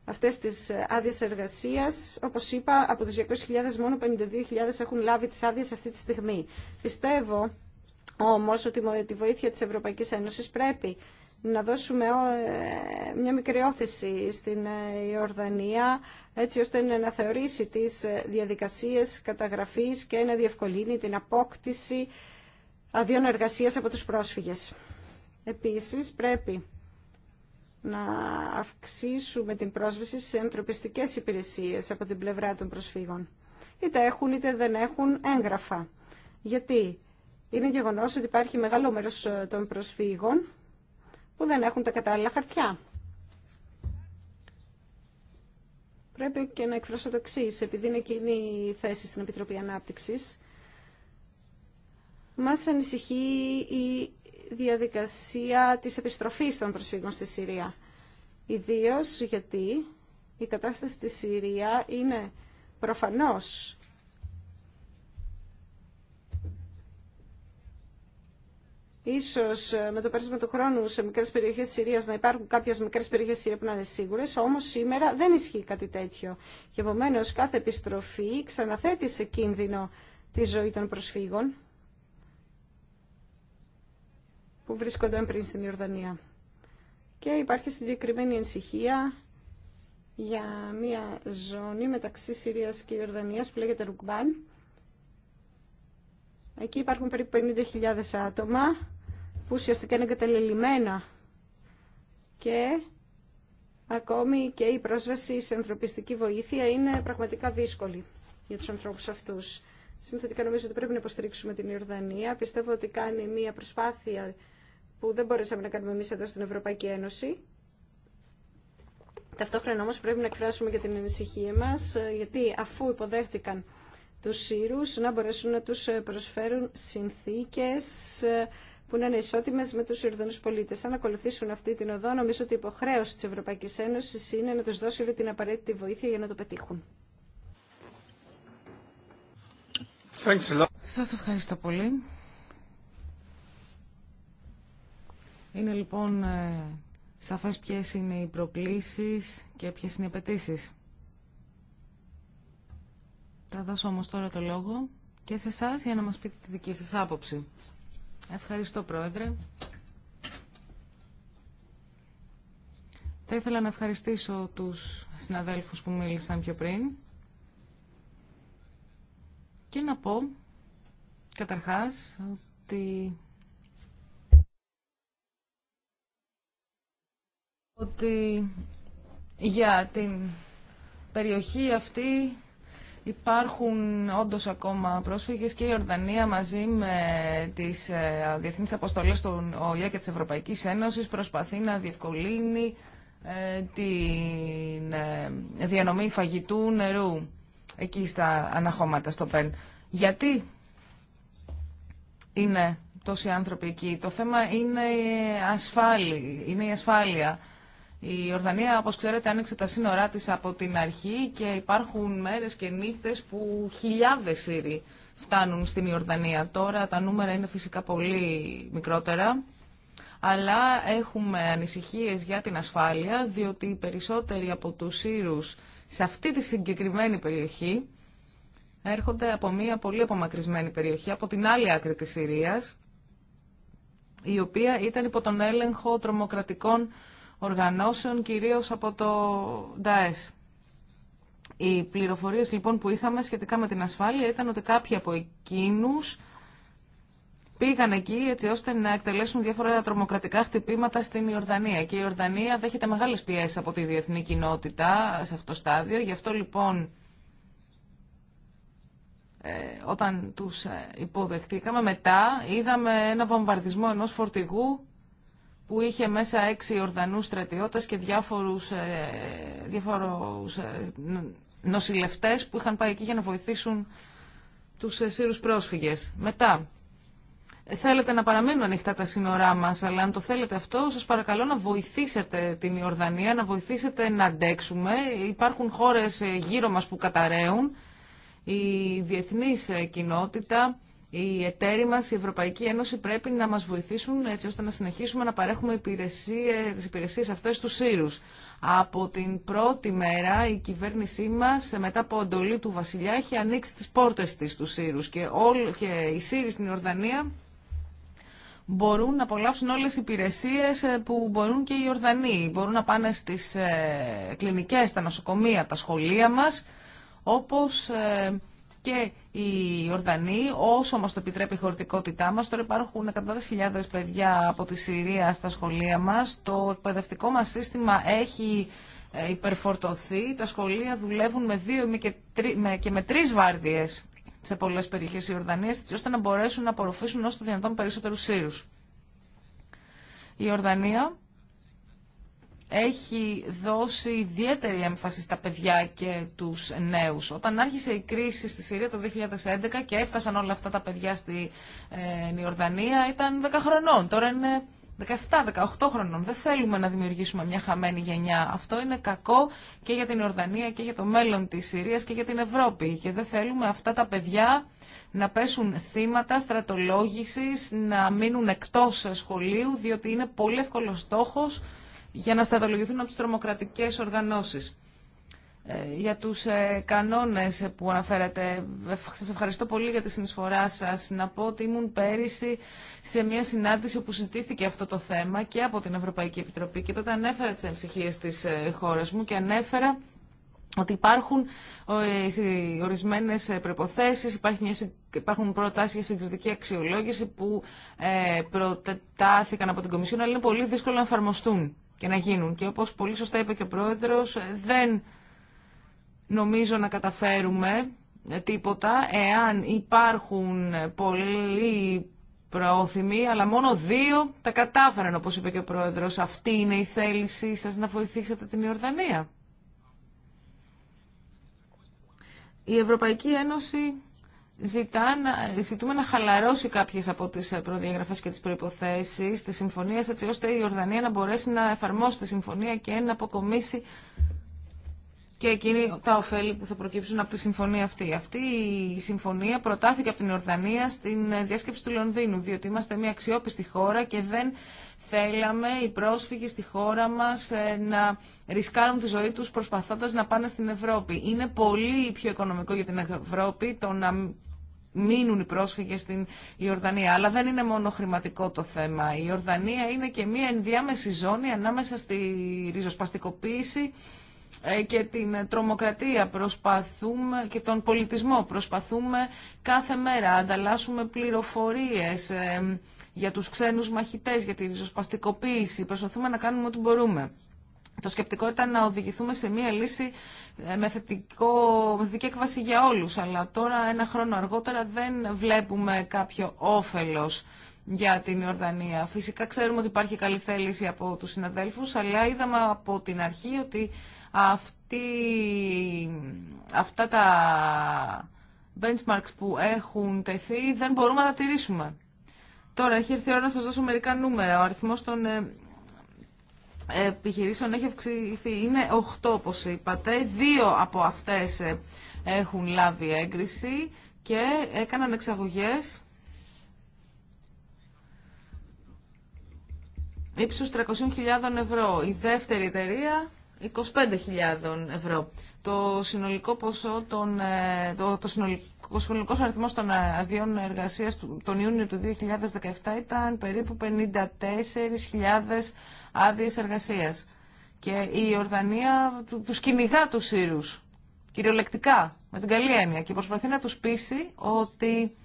αυτές τις άδειε εργασίας. Όπως είπα, από τις 200.000 μόνο 52.000 έχουν λάβει τις άδειες αυτή τη στιγμή. Πιστεύω όμως ότι με τη βοήθεια της Ευρωπαϊκής Ένωσης πρέπει να δώσουμε ε, μια μικρή όθηση στην ε, Ιορδανία έτσι ώστε να θεωρήσει τις ε, διαδικασίες καταγραφής και να διευκολύνει την απόκτηση αδειών εργασίας από τους πρόσφυγες. Επίσης πρέπει να αυξήσουμε την πρόσβαση σε ανθρωπιστικές υπηρεσίες από την πλευρά των προσφύγων. Είτε έχουν είτε δεν έχουν έγγραφα. Γιατί είναι γεγονός ότι υπάρχει μεγάλο μέρος ε, των προσφύγων που δεν έχουν τα κατάλληλα χαρτιά. Πρέπει και να εκφράσω το εξή, επειδή είναι κοινή η θέση στην Επιτροπή Ανάπτυξης. Μας ανησυχεί η διαδικασία της επιστροφής των προσφύγων στη Συρία. Ιδίως γιατί η κατάσταση στη Συρία είναι προφανώς Ίσως ε, με το πέρασμα του χρόνου σε μικρέ περιοχές της Συρίας να υπάρχουν κάποιες μικρέ περιοχές Συρίας που να είναι σίγουρες, όμως σήμερα δεν ισχύει κάτι τέτοιο. Και επομένω κάθε επιστροφή ξαναθέτει σε κίνδυνο τη ζωή των προσφύγων που βρίσκονταν πριν στην Ιορδανία. Και υπάρχει συγκεκριμένη ενσυχία για μια ζώνη μεταξύ Συρίας και Ιορδανίας που λέγεται Ρουκμπάν. Εκεί υπάρχουν περίπου 50.000 άτομα που ουσιαστικά είναι εγκαταλελειμμένα και ακόμη και η πρόσβαση σε ανθρωπιστική βοήθεια είναι πραγματικά δύσκολη για τους ανθρώπους αυτούς. Συνθετικά νομίζω ότι πρέπει να υποστηρίξουμε την Ιορδανία. Πιστεύω ότι κάνει μια προσπάθεια που δεν μπορέσαμε να κάνουμε εμείς εδώ στην Ευρωπαϊκή Ένωση. Ταυτόχρονα όμως πρέπει να εκφράσουμε και την ανησυχία μας, ε, γιατί αφού υποδέχτηκαν τους σύρους, να μπορέσουν να τους ε, προσφέρουν συνθήκες ε, που να είναι ισότιμε με του Ιρδανού πολίτε. Αν ακολουθήσουν αυτή την οδό, νομίζω ότι η υποχρέωση τη Ευρωπαϊκή Ένωση είναι να του δώσει την απαραίτητη βοήθεια για να το πετύχουν. Σα ευχαριστώ πολύ. Είναι λοιπόν ε, σαφές ποιες είναι οι προκλήσεις και ποιες είναι οι απαιτήσει. Θα δώσω όμως τώρα το λόγο και σε εσά για να μας πείτε τη δική σας άποψη. Ευχαριστώ Πρόεδρε. Θα ήθελα να ευχαριστήσω τους συναδέλφους που μίλησαν πιο πριν και να πω καταρχάς ότι ότι για την περιοχή αυτή υπάρχουν όντως ακόμα πρόσφυγες και η Ορδανία μαζί με τις ε, διεθνείς αποστολές των ΟΗΕ και της Ευρωπαϊκής Ένωσης προσπαθεί να διευκολύνει ε, την ε, διανομή φαγητού νερού εκεί στα αναχώματα στο ΠΕΝ. Γιατί είναι τόσοι άνθρωποι εκεί. Το θέμα είναι, ασφάλι, είναι η ασφάλεια η Ορδανία, όπως ξέρετε, άνοιξε τα σύνορά της από την αρχή και υπάρχουν μέρες και νύχτες που χιλιάδες Σύριοι φτάνουν στην Ιορδανία. Τώρα τα νούμερα είναι φυσικά πολύ μικρότερα, αλλά έχουμε ανησυχίες για την ασφάλεια, διότι οι περισσότεροι από τους Σύρους σε αυτή τη συγκεκριμένη περιοχή έρχονται από μια πολύ απομακρυσμένη περιοχή, από την άλλη άκρη της Συρίας, η οποία ήταν υπό τον έλεγχο τρομοκρατικών οργανώσεων, κυρίως από το ΝΤΑΕΣ. Οι πληροφορίες λοιπόν που είχαμε σχετικά με την ασφάλεια ήταν ότι κάποιοι από εκείνους πήγαν εκεί έτσι ώστε να εκτελέσουν διάφορα τρομοκρατικά χτυπήματα στην Ιορδανία. Και η Ιορδανία δέχεται μεγάλες πιέσεις από τη διεθνή κοινότητα σε αυτό το στάδιο. Γι' αυτό λοιπόν ε, όταν τους ε, υποδεχτήκαμε μετά είδαμε ένα βομβαρδισμό ενός φορτηγού που είχε μέσα έξι Ορδανούς στρατιώτες και διάφορους, ε, διάφορους ε, νοσηλευτές που είχαν πάει εκεί για να βοηθήσουν τους ε, Σύρους πρόσφυγες. Μετά, θέλετε να παραμείνουν ανοιχτά τα σύνορά μας, αλλά αν το θέλετε αυτό, σας παρακαλώ να βοηθήσετε την Ιορδανία, να βοηθήσετε να αντέξουμε. Υπάρχουν χώρες γύρω μας που καταραίουν, η διεθνής κοινότητα οι εταίροι μα, η Ευρωπαϊκή Ένωση πρέπει να μα βοηθήσουν έτσι ώστε να συνεχίσουμε να παρέχουμε τι υπηρεσίε αυτέ αυτές Σύρου. Από την πρώτη μέρα η κυβέρνησή μα, μετά από εντολή του βασιλιά έχει ανοίξει τι πόρτε τη του Σύρους και, και οι Σύροι στην Ιορδανία μπορούν να απολαύσουν όλες τι υπηρεσίες ε, που μπορούν και οι Ιορδανοί. Μπορούν να πάνε στις ε, κλινικές, τα νοσοκομεία, τα σχολεία μας, όπως ε, και οι Ορδανοί, όσο μας το επιτρέπει η χωρητικότητά μα. Τώρα υπάρχουν εκατοντάδε χιλιάδε παιδιά από τη Συρία στα σχολεία μας. Το εκπαιδευτικό μας σύστημα έχει ε, υπερφορτωθεί. Τα σχολεία δουλεύουν με δύο και, με, τρει βάρδιε τρεις βάρδιες σε πολλές περιοχές Ιορδανίας, έτσι ώστε να μπορέσουν να απορροφήσουν όσο το δυνατόν περισσότερου σύρου. Η Ορδανία έχει δώσει ιδιαίτερη έμφαση στα παιδιά και τους νέους. Όταν άρχισε η κρίση στη Συρία το 2011 και έφτασαν όλα αυτά τα παιδιά στην ε, Ιορδανία ήταν 10 χρονών. Τώρα είναι 17-18 χρονών. Δεν θέλουμε να δημιουργήσουμε μια χαμένη γενιά. Αυτό είναι κακό και για την Ιορδανία και για το μέλλον της Συρίας και για την Ευρώπη. Και δεν θέλουμε αυτά τα παιδιά να πέσουν θύματα στρατολόγησης, να μείνουν εκτός σχολείου, διότι είναι πολύ εύκολο στόχος για να στρατολογηθούν από τι τρομοκρατικέ οργανώσει. Ε, για τους ε, κανόνες που αναφέρατε, ε, σας ευχαριστώ πολύ για τη συνεισφορά σας. Να πω ότι ήμουν πέρυσι σε μια συνάντηση όπου συζητήθηκε αυτό το θέμα και από την Ευρωπαϊκή Επιτροπή και τότε ανέφερα τις ανησυχίες της χώρας μου και ανέφερα ότι υπάρχουν ορισμένες προϋποθέσεις, υπάρχει υπάρχουν προτάσεις για συγκριτική αξιολόγηση που προτετάθηκαν από την Κομισιόν, αλλά είναι πολύ δύσκολο να εφαρμοστούν και να γίνουν. Και όπως πολύ σωστά είπε και ο Πρόεδρος, δεν νομίζω να καταφέρουμε τίποτα εάν υπάρχουν πολλοί προώθημοι, αλλά μόνο δύο τα κατάφεραν, όπως είπε και ο Πρόεδρος. Αυτή είναι η θέλησή σας να βοηθήσετε την Ιορδανία. Η Ευρωπαϊκή Ένωση ζητά να, ζητούμε να χαλαρώσει κάποιες από τις προδιαγραφές και τις προϋποθέσεις της συμφωνίας έτσι ώστε η Ορδανία να μπορέσει να εφαρμόσει τη συμφωνία και να αποκομίσει και εκείνη τα ωφέλη που θα προκύψουν από τη συμφωνία αυτή. Αυτή η συμφωνία προτάθηκε από την Ορδανία στην διάσκεψη του Λονδίνου, διότι είμαστε μια αξιόπιστη χώρα και δεν θέλαμε οι πρόσφυγες στη χώρα μας ε, να ρισκάρουν τη ζωή τους προσπαθώντας να πάνε στην Ευρώπη. Είναι πολύ πιο οικονομικό για την Ευρώπη το να μείνουν οι πρόσφυγες στην Ιορδανία. Αλλά δεν είναι μόνο χρηματικό το θέμα. Η Ιορδανία είναι και μία ενδιάμεση ζώνη ανάμεσα στη ριζοσπαστικοποίηση ε, και την τρομοκρατία προσπαθούμε και τον πολιτισμό προσπαθούμε κάθε μέρα ανταλλάσσουμε πληροφορίες ε, για τους ξένους μαχητές για τη ριζοσπαστικοποίηση προσπαθούμε να κάνουμε ό,τι μπορούμε το σκεπτικό ήταν να οδηγηθούμε σε μία λύση με, θετικό, θετική έκβαση για όλους, αλλά τώρα ένα χρόνο αργότερα δεν βλέπουμε κάποιο όφελος για την Ιορδανία. Φυσικά ξέρουμε ότι υπάρχει καλή θέληση από τους συναδέλφους, αλλά είδαμε από την αρχή ότι αυτά τα benchmarks που έχουν τεθεί δεν μπορούμε να τα τηρήσουμε. Τώρα έχει έρθει η ώρα να σας δώσω μερικά νούμερα. Ο αριθμός των ε, επιχειρήσεων έχει αυξηθεί. Είναι 8 όπως είπατε. Δύο από αυτές ε, έχουν λάβει έγκριση και έκαναν εξαγωγές ύψους 300.000 ευρώ. Η δεύτερη εταιρεία 25.000 ευρώ. Το συνολικό ποσό, των, ε, το, συνολικό, συνολικός αριθμός των ε, αδειών εργασίας τον Ιούνιο του 2017 ήταν περίπου 54.000 άδειε εργασία. Και η Ιορδανία του κυνηγά του Σύρου. κυριολεκτικά, με την καλή έννοια, και προσπαθεί να του πείσει ότι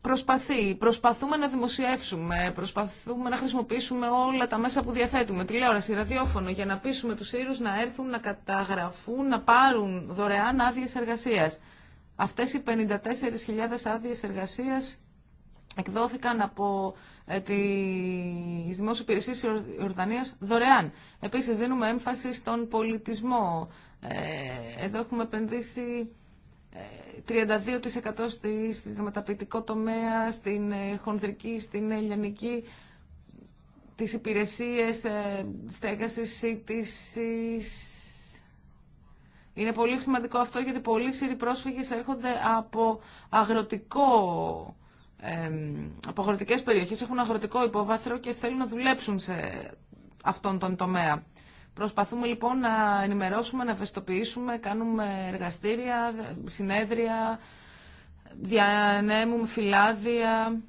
προσπαθεί, προσπαθούμε να δημοσιεύσουμε, προσπαθούμε να χρησιμοποιήσουμε όλα τα μέσα που διαθέτουμε, τηλεόραση, ραδιόφωνο, για να πείσουμε του σύρου, να έρθουν, να καταγραφούν, να πάρουν δωρεάν άδειε εργασίας. Αυτές οι 54.000 άδειε εργασίας εκδόθηκαν από ε, δημόσιε υπηρεσίε υπηρεσίες Ιορδανίας δωρεάν. Επίσης δίνουμε έμφαση στον πολιτισμό. Ε, εδώ έχουμε επενδύσει 32% ε, στη μεταπητικό τομέα, στην χονδρική, στην ελληνική, τις υπηρεσίες στέγασης, σύντησης. Είναι πολύ σημαντικό αυτό γιατί πολλοί Σύριοι πρόσφυγες έρχονται από αγροτικό από αγροτικέ περιοχές έχουν αγροτικό υπόβαθρο και θέλουν να δουλέψουν σε αυτόν τον τομέα. Προσπαθούμε λοιπόν να ενημερώσουμε, να ευαισθητοποιήσουμε, κάνουμε εργαστήρια, συνέδρια, διανέμουμε φυλάδια.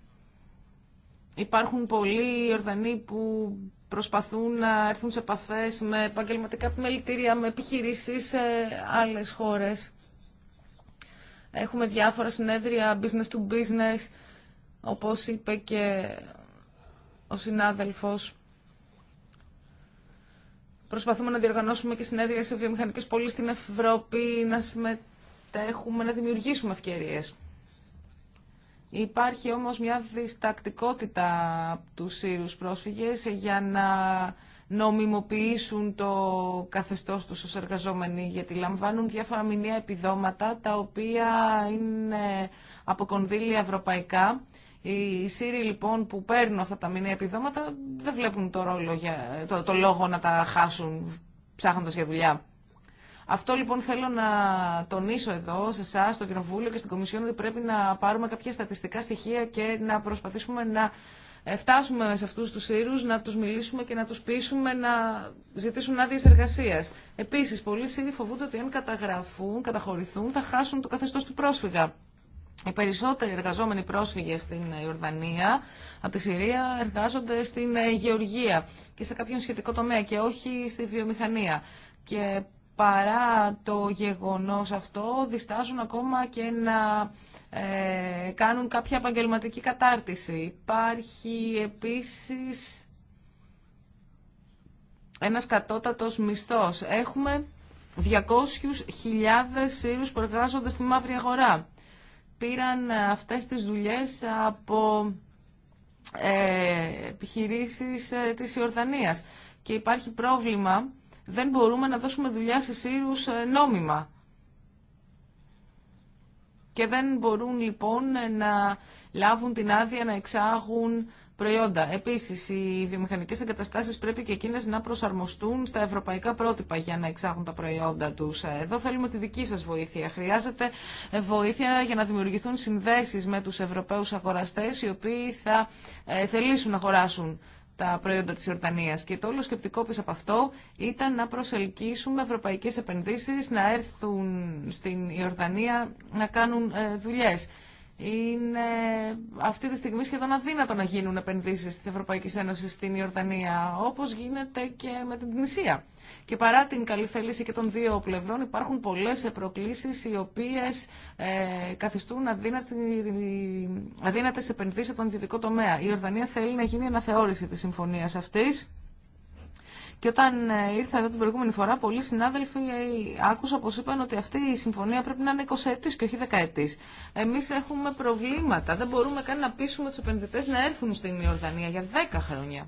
Υπάρχουν πολλοί Ιορδανοί που προσπαθούν να έρθουν σε επαφές με επαγγελματικά μελητήρια, με επιχειρήσεις σε άλλες χώρες. Έχουμε διάφορα συνέδρια business to business όπως είπε και ο συνάδελφος, προσπαθούμε να διοργανώσουμε και συνέδρια σε βιομηχανικές πόλεις στην Ευρώπη, να συμμετέχουμε, να δημιουργήσουμε ευκαιρίες. Υπάρχει όμως μια διστακτικότητα από τους Σύρους πρόσφυγες για να νομιμοποιήσουν το καθεστώς τους ως εργαζόμενοι, γιατί λαμβάνουν διάφορα μηνιαία επιδόματα, τα οποία είναι από κονδύλια ευρωπαϊκά οι Σύριοι λοιπόν που παίρνουν αυτά τα μηνύα επιδόματα δεν βλέπουν το, ρόλο για, το, το λόγο να τα χάσουν ψάχνοντας για δουλειά. Αυτό λοιπόν θέλω να τονίσω εδώ σε εσά, στο Κοινοβούλιο και στην Κομισιόν ότι πρέπει να πάρουμε κάποια στατιστικά στοιχεία και να προσπαθήσουμε να φτάσουμε σε αυτού του σύρου, να του μιλήσουμε και να του πείσουμε να ζητήσουν άδειε εργασία. Επίση, πολλοί Σύροι φοβούνται ότι αν καταγραφούν, καταχωρηθούν, θα χάσουν το καθεστώ του πρόσφυγα. Οι περισσότεροι εργαζόμενοι πρόσφυγες στην Ιορδανία από τη Συρία εργάζονται στην ε, γεωργία και σε κάποιον σχετικό τομέα και όχι στη βιομηχανία. Και παρά το γεγονός αυτό διστάζουν ακόμα και να ε, κάνουν κάποια επαγγελματική κατάρτιση. Υπάρχει επίσης ένας κατώτατος μισθός. Έχουμε 200.000 Σύρους που εργάζονται στη μαύρη αγορά πήραν αυτές τις δουλειές από ε, επιχειρήσεις ε, της Ιορδανίας και υπάρχει πρόβλημα, δεν μπορούμε να δώσουμε δουλειά σε Σύρους ε, νόμιμα. Και δεν μπορούν λοιπόν να λάβουν την άδεια να εξάγουν προϊόντα. Επίση, οι βιομηχανικέ εγκαταστάσει πρέπει και εκείνε να προσαρμοστούν στα ευρωπαϊκά πρότυπα για να εξάγουν τα προϊόντα του. Ε, εδώ θέλουμε τη δική σα βοήθεια. Χρειάζεται ε, βοήθεια για να δημιουργηθούν συνδέσει με του Ευρωπαίου αγοραστέ, οι οποίοι θα ε, θελήσουν να αγοράσουν τα προϊόντα της Ιορδανίας. Και το όλο σκεπτικό πίσω από αυτό ήταν να προσελκύσουμε ευρωπαϊκές επενδύσει να έρθουν στην Ιορδανία να κάνουν δουλειέ είναι αυτή τη στιγμή σχεδόν αδύνατο να γίνουν επενδύσεις της Ευρωπαϊκής Ένωσης στην Ιορδανία, όπως γίνεται και με την Τινησία. Και παρά την καλή θέληση και των δύο πλευρών υπάρχουν πολλές προκλήσεις οι οποίες ε, καθιστούν αδύνατη, αδύνατες επενδύσεις από τον ιδιωτικό τομέα. Η Ιορδανία θέλει να γίνει αναθεώρηση της συμφωνίας αυτής και όταν ε, ήρθα εδώ την προηγούμενη φορά, πολλοί συνάδελφοι ε, άκουσα πω είπαν ότι αυτή η συμφωνία πρέπει να είναι 20 ετή και όχι 10 ετή. Εμείς έχουμε προβλήματα. Δεν μπορούμε καν να πείσουμε τους επενδυτέ να έρθουν στην Ιορδανία για 10 χρόνια.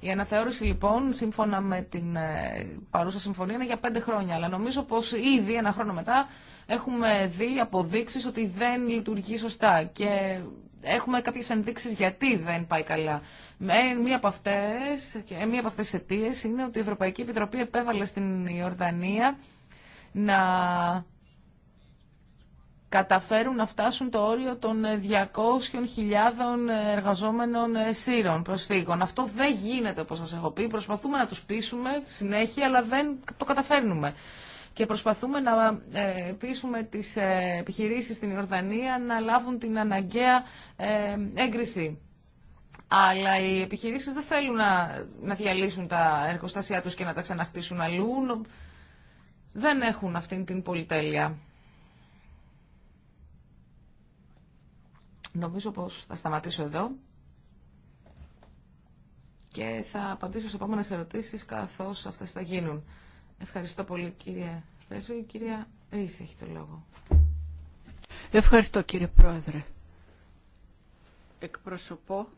Η αναθεώρηση λοιπόν, σύμφωνα με την ε, παρούσα συμφωνία, είναι για 5 χρόνια. Αλλά νομίζω πω ήδη ένα χρόνο μετά έχουμε δει αποδείξει ότι δεν λειτουργεί σωστά έχουμε κάποιες ενδείξεις γιατί δεν πάει καλά. Ε, μία από αυτές, και ε, μία από αυτές αιτίες είναι ότι η Ευρωπαϊκή Επιτροπή επέβαλε στην Ιορδανία να καταφέρουν να φτάσουν το όριο των 200.000 εργαζόμενων σύρων προσφύγων. Αυτό δεν γίνεται όπως σας έχω πει. Προσπαθούμε να τους πείσουμε συνέχεια, αλλά δεν το καταφέρνουμε και προσπαθούμε να ε, πείσουμε τις ε, επιχειρήσεις στην Ιορδανία να λάβουν την αναγκαία ε, έγκριση. Αλλά οι επιχειρήσεις δεν θέλουν να, να διαλύσουν τα εργοστάσια τους και να τα ξαναχτίσουν αλλού. Δεν έχουν αυτήν την πολυτέλεια. Νομίζω πως θα σταματήσω εδώ και θα απαντήσω σε επόμενες ερωτήσεις καθώς αυτές θα γίνουν. Ευχαριστώ πολύ κύριε Πρέσβη. Η κυρία Ρίση έχει το λόγο. Ευχαριστώ κύριε Πρόεδρε. Εκπροσωπώ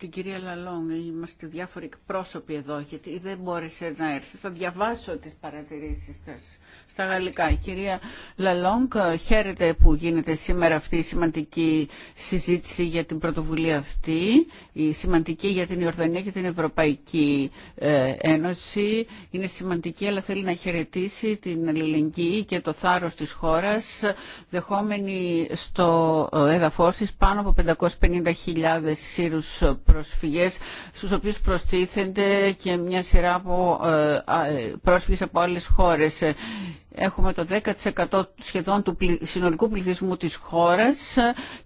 την κυρία Λαλόγκ. Είμαστε διάφοροι εκπρόσωποι εδώ, γιατί δεν μπόρεσε να έρθει. Θα διαβάσω τις παρατηρήσεις σας στα γαλλικά. Η κυρία Λαλόγκ, ε, χαίρεται που γίνεται σήμερα αυτή η σημαντική συζήτηση για την πρωτοβουλία αυτή, η σημαντική για την Ιορδανία και την Ευρωπαϊκή ε, Ένωση. Είναι σημαντική, αλλά θέλει να χαιρετήσει την αλληλεγγύη και το θάρρος της χώρας, δεχόμενη στο ε, έδαφος της πάνω από 550.000 Σύρους πρόσφυγες στους οποίους προστίθενται και μια σειρά από ε, ε, πρόσφυγες από άλλες χώρες. Έχουμε το 10% σχεδόν του συνολικού πληθυσμού της χώρας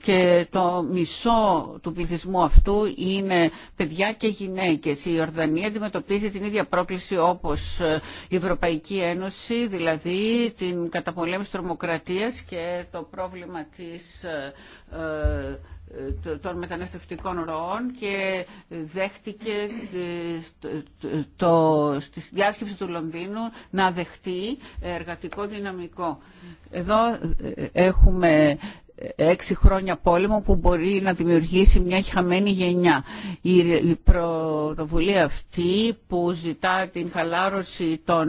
και το μισό του πληθυσμού αυτού είναι παιδιά και γυναίκες. Η Ορδανία αντιμετωπίζει την ίδια πρόκληση όπως ε, η Ευρωπαϊκή Ένωση, δηλαδή την καταπολέμηση τρομοκρατίας και το πρόβλημα της των μεταναστευτικών ροών και δέχτηκε το, στη διάσκεψη του Λονδίνου να δεχτεί εργατικό δυναμικό. Εδώ ε, έχουμε έξι χρόνια πόλεμο που μπορεί να δημιουργήσει μια χαμένη γενιά. Η πρωτοβουλία αυτή που ζητά την χαλάρωση των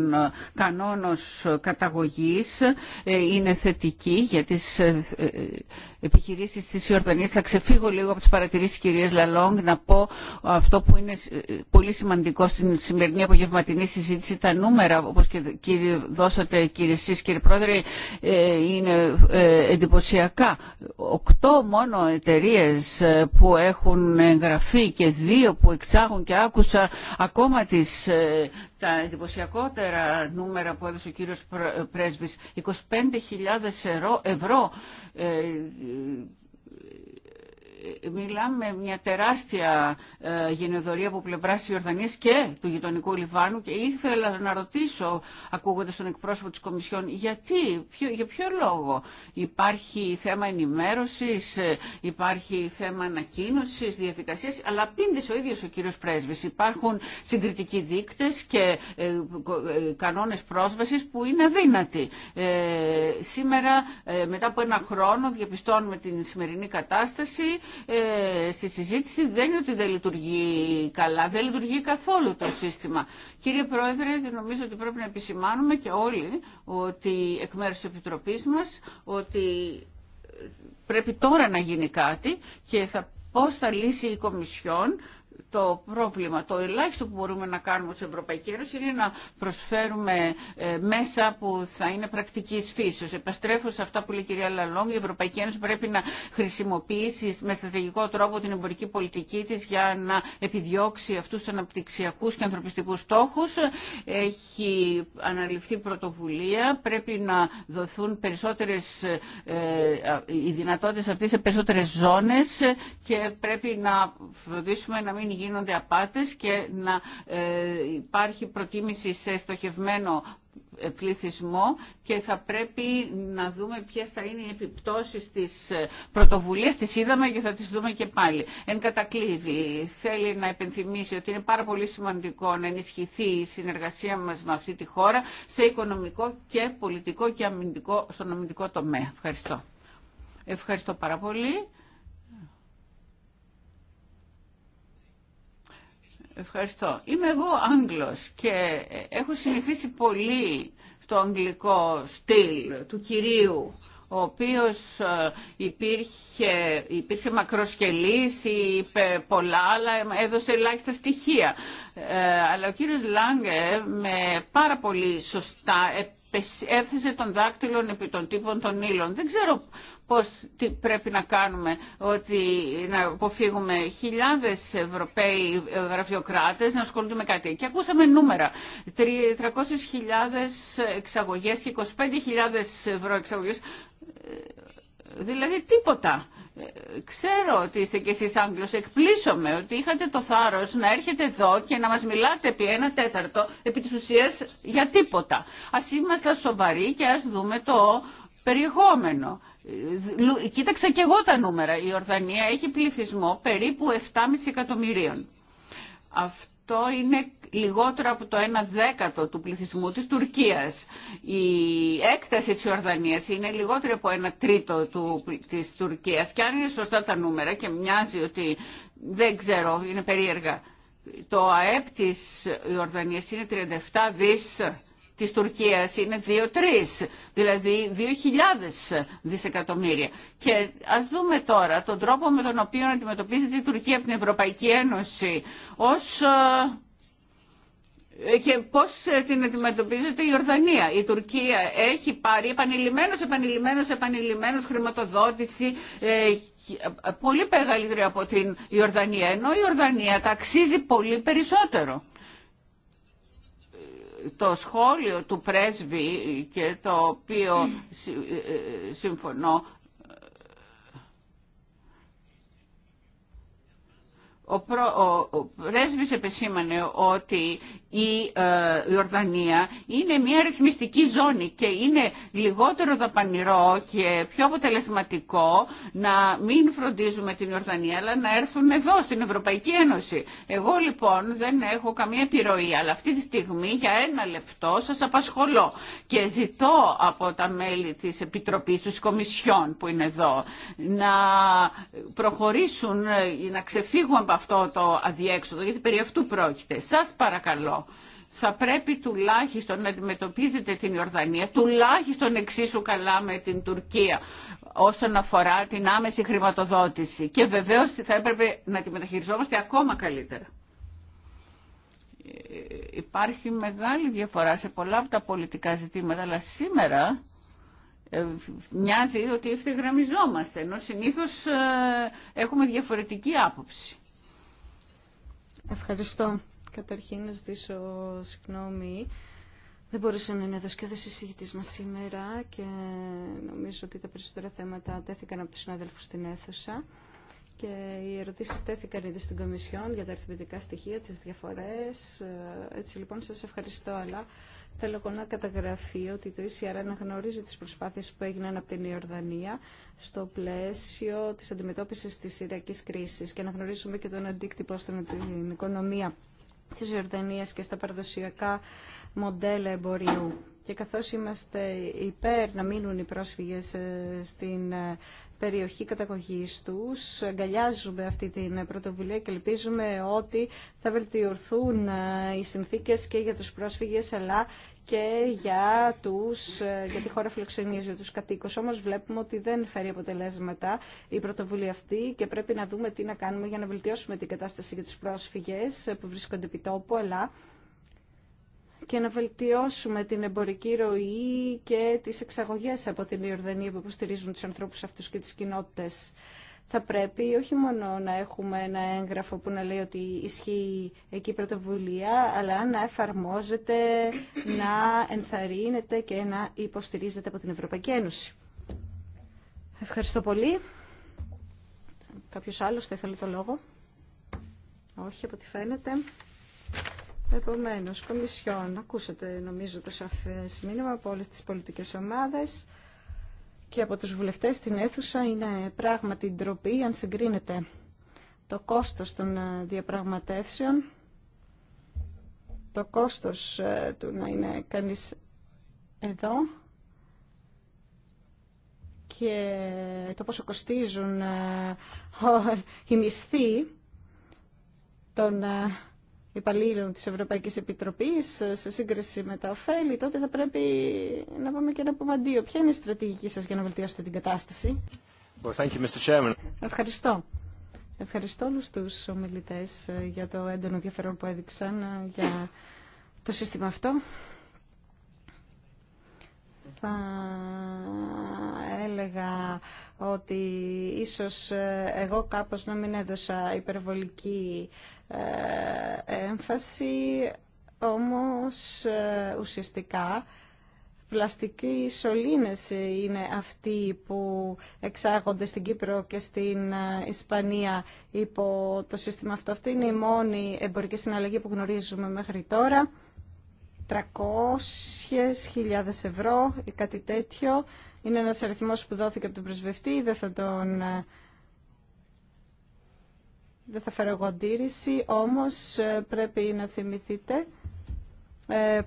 κανόνων καταγωγής ε, είναι θετική για τις ε, Επιχειρήσει τη Ιορδανία. Θα ξεφύγω λίγο από τι παρατηρήσεις τη κυρία Λαλόγκ να πω αυτό που είναι ε, πολύ σημαντικό στην σημερινή απογευματινή συζήτηση. Τα νούμερα, όπως και κύριε, δώσατε κύριε εσεί, κύριε Πρόεδρε, ε, είναι ε, εντυπωσιακά. Οκτώ μόνο εταιρείε που έχουν εγγραφεί και δύο που εξάγουν και άκουσα ακόμα τις τα εντυπωσιακότερα νούμερα που έδωσε ο κύριος Πρέσβης, 25.000 ευρώ, ευρώ μιλάμε μια τεράστια ε, γενεδορία από πλευρά τη Ιορδανία και του γειτονικού Λιβάνου και ήθελα να ρωτήσω, ακούγοντα τον εκπρόσωπο τη Κομισιόν, γιατί, για ποιο λόγο υπάρχει θέμα ενημέρωση, ε, υπάρχει θέμα ανακοίνωση, διαδικασία, αλλά απήντησε ο ίδιο ο κύριο Πρέσβη. Υπάρχουν συγκριτικοί δείκτε και ε, κανόνε πρόσβαση που είναι αδύνατοι. σήμερα, μετά από ένα χρόνο, διαπιστώνουμε την σημερινή κατάσταση ε, στη συζήτηση δεν είναι ότι δεν λειτουργεί καλά, δεν λειτουργεί καθόλου το σύστημα. Κύριε Πρόεδρε, νομίζω ότι πρέπει να επισημάνουμε και όλοι ότι εκ μέρους της Επιτροπής μας ότι πρέπει τώρα να γίνει κάτι και θα πώς θα λύσει η Κομισιόν το πρόβλημα. Το ελάχιστο που μπορούμε να κάνουμε ως Ευρωπαϊκή Ένωση είναι να προσφέρουμε ε, μέσα που θα είναι πρακτικής φύσεως. Επαστρέφω σε αυτά που λέει η κυρία Λαλόμ, η Ευρωπαϊκή Ένωση πρέπει να χρησιμοποιήσει με στρατηγικό τρόπο την εμπορική πολιτική της για να επιδιώξει αυτούς τους αναπτυξιακούς και ανθρωπιστικούς στόχους. Έχει αναλυφθεί πρωτοβουλία, πρέπει να δοθούν περισσότερες, ε, ε, οι δυνατότητες αυτές σε περισσότερες ζώνες και πρέπει να φροντίσουμε να μην μην γίνονται απάτες και να ε, υπάρχει προτίμηση σε στοχευμένο ε, πληθυσμό και θα πρέπει να δούμε ποιες θα είναι οι επιπτώσεις της ε, πρωτοβουλίας. Τις είδαμε και θα τις δούμε και πάλι. Εν κατακλείδη, θέλει να επενθυμίσει ότι είναι πάρα πολύ σημαντικό να ενισχυθεί η συνεργασία μας με αυτή τη χώρα σε οικονομικό και πολιτικό και αμυντικό, στον αμυντικό τομέα. Ευχαριστώ. Ευχαριστώ πάρα πολύ. Ευχαριστώ. Είμαι εγώ Άγγλος και έχω συνηθίσει πολύ στο αγγλικό στυλ του κυρίου ο οποίος ε, υπήρχε, υπήρχε μακροσκελής, είπε πολλά, αλλά έδωσε ελάχιστα στοιχεία. Ε, αλλά ο κύριος Λάγκε με πάρα πολύ σωστά έθεσε των δάκτυλο, επί των τύπων των ήλων. Δεν ξέρω πώς τι πρέπει να κάνουμε ότι να αποφύγουμε χιλιάδες Ευρωπαίοι γραφειοκράτες να ασχολούνται με κάτι. Και ακούσαμε νούμερα. 300.000 εξαγωγές και 25.000 ευρώ εξαγωγές. Δηλαδή τίποτα ξέρω ότι είστε κι εσείς Άγγλος, εκπλήσωμαι ότι είχατε το θάρρος να έρχετε εδώ και να μας μιλάτε επί ένα τέταρτο, επί της ουσίας για τίποτα. Ας είμαστε σοβαροί και ας δούμε το περιεχόμενο. Κοίταξα και εγώ τα νούμερα. Η Ορδανία έχει πληθυσμό περίπου 7,5 εκατομμυρίων. Το είναι λιγότερο από το 1 δέκατο του πληθυσμού της Τουρκίας. Η έκταση της Ιορδανίας είναι λιγότερο από 1 τρίτο του, της Τουρκίας. Και αν είναι σωστά τα νούμερα και μοιάζει ότι δεν ξέρω, είναι περίεργα. Το ΑΕΠ της Ιορδανίας είναι 37 δις της Τουρκίας είναι 2-3, δηλαδή 2.000 δισεκατομμύρια. Και ας δούμε τώρα τον τρόπο με τον οποίο αντιμετωπίζεται η Τουρκία από την Ευρωπαϊκή Ένωση ως ε, και πώς ε, την αντιμετωπίζεται η Ιορδανία. Η Τουρκία έχει πάρει επανειλημμένος, επανειλημμένος, επανειλημμένος χρηματοδότηση ε, πολύ μεγαλύτερη από την Ιορδανία, ενώ η Ορδανία τα αξίζει πολύ περισσότερο το σχόλιο του πρέσβη και το οποίο ε, ε, συμφωνώ Ο, ο, πρέσβης επεσήμανε ότι η ε, Ιορδανία είναι μια ρυθμιστική ζώνη και είναι λιγότερο δαπανηρό και πιο αποτελεσματικό να μην φροντίζουμε την Ιορδανία αλλά να έρθουν εδώ στην Ευρωπαϊκή Ένωση. Εγώ λοιπόν δεν έχω καμία επιρροή αλλά αυτή τη στιγμή για ένα λεπτό σας απασχολώ και ζητώ από τα μέλη της Επιτροπής, τους Κομισιών που είναι εδώ να προχωρήσουν, να ξεφύγουν αυτό το αδιέξοδο, γιατί περί αυτού πρόκειται. Σας παρακαλώ, θα πρέπει τουλάχιστον να αντιμετωπίζετε την Ιορδανία, τουλάχιστον εξίσου καλά με την Τουρκία, όσον αφορά την άμεση χρηματοδότηση. Και βεβαίως θα έπρεπε να τη μεταχειριζόμαστε ακόμα καλύτερα. Ε, υπάρχει μεγάλη διαφορά σε πολλά από τα πολιτικά ζητήματα, αλλά σήμερα ε, μοιάζει ότι ευθυγραμμιζόμαστε, ενώ συνήθως ε, έχουμε διαφορετική άποψη. Ευχαριστώ. Καταρχήν να ζητήσω συγγνώμη. Δεν μπορούσα να είναι εδώ σκέδες μας σήμερα και νομίζω ότι τα περισσότερα θέματα τέθηκαν από τους συνάδελφου στην αίθουσα και οι ερωτήσεις τέθηκαν ήδη στην Κομισιόν για τα αριθμητικά στοιχεία, τις διαφορές. Ε, έτσι λοιπόν σας ευχαριστώ, αλλά Θέλω να καταγραφεί ότι το ECR αναγνωρίζει τις προσπάθειες που έγιναν από την Ιορδανία στο πλαίσιο της αντιμετώπισης της Ιρακής κρίσης και αναγνωρίζουμε και τον αντίκτυπο στην οικονομία της Ιορδανίας και στα παραδοσιακά μοντέλα εμπορίου. Και καθώς είμαστε υπέρ να μείνουν οι πρόσφυγες ε, στην ε, περιοχή καταγωγής τους. Αγκαλιάζουμε αυτή την πρωτοβουλία και ελπίζουμε ότι θα βελτιωθούν ε, οι συνθήκες και για τους πρόσφυγες αλλά και για, τους, ε, για τη χώρα φιλοξενίας, για τους κατοίκους. Όμως βλέπουμε ότι δεν φέρει αποτελέσματα η πρωτοβουλία αυτή και πρέπει να δούμε τι να κάνουμε για να βελτιώσουμε την κατάσταση για τους πρόσφυγες που βρίσκονται επί τόπου, αλλά και να βελτιώσουμε την εμπορική ροή και τις εξαγωγές από την Ιορδανία που υποστηρίζουν τους ανθρώπους αυτούς και τις κοινότητες. Θα πρέπει όχι μόνο να έχουμε ένα έγγραφο που να λέει ότι ισχύει εκεί η πρωτοβουλία, αλλά να εφαρμόζεται, να ενθαρρύνεται και να υποστηρίζεται από την Ευρωπαϊκή Ένωση. Ευχαριστώ πολύ. Κάποιος άλλος θα ήθελε το λόγο. Όχι, από ό,τι φαίνεται. Επομένως, Κομισιόν, ακούσατε νομίζω το σαφέ μήνυμα από όλε τι πολιτικές ομάδες και από του βουλευτές στην αίθουσα είναι πράγματι ντροπή αν συγκρίνεται το κόστος των ε, διαπραγματεύσεων το κόστος ε, του να είναι κανείς εδώ και το πόσο κοστίζουν ε, οι μισθοί των υπαλλήλων της Ευρωπαϊκής Επιτροπής σε σύγκριση με τα ωφέλη, τότε θα πρέπει να πάμε και ένα απομαντίο. Ποια είναι η στρατηγική σας για να βελτιώσετε την κατάσταση. Ευχαριστώ. Ευχαριστώ όλους τους ομιλητές για το έντονο ενδιαφέρον που έδειξαν για το σύστημα αυτό. Θα Λέγα ότι ίσως ε, εγώ κάπως να μην έδωσα υπερβολική ε, έμφαση, όμως ε, ουσιαστικά πλαστικοί σωλήνες είναι αυτοί που εξάγονται στην Κύπρο και στην Ισπανία υπό το σύστημα αυτό. Αυτή είναι η μόνη εμπορική συναλλαγή που γνωρίζουμε μέχρι τώρα. 300.000 ευρώ ή κάτι τέτοιο. Είναι ένας αριθμός που δόθηκε από τον πρεσβευτή, δεν θα τον... Ε, δεν θα φέρω εγώ αντίρρηση, όμως ε, πρέπει να θυμηθείτε. Ε,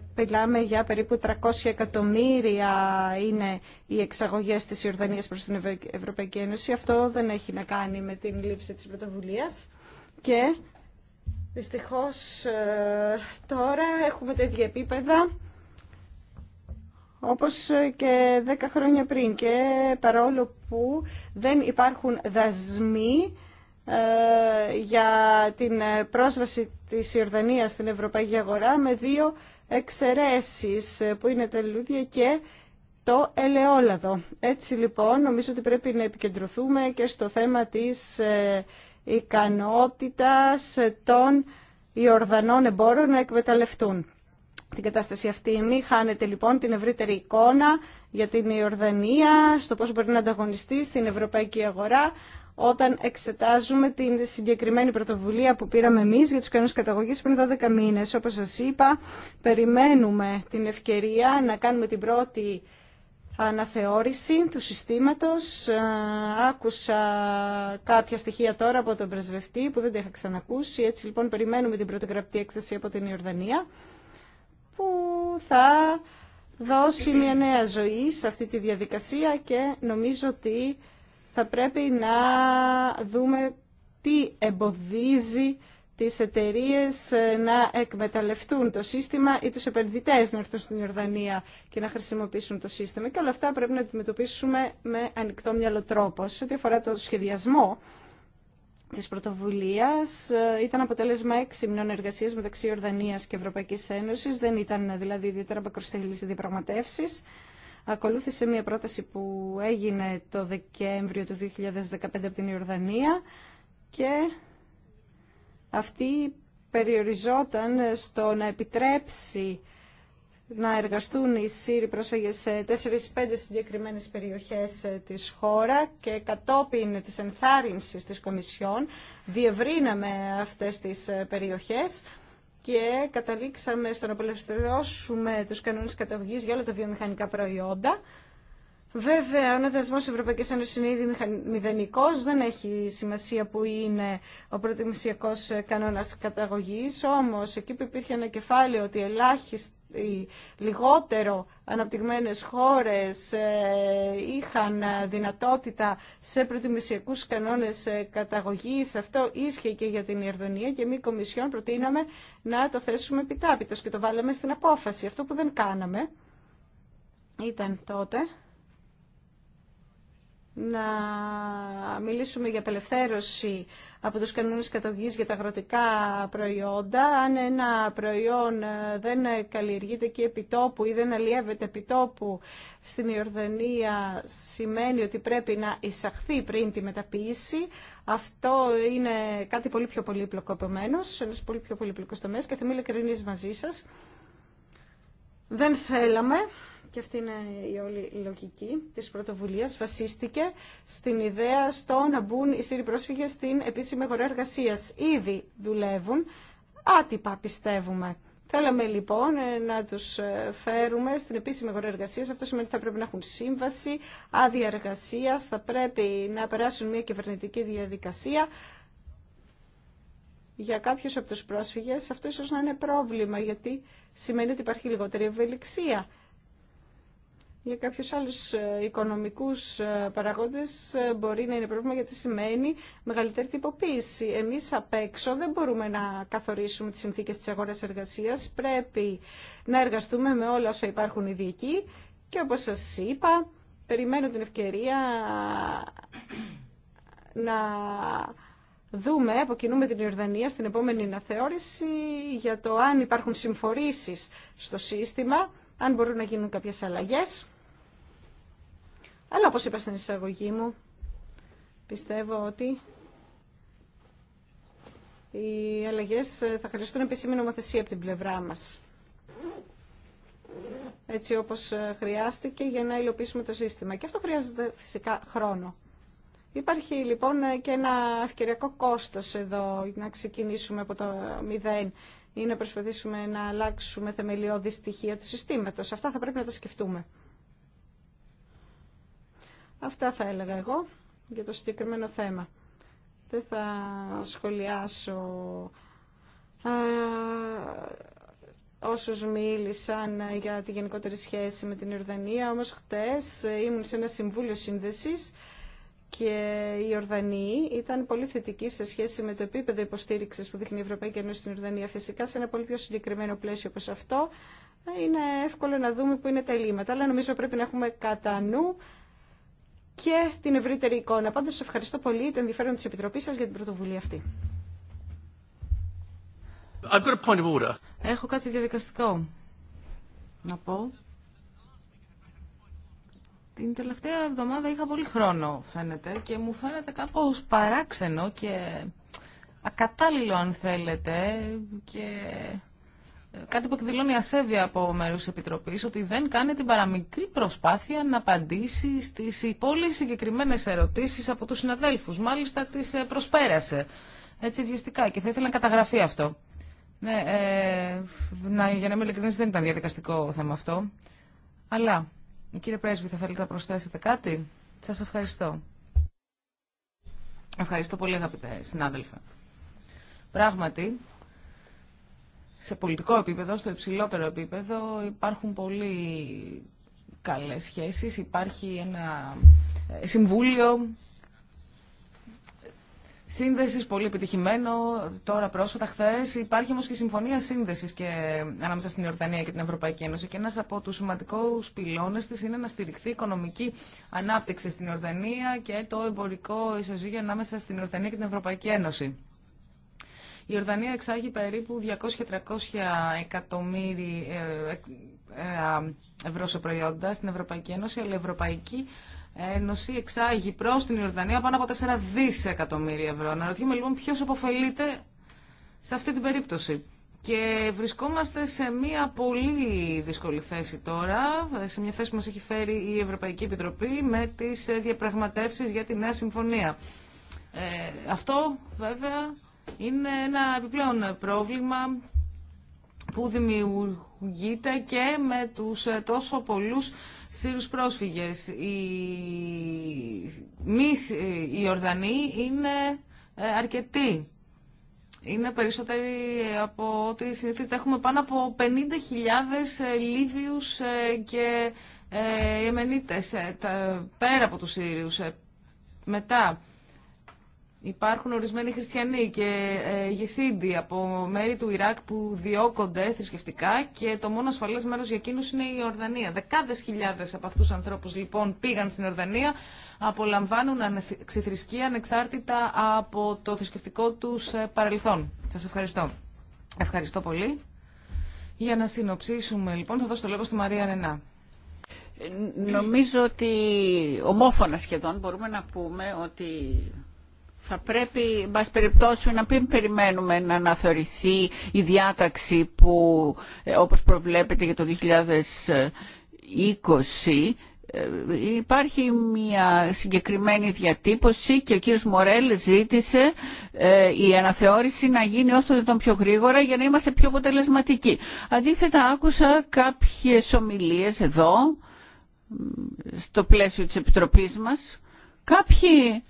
για περίπου 300 εκατομμύρια είναι οι εξαγωγές της Ιορδανίας προς την Ευρωπαϊκή Ένωση. Αυτό δεν έχει να κάνει με την λήψη της πρωτοβουλίας. Και Δυστυχώς ε, τώρα έχουμε τέτοια επίπεδα όπως ε, και 10 χρόνια πριν και παρόλο που δεν υπάρχουν δασμοί ε, για την πρόσβαση της Ιορδανίας στην Ευρωπαϊκή Αγορά με δύο εξαιρέσεις που είναι τα λουλούδια και το ελαιόλαδο. Έτσι λοιπόν νομίζω ότι πρέπει να επικεντρωθούμε και στο θέμα της ικανότητας των Ιορδανών εμπόρων να εκμεταλλευτούν. Την κατάσταση αυτή μη χάνετε, λοιπόν την ευρύτερη εικόνα για την Ιορδανία, στο πώς μπορεί να ανταγωνιστεί στην ευρωπαϊκή αγορά, όταν εξετάζουμε την συγκεκριμένη πρωτοβουλία που πήραμε εμείς για τους κανόνε καταγωγής πριν 12 μήνες. Όπως σας είπα, περιμένουμε την ευκαιρία να κάνουμε την πρώτη αναθεώρηση του συστήματος. Άκουσα κάποια στοιχεία τώρα από τον πρεσβευτή που δεν τα είχα ξανακούσει. Έτσι λοιπόν περιμένουμε την πρωτογραπτή έκθεση από την Ιορδανία που θα δώσει μια νέα ζωή σε αυτή τη διαδικασία και νομίζω ότι θα πρέπει να δούμε τι εμποδίζει τις εταιρείε ε, να εκμεταλλευτούν το σύστημα ή τους επενδυτές να έρθουν στην Ιορδανία και να χρησιμοποιήσουν το σύστημα. Και όλα αυτά πρέπει να αντιμετωπίσουμε με ανοιχτό μυαλό τρόπο. Σε ό,τι αφορά το σχεδιασμό της πρωτοβουλίας, ε, ήταν αποτέλεσμα έξι μηνών εργασία μεταξύ Ιορδανίας και Ευρωπαϊκής Ένωσης. Δεν ήταν δηλαδή ιδιαίτερα μακροστελής διαπραγματεύσεις. Ακολούθησε μια πρόταση που έγινε το Δεκέμβριο του 2015 από την Ιορδανία και αυτή περιοριζόταν στο να επιτρέψει να εργαστούν οι ΣΥΡΙ πρόσφυγες σε 4-5 συγκεκριμένες περιοχές ε, της χώρα και κατόπιν της ενθάρρυνσης της Κομισιόν διευρύναμε αυτές τις ε, περιοχές και καταλήξαμε στο να απελευθερώσουμε τους κανόνες καταγωγής για όλα τα βιομηχανικά προϊόντα Βέβαια, ο δεσμό τη Ευρωπαϊκή Ένωση είναι ήδη μηδενικό, δεν έχει σημασία που είναι ο προτιμησιακό κανόνα καταγωγή. Όμω, εκεί που υπήρχε ένα κεφάλαιο ότι ελάχιστοι, λιγότερο αναπτυγμένες χώρες ε, είχαν δυνατότητα σε προτιμησιακούς κανόνες ε, καταγωγής. Αυτό ίσχυε και για την Ιερδονία και εμείς Κομισιόν προτείναμε να το θέσουμε επιτάπητος και το βάλαμε στην απόφαση. Αυτό που δεν κάναμε ήταν τότε να μιλήσουμε για απελευθέρωση από τους κανόνες καταγωγής για τα αγροτικά προϊόντα. Αν ένα προϊόν ε, δεν καλλιεργείται εκεί επιτόπου ή δεν αλλιεύεται επιτόπου στην Ιορδανία, σημαίνει ότι πρέπει να εισαχθεί πριν τη μεταποίηση. Αυτό είναι κάτι πολύ πιο πολύπλοκο επομένω, ένας πολύ πιο πολύπλοκος τομέας και θα είμαι μαζί σας. Δεν θέλαμε και αυτή είναι η όλη λογική της πρωτοβουλίας, βασίστηκε στην ιδέα στο να μπουν οι Σύριοι πρόσφυγες στην επίσημη αγορά εργασίας. Ήδη δουλεύουν, άτυπα πιστεύουμε. Θέλαμε λοιπόν ε, να τους ε, φέρουμε στην επίσημη αγορά εργασία. Αυτό σημαίνει ότι θα πρέπει να έχουν σύμβαση, άδεια εργασία, θα πρέπει να περάσουν μια κυβερνητική διαδικασία. Για κάποιους από τους πρόσφυγες αυτό ίσως να είναι πρόβλημα, γιατί σημαίνει ότι υπάρχει λιγότερη ευελιξία για κάποιου άλλου ε, οικονομικούς ε, παραγόντες ε, μπορεί να είναι πρόβλημα γιατί σημαίνει μεγαλύτερη τυποποίηση. Εμείς απ' έξω δεν μπορούμε να καθορίσουμε τις συνθήκες της αγοράς εργασίας. Πρέπει να εργαστούμε με όλα όσα υπάρχουν διοικοί. και όπως σας είπα, περιμένω την ευκαιρία να δούμε, από την Ιορδανία, στην επόμενη αναθεώρηση για το αν υπάρχουν συμφορήσεις στο σύστημα, αν μπορούν να γίνουν κάποιες αλλαγές αλλά όπως είπα στην εισαγωγή μου, πιστεύω ότι οι αλλαγές θα χρειαστούν επίσημη νομοθεσία από την πλευρά μας. Έτσι όπως χρειάστηκε για να υλοποιήσουμε το σύστημα. Και αυτό χρειάζεται φυσικά χρόνο. Υπάρχει λοιπόν και ένα ευκαιριακό κόστος εδώ να ξεκινήσουμε από το μηδέν ή να προσπαθήσουμε να αλλάξουμε θεμελιώδη στοιχεία του συστήματος. Αυτά θα πρέπει να τα σκεφτούμε. Αυτά θα έλεγα εγώ για το συγκεκριμένο θέμα. Δεν θα σχολιάσω α, όσους μίλησαν για τη γενικότερη σχέση με την Ιορδανία, όμως χτες ήμουν σε ένα συμβούλιο σύνδεσης και η Ιορδανία ήταν πολύ θετική σε σχέση με το επίπεδο υποστήριξης που δείχνει η Ευρωπαϊκή Ένωση στην Ιορδανία. Φυσικά, σε ένα πολύ πιο συγκεκριμένο πλαίσιο όπω αυτό, είναι εύκολο να δούμε που είναι τα ελλείμματα. Αλλά νομίζω πρέπει να έχουμε κατά νου και την ευρύτερη εικόνα. Πάντως, σας ευχαριστώ πολύ το ενδιαφέρον της Επιτροπής σας για την πρωτοβουλία αυτή. I've got a point of order. Έχω κάτι διαδικαστικό να πω. Την τελευταία εβδομάδα είχα πολύ χρόνο, φαίνεται, και μου φαίνεται κάπως παράξενο και ακατάλληλο, αν θέλετε, και κάτι που εκδηλώνει ασέβεια από μέρους της Επιτροπής, ότι δεν κάνει την παραμικρή προσπάθεια να απαντήσει στις πολύ συγκεκριμένε ερωτήσεις από τους συναδέλφους. Μάλιστα τις ε, προσπέρασε έτσι βιαστικά και θα ήθελα να καταγραφεί αυτό. Ναι, ε, να, για να είμαι ειλικρινής δεν ήταν διαδικαστικό θέμα αυτό. Αλλά, κύριε Πρέσβη, θα θέλετε να προσθέσετε κάτι. Σας ευχαριστώ. Ευχαριστώ πολύ αγαπητέ συνάδελφε. Πράγματι, σε πολιτικό επίπεδο, στο υψηλότερο επίπεδο, υπάρχουν πολύ καλές σχέσεις. Υπάρχει ένα ε, συμβούλιο σύνδεσης πολύ επιτυχημένο τώρα πρόσφατα χθε. Υπάρχει όμως και συμφωνία σύνδεσης και, ανάμεσα στην Ιορδανία και την Ευρωπαϊκή Ένωση και ένας από τους σημαντικούς πυλώνες της είναι να στηριχθεί οικονομική ανάπτυξη στην Ιορδανία και το εμπορικό ισοζύγιο ανάμεσα στην Ιορδανία και την Ευρωπαϊκή Ένωση. Η Ορδανία εξάγει περίπου 200-300 εκατομμύρια ε, ε, ευρώ σε προϊόντα στην Ευρωπαϊκή Ένωση, αλλά η Ευρωπαϊκή Ένωση εξάγει προ την Ιορδανία πάνω από 4 δισεκατομμύρια ευρώ. Να λοιπόν ποιο αποφελείται σε αυτή την περίπτωση. Και βρισκόμαστε σε μια πολύ δύσκολη θέση τώρα, σε μια θέση που μας έχει φέρει η Ευρωπαϊκή Επιτροπή με τις διαπραγματεύσεις για τη Νέα Συμφωνία. Ε, αυτό βέβαια είναι ένα επιπλέον πρόβλημα που δημιουργείται και με τους ε, τόσο πολλούς Σύρους πρόσφυγες. Οι, μη, οι Ορδανοί είναι ε, αρκετοί. Είναι περισσότεροι από ό,τι συνηθίζεται. Έχουμε πάνω από 50.000 ε, Λίβιους και Ιεμενίτες πέρα από τους Σύριους. Μετά, Υπάρχουν ορισμένοι χριστιανοί και ε, γεσίντοι από μέρη του Ιράκ που διώκονται θρησκευτικά και το μόνο ασφαλές μέρος για εκείνους είναι η Ορδανία. Δεκάδες χιλιάδες από αυτούς τους ανθρώπους λοιπόν πήγαν στην Ορδανία, απολαμβάνουν ξεθρησκεία ανεξάρτητα από το θρησκευτικό τους ε, παρελθόν. Σας ευχαριστώ. Ευχαριστώ πολύ. Για να συνοψίσουμε λοιπόν θα δώσω το λόγο στη Μαρία Ρενά. Ε, νομίζω ότι ομόφωνα σχεδόν μπορούμε να πούμε ότι θα πρέπει, μπας περιπτώσει, να μην περιμένουμε να αναθεωρηθεί η διάταξη που, ε, όπως προβλέπετε για το 2020, ε, υπάρχει μια συγκεκριμένη διατύπωση και ο κύριος Μορέλ ζήτησε ε, η αναθεώρηση να γίνει όσο το πιο γρήγορα για να είμαστε πιο αποτελεσματικοί. Αντίθετα άκουσα κάποιες ομιλίες εδώ στο πλαίσιο της Επιτροπής μας. Κάποιοι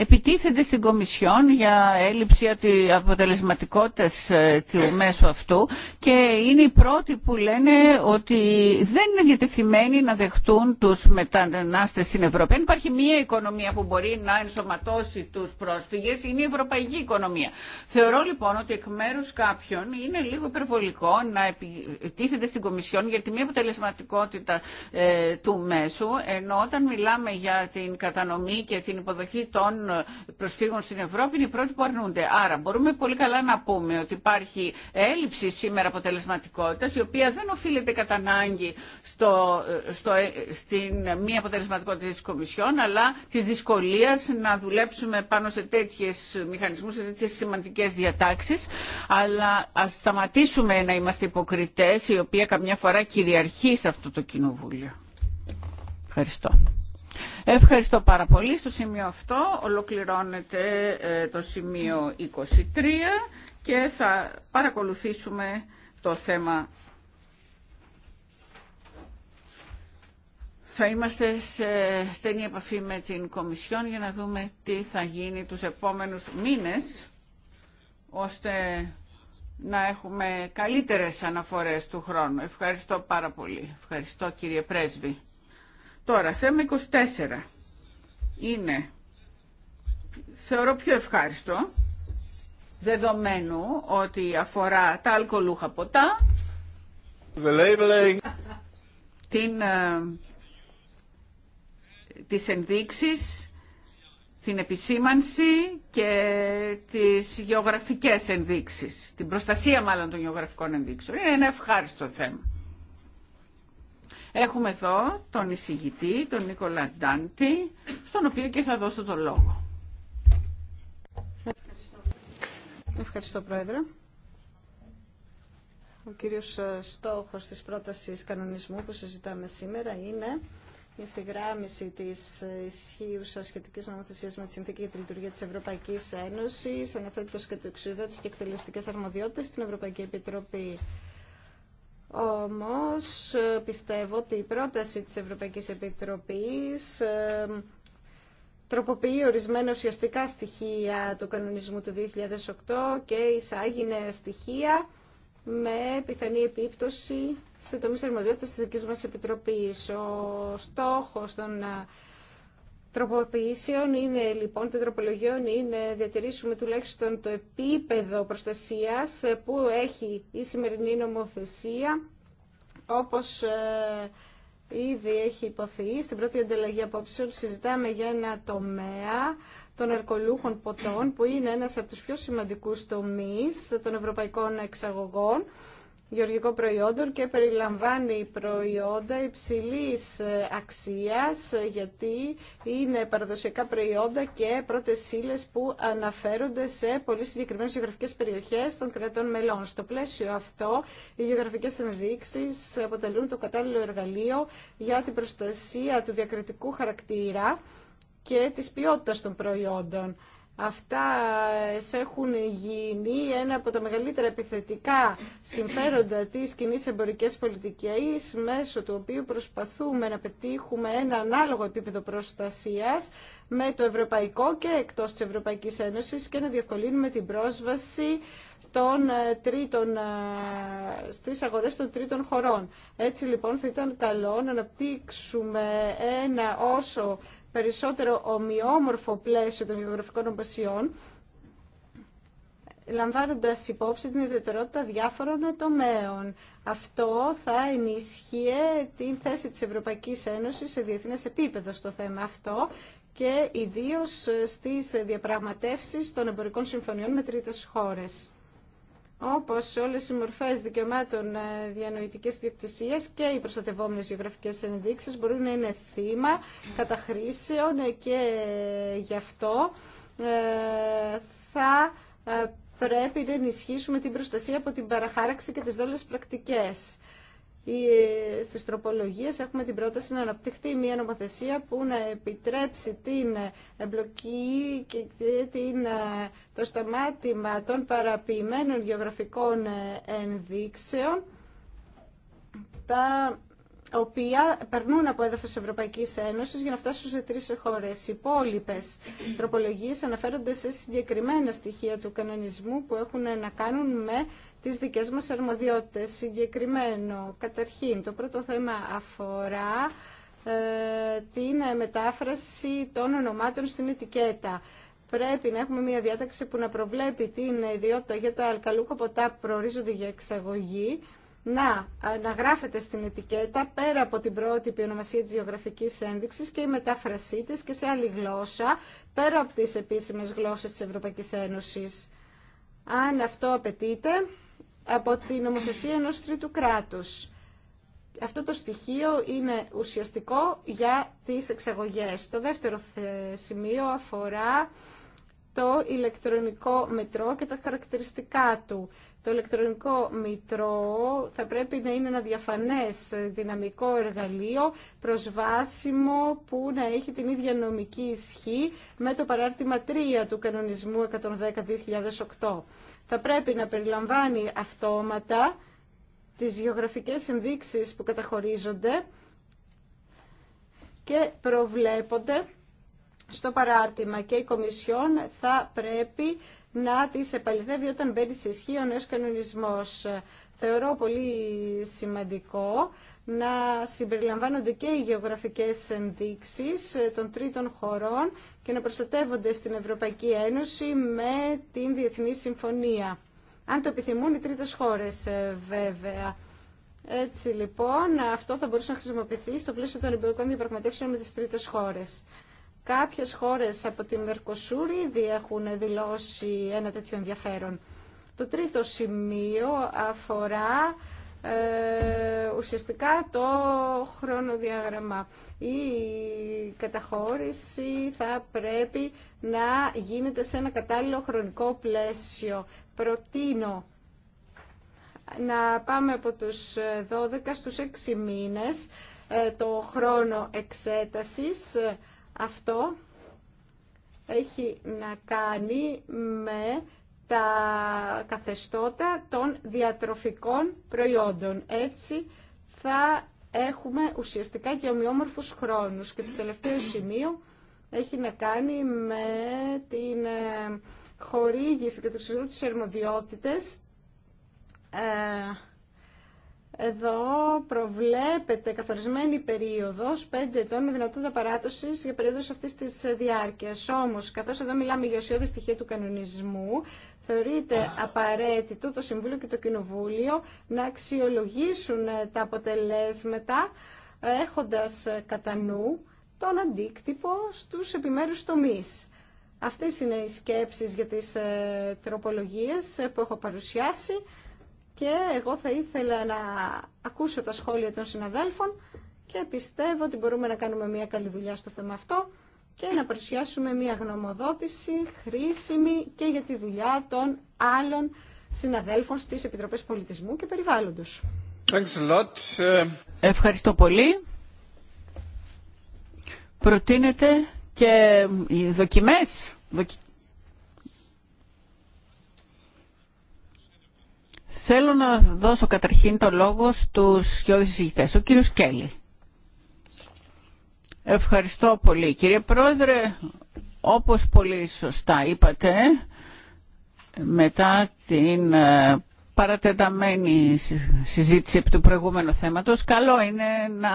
επιτίθεται στην Κομισιόν για έλλειψη αποτελεσματικότητα ε, του μέσου αυτού και είναι οι πρώτοι που λένε ότι δεν είναι διατεθειμένοι να δεχτούν τους μετανάστες στην Ευρώπη. Δεν υπάρχει μία οικονομία που μπορεί να ενσωματώσει τους πρόσφυγες, είναι η ευρωπαϊκή οικονομία. Θεωρώ λοιπόν ότι εκ μέρου κάποιων είναι λίγο υπερβολικό να επιτίθεται στην Κομισιόν για τη μία αποτελεσματικότητα ε, του μέσου, ενώ όταν μιλάμε για την κατανομή και την υποδοχή των ε, προσφύγων στην Ευρώπη είναι οι πρώτοι που αρνούνται. Άρα μπορούμε πολύ καλά να πούμε ότι υπάρχει έλλειψη σήμερα αποτελεσματικότητας η οποία δεν οφείλεται κατά ανάγκη στο, ε, ε, στην μη αποτελεσματικότητα της Κομισιόν αλλά τη δυσκολία να δουλέψουμε πάνω σε τέτοιες μηχανισμούς, σε τέτοιες σημαντικές διατάξεις αλλά α σταματήσουμε να είμαστε υποκριτέ, οι οποία καμιά φορά κυριαρχεί σε αυτό το κοινοβούλιο. Ευχαριστώ. Ευχαριστώ πάρα πολύ. Στο σημείο αυτό ολοκληρώνεται ε, το σημείο 23 και θα παρακολουθήσουμε το θέμα. Θα είμαστε σε στενή επαφή με την Κομισιόν για να δούμε τι θα γίνει τους επόμενους μήνες ώστε να έχουμε καλύτερες αναφορές του χρόνου. Ευχαριστώ πάρα πολύ. Ευχαριστώ κύριε Πρέσβη. Τώρα, θέμα 24 είναι, θεωρώ πιο ευχάριστο, δεδομένου ότι αφορά τα αλκοολούχα ποτά, The labeling. την, ε, τις ενδείξεις, την επισήμανση και τις γεωγραφικές ενδείξεις, την προστασία μάλλον των γεωγραφικών ενδείξεων. Είναι ένα ευχάριστο θέμα. Έχουμε εδώ τον εισηγητή, τον Νίκολα Ντάντι, στον οποίο και θα δώσω τον λόγο. Ευχαριστώ, Ευχαριστώ Πρόεδρε. Ο κύριος ε, στόχος της πρότασης κανονισμού που συζητάμε σήμερα είναι η ευθυγράμμιση της ε, ισχύουσα σχετικής νομοθεσίας με τη συνθήκη για τη λειτουργία τη Ευρωπαϊκή Ένωση, και το Εξουδότης τη και εκτελεστικέ Αρμοδιότητες στην Ευρωπαϊκή Επιτροπή. Όμως ε, πιστεύω ότι η πρόταση της Ευρωπαϊκής Επιτροπής ε, τροποποιεί ορισμένα ουσιαστικά στοιχεία του κανονισμού του 2008 και εισάγει νέα στοιχεία με πιθανή επίπτωση σε τομείς αρμοδιότητας της δικής μας Επιτροπής. Ο στόχος των ε, τροποποιήσεων είναι λοιπόν, των τροπολογιών είναι διατηρήσουμε τουλάχιστον το επίπεδο προστασίας που έχει η σημερινή νομοθεσία όπως ε, ήδη έχει υποθεί στην πρώτη ανταλλαγή απόψεων συζητάμε για ένα τομέα των αρκολούχων ποτών που είναι ένας από τους πιο σημαντικούς τομείς των ευρωπαϊκών εξαγωγών γεωργικών προϊόντων και περιλαμβάνει προϊόντα υψηλής ε, αξίας ε, γιατί είναι παραδοσιακά προϊόντα και πρώτες σύλλες που αναφέρονται σε πολύ συγκεκριμένες γεωγραφικές περιοχές των κρατών μελών. Στο πλαίσιο αυτό, οι γεωγραφικές ενδείξεις αποτελούν το κατάλληλο εργαλείο για την προστασία του διακριτικού χαρακτήρα και της ποιότητας των προϊόντων. Αυτά έχουν γίνει ένα από τα μεγαλύτερα επιθετικά συμφέροντα της κοινή εμπορική πολιτικής μέσω του οποίου προσπαθούμε να πετύχουμε ένα ανάλογο επίπεδο προστασίας με το ευρωπαϊκό και εκτός της Ευρωπαϊκής Ένωσης και να διευκολύνουμε την πρόσβαση των ε, τρίτων, ε, στις αγορές των τρίτων χωρών. Έτσι λοιπόν θα ήταν καλό να αναπτύξουμε ένα όσο περισσότερο ομοιόμορφο πλαίσιο των γεωγραφικών ομπασιών, λαμβάνοντας υπόψη την ιδιαιτερότητα διάφορων τομέων. Αυτό θα ενισχύει την θέση της Ευρωπαϊκής Ένωσης σε διεθνές επίπεδο στο θέμα αυτό και ιδίως στις διαπραγματεύσεις των εμπορικών συμφωνιών με τρίτες χώρες όπως όλες οι μορφές δικαιωμάτων ε, διανοητικής διοκτησίας και οι προστατευόμενες γεωγραφικές ενδείξεις μπορούν να είναι θύμα καταχρήσεων και γι' αυτό ε, θα ε, πρέπει να ενισχύσουμε την προστασία από την παραχάραξη και τις δόλες πρακτικές. Ε, στις τροπολογίες έχουμε την πρόταση να αναπτυχθεί μια νομοθεσία που να επιτρέψει την εμπλοκή και την, ε, το σταμάτημα των παραποιημένων γεωγραφικών ε, ενδείξεων τα οποία περνούν από έδαφος Ευρωπαϊκής Ένωσης για να φτάσουν σε τρεις χώρες. Οι υπόλοιπε τροπολογίες αναφέρονται σε συγκεκριμένα στοιχεία του κανονισμού που έχουν να κάνουν με τις δικές μας αρμοδιότητες. Συγκεκριμένο, καταρχήν, το πρώτο θέμα αφορά ε, την μετάφραση των ονομάτων στην ετικέτα. Πρέπει να έχουμε μια διάταξη που να προβλέπει την ιδιότητα για τα αλκαλούχα ποτά που προορίζονται για εξαγωγή, να αναγράφεται στην ετικέτα πέρα από την πρότυπη ονομασία της γεωγραφικής ένδειξης και η μετάφρασή της και σε άλλη γλώσσα, πέρα από τις επίσημες γλώσσες της Ευρωπαϊκής Ένωσης. Αν αυτό απαιτείται, από την νομοθεσία ενός τρίτου κράτους. Αυτό το στοιχείο είναι ουσιαστικό για τις εξαγωγές. Το δεύτερο σημείο αφορά το ηλεκτρονικό μετρό και τα χαρακτηριστικά του. Το ηλεκτρονικό μητρό θα πρέπει να είναι ένα διαφανές δυναμικό εργαλείο προσβάσιμο που να έχει την ίδια νομική ισχύ με το παράρτημα 3 του κανονισμού 110-2008 θα πρέπει να περιλαμβάνει αυτόματα τις γεωγραφικές ενδείξεις που καταχωρίζονται και προβλέπονται στο παράρτημα και η Κομισιόν θα πρέπει να τις επαληθεύει όταν μπαίνει σε ισχύ ο νέος κανονισμός. Θεωρώ πολύ σημαντικό να συμπεριλαμβάνονται και οι γεωγραφικές ενδείξεις ε, των τρίτων χωρών και να προστατεύονται στην Ευρωπαϊκή Ένωση με την Διεθνή Συμφωνία. Αν το επιθυμούν οι τρίτες χώρες ε, βέβαια. Έτσι λοιπόν, αυτό θα μπορούσε να χρησιμοποιηθεί στο πλαίσιο των εμπειρικών διαπραγματεύσεων με τις τρίτες χώρες. Κάποιες χώρες από την Μερκοσούρη ήδη έχουν δηλώσει ένα τέτοιο ενδιαφέρον. Το τρίτο σημείο αφορά ε, ουσιαστικά το χρονοδιάγραμμα. Η καταχώρηση θα πρέπει να γίνεται σε ένα κατάλληλο χρονικό πλαίσιο. Προτείνω να πάμε από τους 12 στους 6 μήνες ε, το χρόνο εξέτασης. Αυτό έχει να κάνει με τα καθεστώτα των διατροφικών προϊόντων. Έτσι θα έχουμε ουσιαστικά και ομοιόμορφους χρόνους. Και το τελευταίο σημείο έχει να κάνει με την ε, χορήγηση και το συζήτηση της ερμοδιότητες. Ε, εδώ προβλέπεται καθορισμένη περίοδος 5 ετών με δυνατότητα παράτωσης για περίοδος αυτής της διάρκειας. Όμως, καθώς εδώ μιλάμε για ουσιώδη στοιχεία του κανονισμού, θεωρείται απαραίτητο το Συμβούλιο και το Κοινοβούλιο να αξιολογήσουν ε, τα αποτελέσματα ε, έχοντας ε, κατά νου τον αντίκτυπο στους επιμέρους τομείς. Αυτές είναι οι σκέψεις για τις τροπολογίες που έχω παρουσιάσει και εγώ θα ήθελα να ακούσω τα σχόλια των συναδέλφων και πιστεύω ότι μπορούμε να κάνουμε μια καλή δουλειά στο θέμα αυτό και να παρουσιάσουμε μια γνωμοδότηση χρήσιμη και για τη δουλειά των άλλων συναδέλφων στις Επιτροπές Πολιτισμού και Περιβάλλοντος. Ευχαριστώ πολύ. Προτείνετε και οι δοκιμές. Θέλω να δώσω καταρχήν το λόγο στους γεώδεις συζητητές. Ο κύριος Κέλλη. Ευχαριστώ πολύ. Κύριε Πρόεδρε, όπως πολύ σωστά είπατε, μετά την ε, παρατεταμένη συζήτηση του προηγούμενου θέματος, καλό είναι να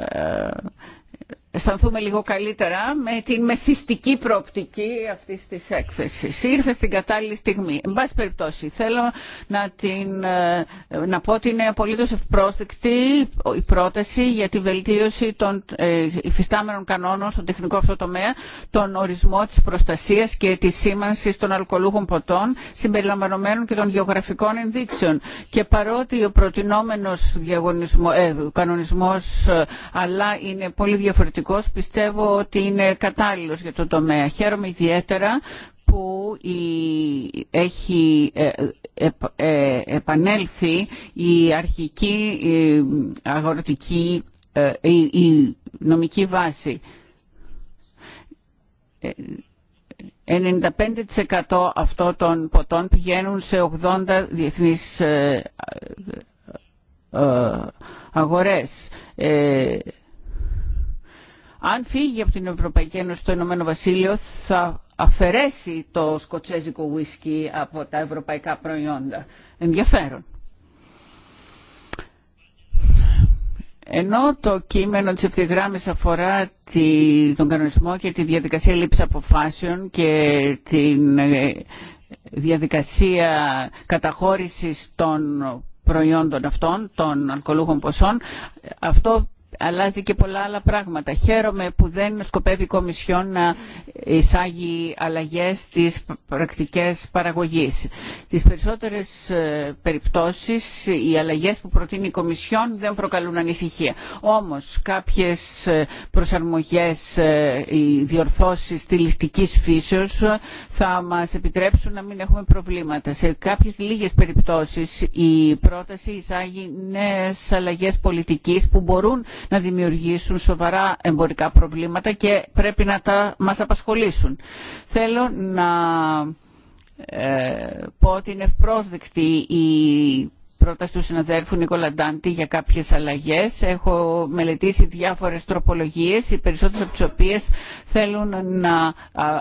ε, αισθανθούμε λίγο καλύτερα με την μεθυστική προοπτική αυτή τη έκθεση. Ήρθε στην κατάλληλη στιγμή. Εν πάση περιπτώσει, θέλω να, την, ε, να πω ότι είναι απολύτω ευπρόσδεκτη η πρόταση για τη βελτίωση των ε, υφιστάμενων κανόνων στον τεχνικό αυτό τομέα, τον ορισμό τη προστασία και τη σήμανση των αλκοολούχων ποτών, συμπεριλαμβανομένων και των γεωγραφικών ενδείξεων. Και παρότι ο προτινόμενο ε, κανονισμός ε, αλλά είναι πολύ διαφορετικό πιστεύω ότι είναι κατάλληλος για το τομέα. Χαίρομαι ιδιαίτερα που έχει ε, ε, ε, επανέλθει η αρχική αγροτική η νομική βάση. 95% αυτών των ποτών πηγαίνουν σε 80 διεθνείς αγορές. Αν φύγει από την Ευρωπαϊκή Ένωση το Ηνωμένο Βασίλειο θα αφαιρέσει το σκοτσέζικο ουίσκι από τα ευρωπαϊκά προϊόντα. Ενδιαφέρον. Ενώ το κείμενο της ευθυγράμμης αφορά τον κανονισμό και τη διαδικασία λήψης αποφάσεων και τη ε, διαδικασία καταχώρησης των προϊόντων αυτών, των αλκοολούχων ποσών, αυτό αλλάζει και πολλά άλλα πράγματα. Χαίρομαι που δεν σκοπεύει η Κομισιόν να εισάγει αλλαγές στις πρακτικές παραγωγής. Τις περισσότερες ε, περιπτώσεις οι αλλαγές που προτείνει η Κομισιόν δεν προκαλούν ανησυχία. Όμως κάποιες ε, προσαρμογές, ε, οι διορθώσεις ληστική φύσεως θα μας επιτρέψουν να μην έχουμε προβλήματα. Σε κάποιες λίγες περιπτώσεις η πρόταση εισάγει νέες αλλαγές πολιτικής που μπορούν να δημιουργήσουν σοβαρά εμπορικά προβλήματα και πρέπει να τα μας απασχολήσουν. Θέλω να ε, πω ότι είναι ευπρόσδεκτη η πρόταση του συναδέλφου Νικόλα Ντάντη για κάποιες αλλαγές. Έχω μελετήσει διάφορες τροπολογίες, οι περισσότερες από τι οποίε θέλουν να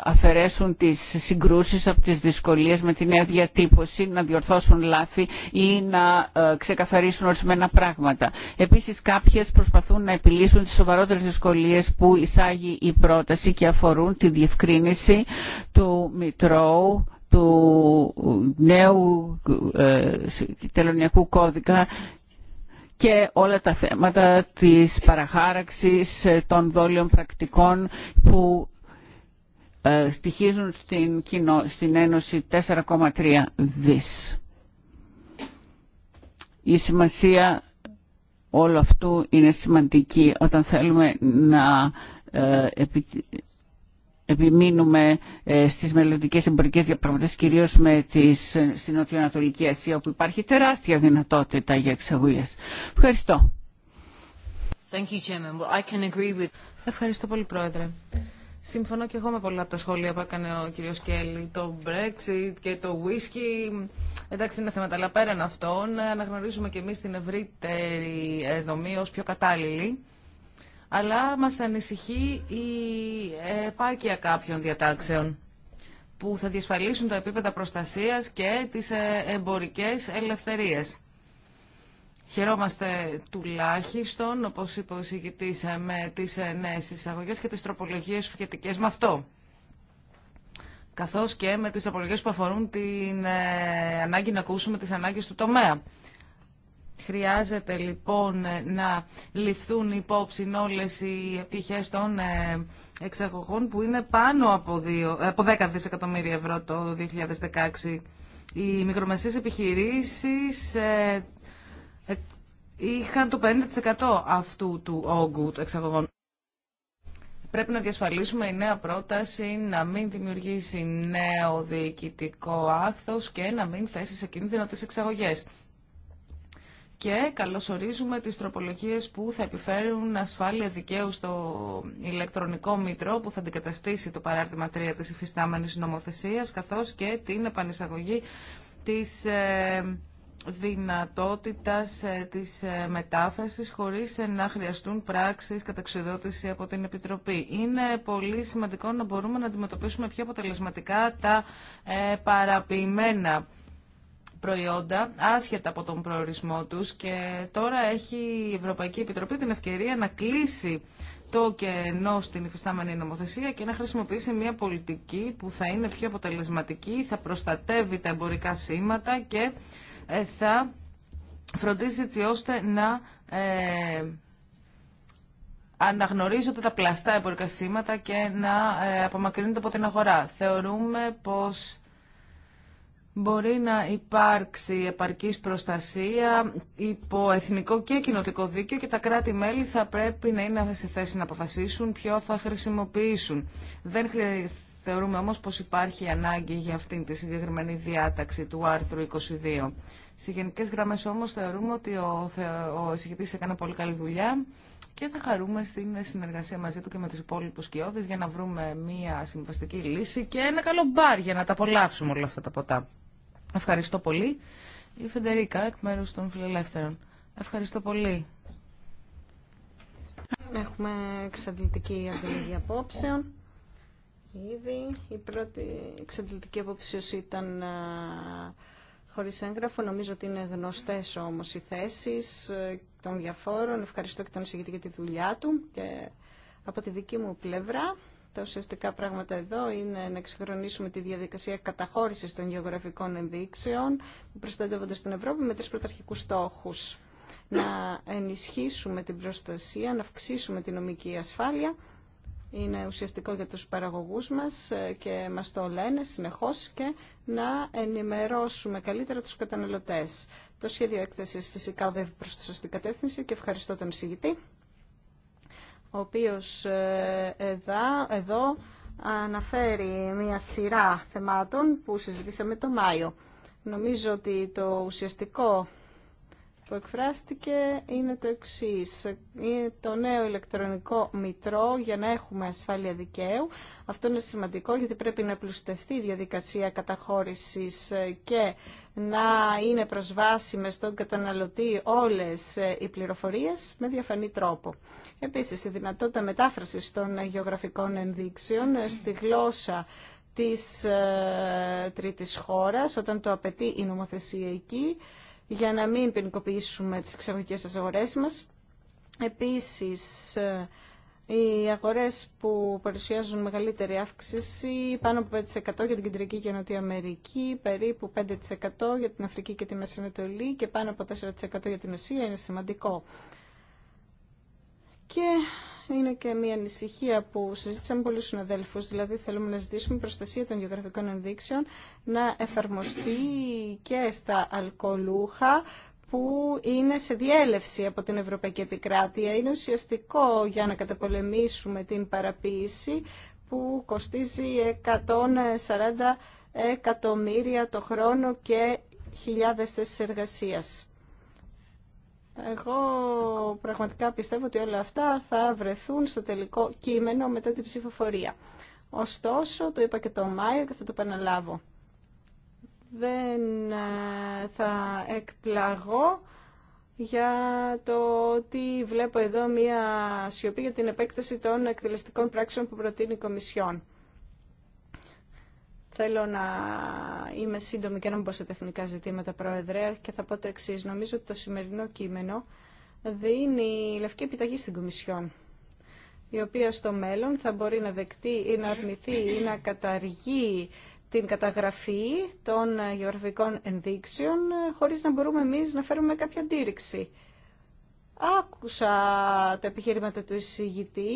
αφαιρέσουν τις συγκρούσεις από τις δυσκολίες με την νέα διατύπωση, να διορθώσουν λάθη ή να ε, ξεκαθαρίσουν ορισμένα πράγματα. Επίσης κάποιες προσπαθούν να επιλύσουν τις σοβαρότερες δυσκολίες που εισάγει η να ξεκαθαρισουν ορισμενα πραγματα επισης καποιες προσπαθουν να επιλυσουν τις σοβαροτερες δυσκολίε που εισαγει η προταση και αφορούν τη διευκρίνηση του Μητρώου του νέου ε, τελωνιακού κώδικα και όλα τα θέματα της παραχάραξης ε, των δόλιων πρακτικών που ε, στοιχίζουν στην, κοινο, στην Ένωση 4,3 δις. Η σημασία όλου αυτού είναι σημαντική όταν θέλουμε να επιμείνουμε ε, στις μελλοντικέ εμπορικές διαπραγματεύσεις, κυρίως με τις, ε, στην Νοτιοανατολική Ασία, όπου υπάρχει τεράστια δυνατότητα για εξαγωγές. Ευχαριστώ. Thank you, I can agree with... Ευχαριστώ πολύ, Πρόεδρε. Συμφωνώ και εγώ με πολλά από τα σχόλια που έκανε ο κ. Κέλλη. Το Brexit και το whisky, εντάξει είναι θέματα, αλλά πέραν αυτών αναγνωρίζουμε και εμείς την ευρύτερη δομή ως πιο κατάλληλη αλλά μας ανησυχεί η επάρκεια κάποιων διατάξεων που θα διασφαλίσουν το επίπεδα προστασίας και τις ε, εμπορικές ελευθερίες. Χαιρόμαστε τουλάχιστον, όπως είπε ο εισηγητής, ε, με τις ε, νέες εισαγωγές και τις τροπολογίες σχετικέ με αυτό. Καθώς και με τις τροπολογίες που αφορούν την ανάγκη να ακούσουμε τις ανάγκες του τομέα. Χρειάζεται λοιπόν ε, να ληφθούν υπόψη όλες οι επιτυχίες των ε, εξαγωγών που είναι πάνω από, 2, ε, από 10 δισεκατομμύρια ευρώ το 2016. Οι μικρομεσαίες επιχειρήσεις είχαν το 50% αυτού του όγκου του εξαγωγών. Πρέπει να διασφαλίσουμε η νέα πρόταση να μην δημιουργήσει νέο διοικητικό άχθος και να μην θέσει σε κίνδυνο τις εξαγωγές και καλωσορίζουμε τις τροπολογίες που θα επιφέρουν ασφάλεια δικαίου στο ηλεκτρονικό μήτρο που θα αντικαταστήσει το παράρτημα 3 της υφιστάμενης νομοθεσίας καθώς και την επανεισαγωγή της ε, δυνατότητας ε, της ε, μετάφρασης χωρίς να χρειαστούν πράξεις καταξιδότηση από την Επιτροπή. Είναι πολύ σημαντικό να μπορούμε να αντιμετωπίσουμε πιο αποτελεσματικά τα παραποιημένα προϊόντα άσχετα από τον προορισμό τους και τώρα έχει η Ευρωπαϊκή Επιτροπή την ευκαιρία να κλείσει το κενό στην υφιστάμενη νομοθεσία και να χρησιμοποιήσει μια πολιτική που θα είναι πιο αποτελεσματική, θα προστατεύει τα εμπορικά σήματα και ε, θα φροντίζει έτσι ώστε να ε, αναγνωρίζονται τα πλαστά εμπορικά σήματα και να ε, απομακρύνονται από την αγορά. Θεωρούμε πως μπορεί να υπάρξει επαρκής προστασία υπό εθνικό και κοινοτικό δίκαιο και τα κράτη-μέλη θα πρέπει να είναι σε θέση να αποφασίσουν ποιο θα χρησιμοποιήσουν. Δεν θεωρούμε όμως πως υπάρχει ανάγκη για αυτήν τη συγκεκριμένη διάταξη του άρθρου 22. Σε γενικέ γραμμές όμως θεωρούμε ότι ο, ο έκανε πολύ καλή δουλειά και θα χαρούμε στην συνεργασία μαζί του και με τους υπόλοιπους κοιόδες για να βρούμε μια συμβαστική λύση και ένα καλό μπαρ για να τα απολαύσουμε όλα αυτά τα ποτά. Ευχαριστώ πολύ. Η Φεντερίκα, εκ μέρους των Φιλελεύθερων. Ευχαριστώ πολύ. Έχουμε εξαντλητική αντιληπτική απόψεων. Ήδη η πρώτη εξαντλητική απόψεως ήταν χωρίς έγγραφο. Νομίζω ότι είναι γνωστές όμως οι θέσεις ε, των διαφόρων. Ευχαριστώ και τον εισηγητή για τη δουλειά του. Και από τη δική μου πλευρά τα ουσιαστικά πράγματα εδώ είναι να εξυγχρονίσουμε τη διαδικασία καταχώρησης των γεωγραφικών ενδείξεων που προστατεύονται στην Ευρώπη με τρεις πρωταρχικούς στόχους. Να ενισχύσουμε την προστασία, να αυξήσουμε την νομική ασφάλεια είναι ουσιαστικό για τους παραγωγούς μας και μας το λένε συνεχώς και να ενημερώσουμε καλύτερα τους καταναλωτές. Το σχέδιο έκθεσης φυσικά οδεύει προς τη σωστή κατεύθυνση και ευχαριστώ τον εισηγητή ο οποίος ε, εδώ αναφέρει μια σειρά θεμάτων που συζητήσαμε το Μάιο. Νομίζω ότι το ουσιαστικό που εκφράστηκε είναι το εξή. το νέο ηλεκτρονικό μητρό για να έχουμε ασφάλεια δικαίου. Αυτό είναι σημαντικό γιατί πρέπει να πλουστευτεί η διαδικασία καταχώρησης και να είναι προσβάσιμες στον καταναλωτή όλες οι πληροφορίες με διαφανή τρόπο. Επίσης, η δυνατότητα μετάφρασης των γεωγραφικών ενδείξεων στη γλώσσα της ε, τρίτης χώρας όταν το απαιτεί η νομοθεσία εκεί για να μην ποινικοποιήσουμε τις εξαγωγικές αγορές μας. Επίσης, ε, οι αγορές που παρουσιάζουν μεγαλύτερη αύξηση, πάνω από 5% για την Κεντρική και Νοτιοαμερική, Αμερική, περίπου 5% για την Αφρική και τη Μεσανατολή και πάνω από 4% για την Ουσία, είναι σημαντικό. Και είναι και μια ανησυχία που συζήτησαμε πολλού συναδέλφου. Δηλαδή, θέλουμε να ζητήσουμε προστασία των γεωγραφικών ενδείξεων να εφαρμοστεί και στα αλκοολούχα που είναι σε διέλευση από την Ευρωπαϊκή Επικράτεια. Είναι ουσιαστικό για να καταπολεμήσουμε την παραποίηση που κοστίζει 140 εκατομμύρια το χρόνο και χιλιάδες θέσεις εργασίας. Εγώ πραγματικά πιστεύω ότι όλα αυτά θα βρεθούν στο τελικό κείμενο μετά την ψηφοφορία. Ωστόσο, το είπα και το Μάιο και θα το επαναλάβω. Δεν ε, θα εκπλαγώ για το ότι βλέπω εδώ μία σιωπή για την επέκταση των εκτελεστικών πράξεων που προτείνει η Κομισιόν. Θέλω να είμαι σύντομη και να μην πω σε τεχνικά ζητήματα, Πρόεδρε, και θα πω το εξή. Νομίζω ότι το σημερινό κείμενο δίνει λευκή επιταγή στην Κομισιόν, η οποία στο μέλλον θα μπορεί να δεκτεί ή να αρνηθεί ή να καταργεί την καταγραφή των γεωγραφικών ενδείξεων, χωρίς να μπορούμε εμείς να φέρουμε κάποια αντίρρηξη. Άκουσα τα επιχειρήματα του εισηγητή,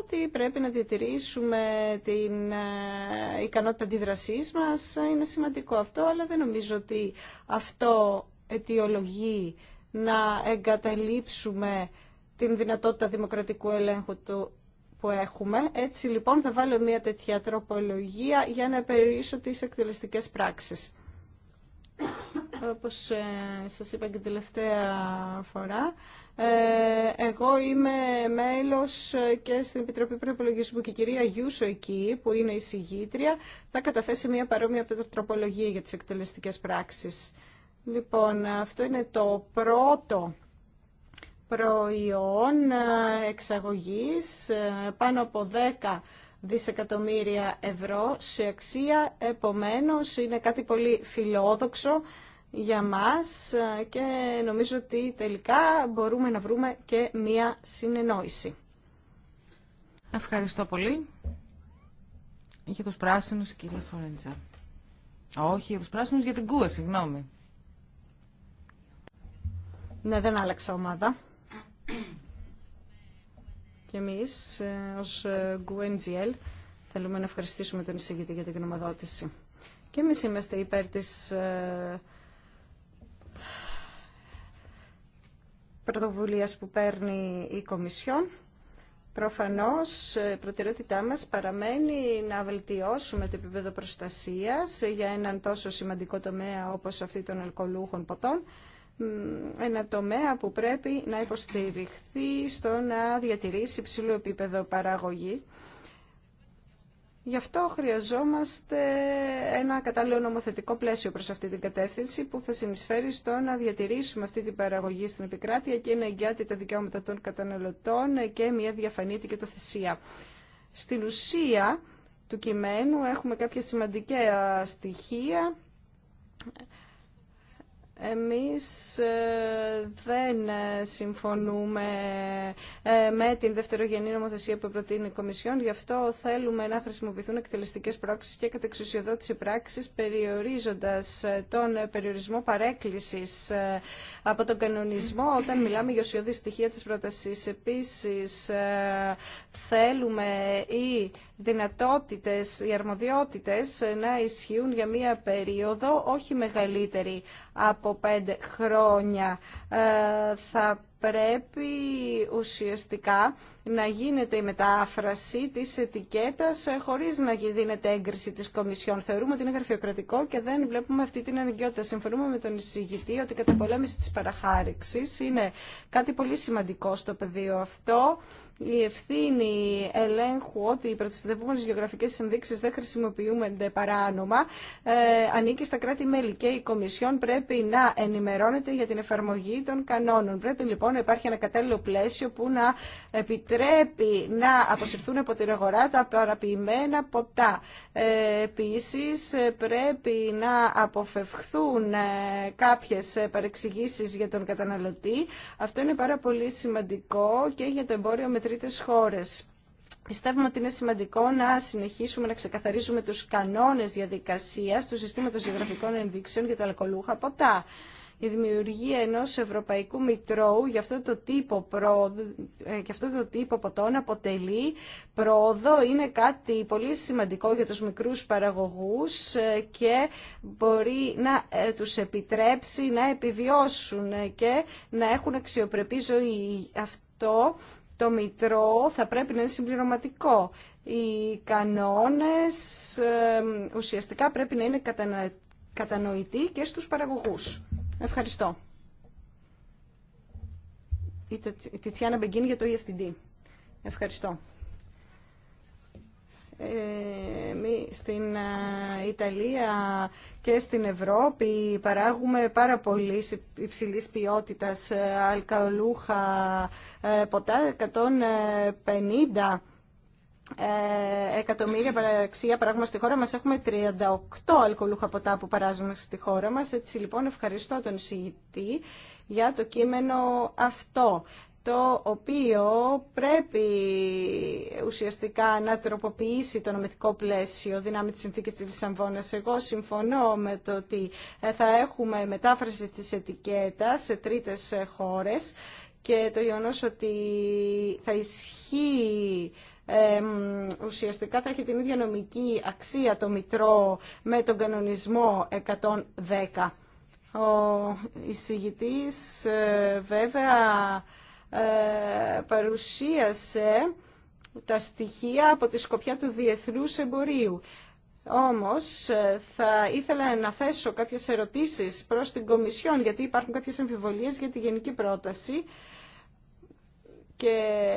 ότι πρέπει να διατηρήσουμε την ε, ικανότητα αντίδρασής μας. Είναι σημαντικό αυτό, αλλά δεν νομίζω ότι αυτό αιτιολογεί να εγκαταλείψουμε την δυνατότητα δημοκρατικού ελέγχου του που έχουμε. Έτσι λοιπόν θα βάλω μια τέτοια τροπολογία για να περιορίσω τις εκτελεστικές πράξεις όπως ε, σας είπα και τελευταία φορά, ε, εγώ είμαι μέλος και στην Επιτροπή Προπολογισμού και η κυρία Γιούσο εκεί, που είναι η συγγήτρια, θα καταθέσει μια παρόμοια τροπολογία για τις εκτελεστικές πράξεις. Λοιπόν, αυτό είναι το πρώτο προϊόν ε, εξαγωγής, πάνω από 10 δισεκατομμύρια ευρώ σε αξία, επομένως είναι κάτι πολύ φιλόδοξο για μας και νομίζω ότι τελικά μπορούμε να βρούμε και μία συνεννόηση. Ευχαριστώ πολύ. Για τους πράσινους, κύριε Φορέντζα. Όχι, για τους πράσινους, για την Κούα, συγγνώμη. Ναι, δεν άλλαξα ομάδα. Και εμείς ε, ως GUNGL ε, θέλουμε να ευχαριστήσουμε τον εισηγητή για την γνωμοδότηση. Και εμείς είμαστε υπέρ της ε, πρωτοβουλίας που παίρνει η Κομισιόν. Προφανώς η προτεραιότητά μας παραμένει να βελτιώσουμε το επίπεδο προστασία για έναν τόσο σημαντικό τομέα όπως αυτή των αλκοολούχων ποτών ένα τομέα που πρέπει να υποστηριχθεί στο να διατηρήσει υψηλό επίπεδο παραγωγή. Γι' αυτό χρειαζόμαστε ένα κατάλληλο νομοθετικό πλαίσιο προς αυτή την κατεύθυνση που θα συνεισφέρει στο να διατηρήσουμε αυτή την παραγωγή στην επικράτεια και να εγγυάται τα δικαιώματα των καταναλωτών και μια διαφανή και Στην ουσία του κειμένου έχουμε κάποια σημαντικά στοιχεία εμείς ε, δεν ε, συμφωνούμε ε, με την δευτερογενή νομοθεσία που προτείνει η Κομισιόν, γι' αυτό θέλουμε να χρησιμοποιηθούν εκτελεστικές πράξεις και κατεξουσιοδότηση πράξης, περιορίζοντας τον περιορισμό παρέκκλησης από τον κανονισμό όταν μιλάμε για ουσιώδη στοιχεία της πρότασης. Επίσης, θέλουμε η δυνατότητες, οι αρμοδιότητες να ισχύουν για μία περίοδο όχι μεγαλύτερη από πέντε χρόνια. Ε, θα πρέπει ουσιαστικά να γίνεται η μετάφραση της ετικέτας ε, χωρίς να δίνεται έγκριση της Κομισιόν. Θεωρούμε ότι είναι γραφειοκρατικό και δεν βλέπουμε αυτή την αναγκαιότητα. Συμφωνούμε με τον εισηγητή ότι η καταπολέμηση της παραχάρηξης είναι κάτι πολύ σημαντικό στο πεδίο αυτό η ευθύνη ελέγχου ότι οι πρωτοστατευόμενε γεωγραφικέ ενδείξει δεν χρησιμοποιούνται παράνομα ε, ανήκει στα κράτη-μέλη και η Κομισιόν πρέπει να ενημερώνεται για την εφαρμογή των κανόνων. Πρέπει λοιπόν να υπάρχει ένα κατάλληλο πλαίσιο που να επιτρέπει να αποσυρθούν από την αγορά τα παραποιημένα ποτά. Ε, Επίση πρέπει να αποφευχθούν ε, κάποιε παρεξηγήσει για τον καταναλωτή. Αυτό είναι πάρα πολύ σημαντικό και για το εμπόριο με τρίτες χώρες. Πιστεύουμε ότι είναι σημαντικό να συνεχίσουμε να ξεκαθαρίζουμε τους κανόνες διαδικασίας του συστήματος γεωγραφικών ενδείξεων για τα αλκοολούχα ποτά. Η δημιουργία ενός ευρωπαϊκού μητρώου για αυτό το τύπο, προ... Ε, για αυτό το τύπο ποτών αποτελεί πρόοδο, είναι κάτι πολύ σημαντικό για τους μικρούς παραγωγούς ε, και μπορεί να ε, τους επιτρέψει να επιβιώσουν και να έχουν αξιοπρεπή ζωή. Αυτό το μητρό θα πρέπει να είναι συμπληρωματικό. Οι κανόνες ουσιαστικά πρέπει να είναι κατανοητοί και στους παραγωγούς. Ευχαριστώ. Η Τιτσιάνα Μπεγκίν για το EFTD. Ευχαριστώ. Εμεί στην ε, Ιταλία και στην Ευρώπη παράγουμε πάρα πολύ υψηλής ποιότητας ε, αλκαλούχα ε, ποτά 150 εκατομμύρια παραξία παράγουμε στη χώρα μας. Έχουμε 38 αλκοολούχα ποτά που παράζουμε στη χώρα μας. Έτσι λοιπόν ευχαριστώ τον συγητή για το κείμενο αυτό το οποίο πρέπει ουσιαστικά να τροποποιήσει το νομικό πλαίσιο δυνάμει τη συνθήκη της Λισαμβόνας. Εγώ συμφωνώ με το ότι ε, θα έχουμε μετάφραση της ετικέτας σε τρίτες ε, χώρες και το γεγονό ότι θα ισχύει ουσιαστικά θα έχει την ίδια νομική αξία το Μητρό με τον κανονισμό 110. Ο εισηγητής ε, βέβαια ε, παρουσίασε τα στοιχεία από τη σκοπιά του διεθνούς εμπορίου. Όμως ε, θα ήθελα να θέσω κάποιες ερωτήσεις προς την Κομισιόν γιατί υπάρχουν κάποιες αμφιβολίες για τη γενική πρόταση και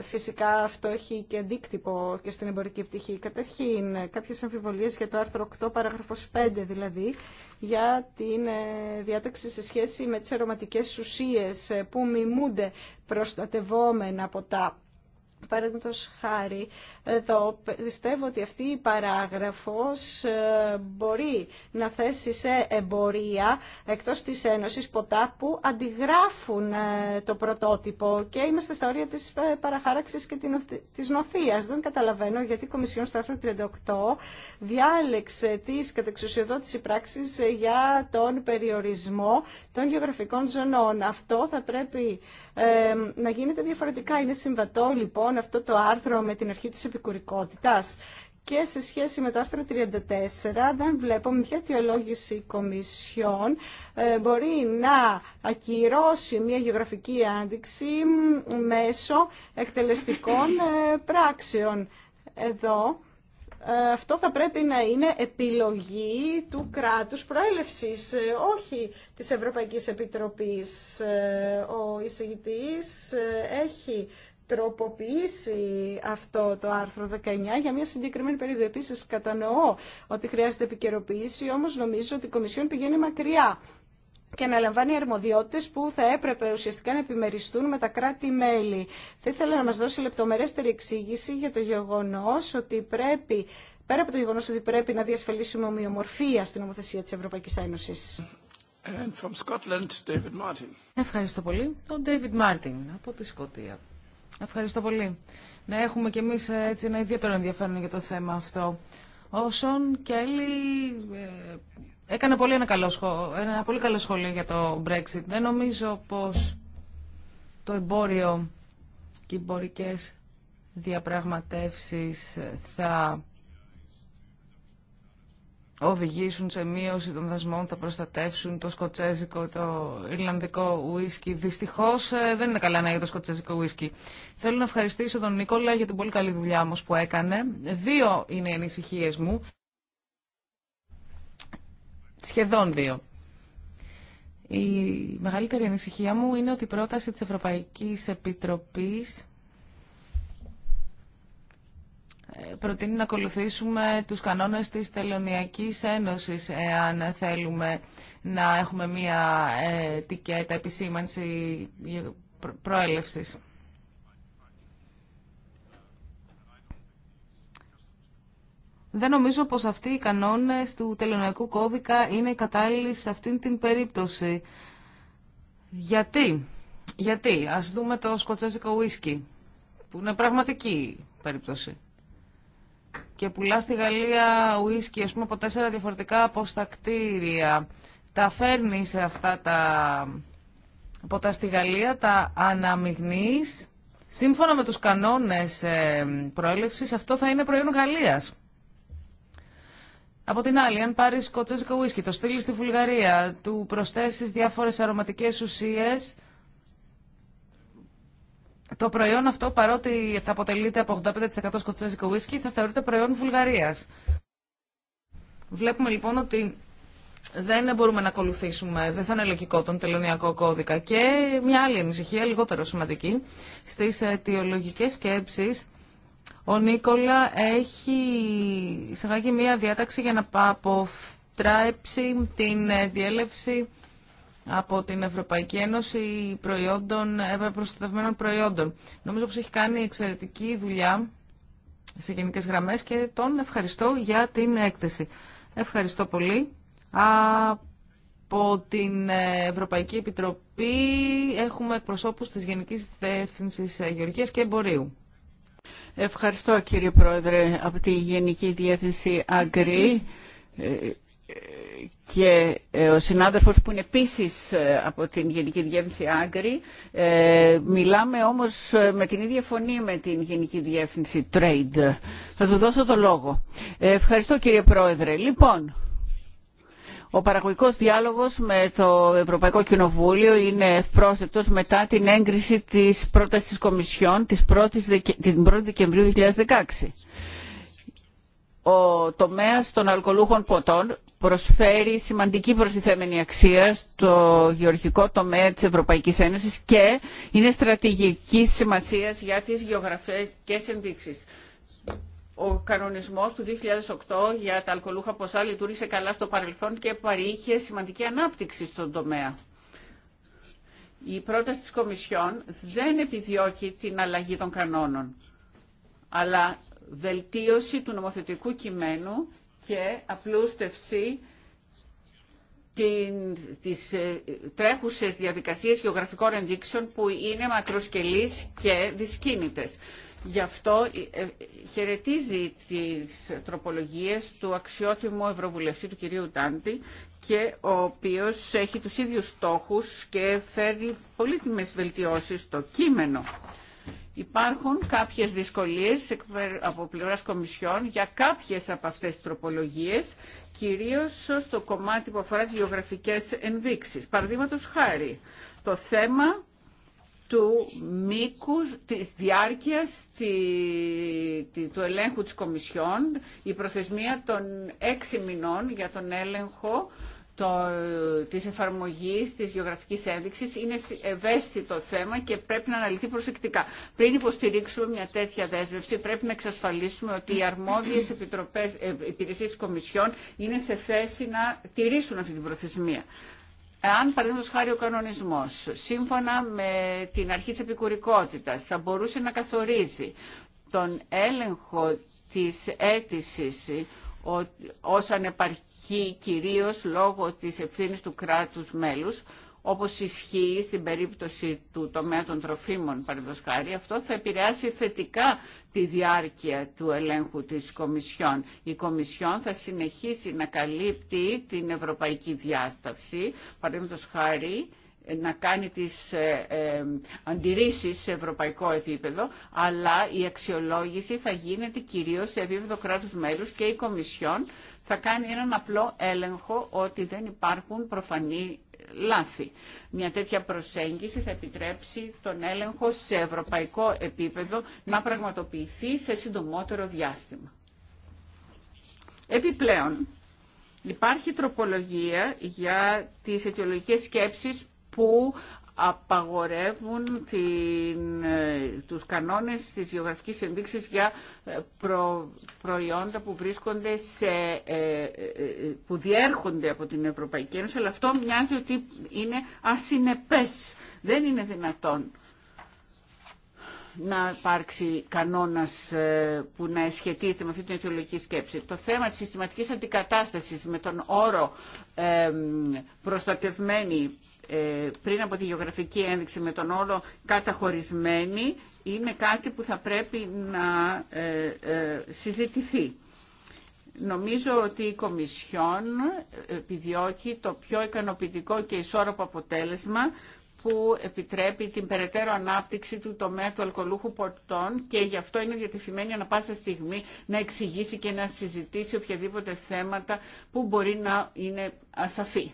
φυσικά αυτό έχει και αντίκτυπο και στην εμπορική πτυχή. Καταρχήν, Κάποιε αμφιβολίε για το άρθρο 8, παράγραφος 5 δηλαδή, για την ε, διάταξη σε σχέση με τι αρωματικέ ουσίε ε, που μιμούνται προστατευόμενα από τα Παραδείγματο χάρη, εδώ πιστεύω ότι αυτή η παράγραφος ε, μπορεί να θέσει σε εμπορία εκτός της Ένωσης ποτά που αντιγράφουν ε, το πρωτότυπο και είμαστε στα όρια της ε, παραχάραξης και της νοθείας. Δεν καταλαβαίνω γιατί η Κομισιόν στο άρθρο 38 διάλεξε τις κατεξουσιοδότηση πράξη για τον περιορισμό των γεωγραφικών ζωνών. Αυτό θα πρέπει να γίνεται διαφορετικά. Είναι συμβατό λοιπόν λοιπόν αυτό το άρθρο με την αρχή της επικουρικότητας και σε σχέση με το άρθρο 34 δεν βλέπω μια ποια αιτιολόγηση Κομισιόν ε, μπορεί να ακυρώσει μια γεωγραφική άνοιξη μέσω εκτελεστικών ε, πράξεων. Εδώ ε, αυτό θα πρέπει να είναι επιλογή του κράτους προέλευσης, όχι της Ευρωπαϊκής Επιτροπής. Ο εισηγητής έχει τροποποιήσει αυτό το άρθρο 19 για μια συγκεκριμένη περίοδο. Επίση, κατανοώ ότι χρειάζεται επικαιροποίηση, όμω νομίζω ότι η Κομισιόν πηγαίνει μακριά και αναλαμβάνει αρμοδιότητες που θα έπρεπε ουσιαστικά να επιμεριστούν με τα κράτη-μέλη. Θα ήθελα να μας δώσει λεπτομερέστερη εξήγηση για το γεγονός ότι πρέπει, πέρα από το γεγονός ότι πρέπει να διασφαλίσουμε ομοιομορφία στην Ομοθεσία της Ευρωπαϊκής Ένωσης. Ευχαριστώ πολύ. Μάρτιν από τη Ευχαριστώ πολύ. να έχουμε κι εμείς ε, έτσι ένα ιδιαίτερο ενδιαφέρον για το θέμα αυτό. Όσον Κέλλη ε, έκανε πολύ ένα, καλό ένα πολύ καλό σχόλιο για το Brexit. Δεν νομίζω πως το εμπόριο και οι εμπορικές διαπραγματεύσεις θα οδηγήσουν σε μείωση των δασμών, θα προστατεύσουν το σκοτσέζικο, το ιρλανδικό ουίσκι. Δυστυχώ ε, δεν είναι καλά να είναι το σκοτσέζικο ουίσκι. Θέλω να ευχαριστήσω τον Νίκολα για την πολύ καλή δουλειά όμω που έκανε. Δύο είναι οι ανησυχίε μου. Σχεδόν δύο. Η μεγαλύτερη ανησυχία μου είναι ότι η πρόταση της Ευρωπαϊκής Επιτροπής προτείνει να ακολουθήσουμε τους κανόνες της Τελωνιακής Ένωσης εάν θέλουμε να έχουμε μία τικέτα επισήμανση προέλευσης. Δεν νομίζω πως αυτοί οι κανόνες του τελωνιακού κώδικα είναι κατάλληλοι σε αυτήν την περίπτωση. Γιατί, γιατί, ας δούμε το σκοτσέζικο ουίσκι, που είναι πραγματική περίπτωση και πουλά στη Γαλλία ουίσκι, ας πούμε, από τέσσερα διαφορετικά αποστακτήρια. Τα φέρνει σε αυτά τα ποτά στη Γαλλία, τα αναμειγνύεις. Σύμφωνα με τους κανόνες ε, προέλευσης, αυτό θα είναι προϊόν Γαλλίας. Από την άλλη, αν πάρει σκοτσέζικο ουίσκι, το στείλει στη Βουλγαρία, του προσθέσει διάφορε αρωματικέ ουσίε, το προϊόν αυτό, παρότι θα αποτελείται από 85% σκοτσέζικο ουίσκι, θα θεωρείται προϊόν Βουλγαρίας. Βλέπουμε λοιπόν ότι δεν μπορούμε να ακολουθήσουμε, δεν θα είναι λογικό τον τελωνιακό κώδικα. Και μια άλλη ανησυχία, λιγότερο σημαντική, στις αιτιολογικές σκέψεις, ο Νίκολα έχει εισαγάγει μια διάταξη για να αποφτράψει την διέλευση από την Ευρωπαϊκή Ένωση προϊόντων, ε, προστατευμένων προϊόντων. Νομίζω πως έχει κάνει εξαιρετική δουλειά σε γενικές γραμμές και τον ευχαριστώ για την έκθεση. Ευχαριστώ πολύ. Από την ε, Ευρωπαϊκή Επιτροπή έχουμε εκπροσώπους της Γενικής Διεύθυνσης ε, Γεωργίας και Εμπορίου. Ευχαριστώ κύριε Πρόεδρε από τη Γενική Διεύθυνση Αγκρή και ε, ο συνάδελφος που είναι επίσης ε, από την Γενική Διεύθυνση Άγκρη. Ε, μιλάμε όμως με την ίδια φωνή με την Γενική Διεύθυνση Trade. Θα του δώσω το λόγο. Ευχαριστώ κύριε Πρόεδρε. Λοιπόν, ο παραγωγικός διάλογος με το Ευρωπαϊκό Κοινοβούλιο είναι πρόσθετος μετά την έγκριση της πρότασης της Κομισιόν της την 1η Δεκεμβρίου 2016 ο τομέας των αλκοολούχων ποτών προσφέρει σημαντική προστιθέμενη αξία στο γεωργικό τομέα της Ευρωπαϊκής Ένωσης και είναι στρατηγικής σημασίας για τις γεωγραφικές ενδείξεις. Ο κανονισμός του 2008 για τα αλκοολούχα ποσά λειτουργήσε καλά στο παρελθόν και παρήχε σημαντική ανάπτυξη στον τομέα. Η πρόταση της Κομισιόν δεν επιδιώκει την αλλαγή των κανόνων αλλά βελτίωση του νομοθετικού κειμένου και απλούστευση την, τις ε, τρέχουσες διαδικασίες γεωγραφικών ενδείξεων που είναι μακροσκελείς και δυσκίνητες. Γι' αυτό ε, ε, χαιρετίζει τις τροπολογίες του αξιότιμου Ευρωβουλευτή του κυρίου Τάντι και ο οποίος έχει τους ίδιους στόχους και φέρει πολύτιμες βελτιώσεις στο κείμενο. Υπάρχουν κάποιες δυσκολίες από πλευράς Κομισιόν για κάποιες από αυτές τις τροπολογίες, κυρίως στο κομμάτι που αφορά τις γεωγραφικές ενδείξεις. Παραδείγματο χάρη, το θέμα του μήκους, της διάρκειας τη, του ελέγχου της Κομισιόν, η προθεσμία των έξι μηνών για τον έλεγχο το, της εφαρμογής της γεωγραφικής ένδειξης είναι ευαίσθητο θέμα και πρέπει να αναλυθεί προσεκτικά. Πριν υποστηρίξουμε μια τέτοια δέσμευση πρέπει να εξασφαλίσουμε ότι οι αρμόδιες επιτροπές, ε, υπηρεσίες κομισιών είναι σε θέση να τηρήσουν αυτή την προθεσμία. Αν παραδείγματο χάρη ο κανονισμό, σύμφωνα με την αρχή τη επικουρικότητα, θα μπορούσε να καθορίζει τον έλεγχο της αίτηση ως ανεπαρχή κυρίως λόγω της ευθύνης του κράτους μέλους, όπως ισχύει στην περίπτωση του τομέα των τροφίμων, παραδείγματος χάρη, αυτό θα επηρεάσει θετικά τη διάρκεια του ελέγχου της Κομισιόν. Η Κομισιόν θα συνεχίσει να καλύπτει την ευρωπαϊκή διάσταση, παραδείγματος χάρη, να κάνει τις ε, ε, αντιρρήσεις σε ευρωπαϊκό επίπεδο, αλλά η αξιολόγηση θα γίνεται κυρίως σε επίπεδο κράτους μέλους και η Κομισιόν θα κάνει έναν απλό έλεγχο ότι δεν υπάρχουν προφανή λάθη. Μια τέτοια προσέγγιση θα επιτρέψει τον έλεγχο σε ευρωπαϊκό επίπεδο να πραγματοποιηθεί σε συντομότερο διάστημα. Επιπλέον, υπάρχει τροπολογία για τις αιτιολογικές σκέψεις που απαγορεύουν την, ε, τους κανόνες της γεωγραφικής ενδείξης για ε, προ, προϊόντα που βρίσκονται σε, ε, που διέρχονται από την Ευρωπαϊκή Ένωση, αλλά αυτό μοιάζει ότι είναι ασυνεπές. Δεν είναι δυνατόν να υπάρξει κανόνας που να σχετίζεται με αυτή την αιτιολογική σκέψη. Το θέμα της συστηματικής αντικατάστασης με τον όρο προστατευμένη ε, πριν από τη γεωγραφική ένδειξη με τον όρο καταχωρισμένη είναι κάτι που θα πρέπει να ε, ε, συζητηθεί. Νομίζω ότι η Κομισιόν επιδιώκει το πιο ικανοποιητικό και ισόρροπο αποτέλεσμα που επιτρέπει την περαιτέρω ανάπτυξη του τομέα του αλκοολούχου πορτών και γι' αυτό είναι διατεθειμένη ανα πάσα στιγμή να εξηγήσει και να συζητήσει οποιαδήποτε θέματα που μπορεί να είναι ασαφή.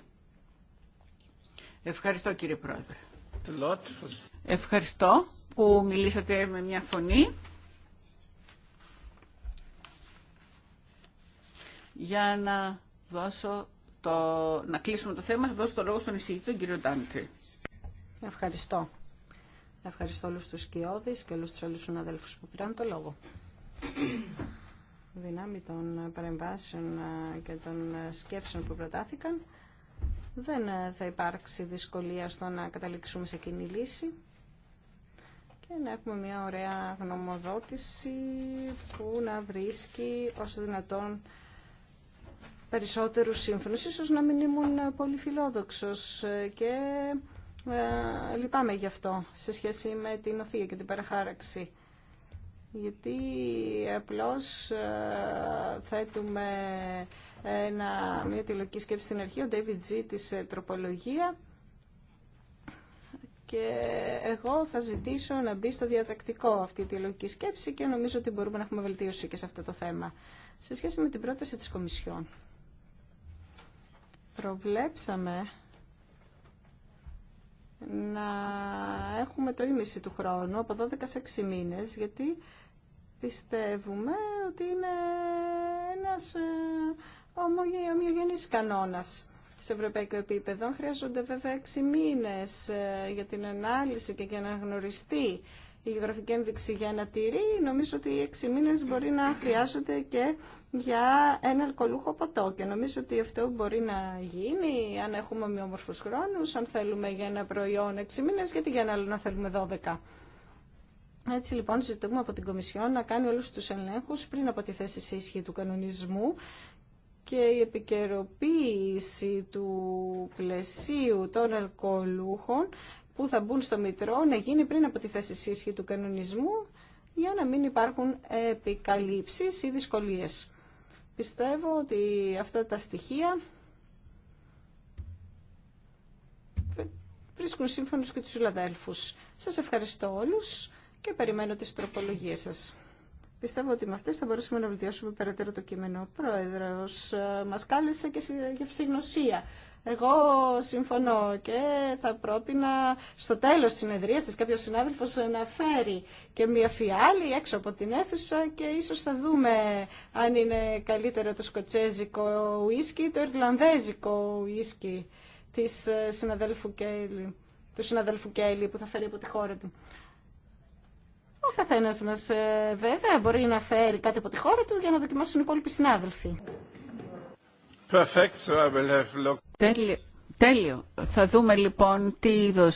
Ευχαριστώ κύριε Πρόεδρε. Ευχαριστώ που μιλήσατε με μια φωνή. Για να, δώσω το... να κλείσουμε το θέμα, θα δώσω το λόγο στον εισηγητή, τον κύριο Ντάντη. Ευχαριστώ. Ευχαριστώ όλους τους κοιόδης και όλους τους άλλους συναδέλφους που πήραν το λόγο. Δυνάμει των παρεμβάσεων ε, και των ε, σκέψεων που προτάθηκαν, δεν ε, θα υπάρξει δυσκολία στο να καταλήξουμε σε κοινή λύση και να έχουμε μια ωραία γνωμοδότηση που να βρίσκει όσο δυνατόν περισσότερους σύμφωνους. Ίσως να μην ήμουν πολύ φιλόδοξος ε, και ε, λυπάμαι γι' αυτό σε σχέση με την οθία και την παραχάραξη. Γιατί απλώς ε, θέτουμε ένα, μια τηλεοκή σκέψη στην αρχή, ο David G της ε, τροπολογία και εγώ θα ζητήσω να μπει στο διατακτικό αυτή τη λογική σκέψη και νομίζω ότι μπορούμε να έχουμε βελτίωση και σε αυτό το θέμα. Σε σχέση με την πρόταση της Κομισιόν, προβλέψαμε να έχουμε το ίμιση του χρόνου από 12 σε 6 μήνες, γιατί πιστεύουμε ότι είναι ένας ε, ομοιογενής κανόνας σε ευρωπαϊκό επίπεδο. Χρειάζονται βέβαια έξι μήνες ε, για την ανάλυση και για να γνωριστεί η γεωγραφική ένδειξη για ένα τυρί. Νομίζω ότι οι έξι μήνες μπορεί να χρειάζονται και για ένα αλκοολούχο ποτό. Και νομίζω ότι αυτό μπορεί να γίνει αν έχουμε ομοιόμορφους χρόνους, αν θέλουμε για ένα προϊόν έξι μήνες, γιατί για ένα άλλο να θέλουμε δώδεκα. Έτσι λοιπόν ζητούμε από την Κομισιόν να κάνει όλους τους ελέγχους πριν από τη θέση σε ίσχυ του κανονισμού και η επικαιροποίηση του πλαισίου των αλκοολούχων που θα μπουν στο Μητρό να γίνει πριν από τη θέση σύσχη του κανονισμού για να μην υπάρχουν επικαλύψεις ή δυσκολίες. Πιστεύω ότι αυτά τα στοιχεία βρίσκουν σύμφωνος και τους συλλαδέλφους. Σας ευχαριστώ όλους και περιμένω τις τροπολογίες σας. Πιστεύω ότι με αυτέ θα μπορούσαμε να βελτιώσουμε περαιτέρω το κείμενο. Ο Πρόεδρο ε, μας κάλεσε και για ευσυγνωσία. Εγώ συμφωνώ και θα πρότεινα στο τέλος της συνεδρίασης κάποιος συνάδελφος να φέρει και μια φιάλη έξω από την αίθουσα και ίσως θα δούμε αν είναι καλύτερο το σκοτσέζικο ουίσκι ή το ιρλανδέζικο ουίσκι της ε, συναδέλφου του συναδέλφου Κέλλη που θα φέρει από τη χώρα του. Ο καθένας μας ε, βέβαια μπορεί να φέρει κάτι από τη χώρα του για να δοκιμάσουν οι υπόλοιποι συνάδελφοι. Perfect, Τέλειο. Τέλειο. Θα δούμε λοιπόν τι είδο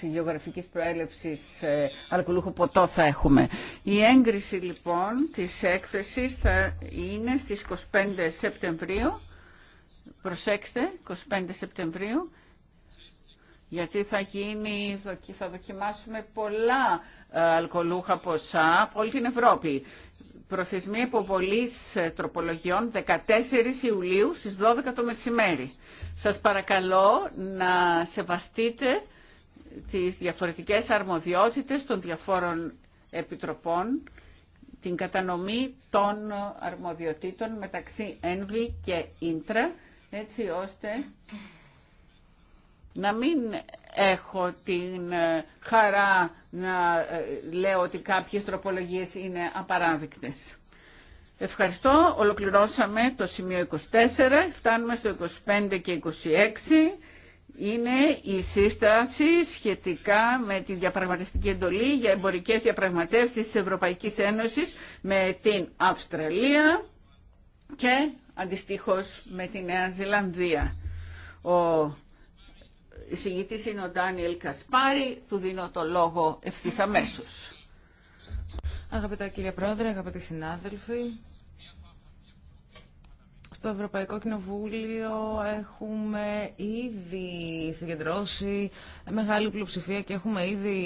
η γεωγραφικής προέλευσης ε, αλκοολούχου ποτό θα έχουμε. Η έγκριση λοιπόν της έκθεσης θα είναι στις 25 Σεπτεμβρίου. Προσέξτε, 25 Σεπτεμβρίου γιατί θα, γίνει, θα δοκιμάσουμε πολλά ε, αλκοολούχα ποσά από όλη την Ευρώπη. Προθεσμοί υποβολή ε, τροπολογιών 14 Ιουλίου στις 12 το μεσημέρι. Σας παρακαλώ να σεβαστείτε τις διαφορετικές αρμοδιότητες των διαφόρων επιτροπών, την κατανομή των αρμοδιοτήτων μεταξύ ΕΝΒΙ και ΙΝΤΡΑ, έτσι ώστε να μην έχω την ε, χαρά να ε, λέω ότι κάποιες τροπολογίες είναι απαράδεκτες. Ευχαριστώ. Ολοκληρώσαμε το σημείο 24. Φτάνουμε στο 25 και 26. Είναι η σύσταση σχετικά με τη διαπραγματευτική εντολή για εμπορικές διαπραγματεύσεις της Ευρωπαϊκής Ένωσης με την Αυστραλία και αντιστοίχως με τη Νέα Ζηλανδία. Ο η συγγητή είναι ο Ντάνιελ Κασπάρη. Του δίνω το λόγο ευθύ αμέσω. Αγαπητά κύριε Πρόεδρε, αγαπητοί συνάδελφοι, στο Ευρωπαϊκό Κοινοβούλιο έχουμε ήδη συγκεντρώσει μεγάλη πλειοψηφία και έχουμε ήδη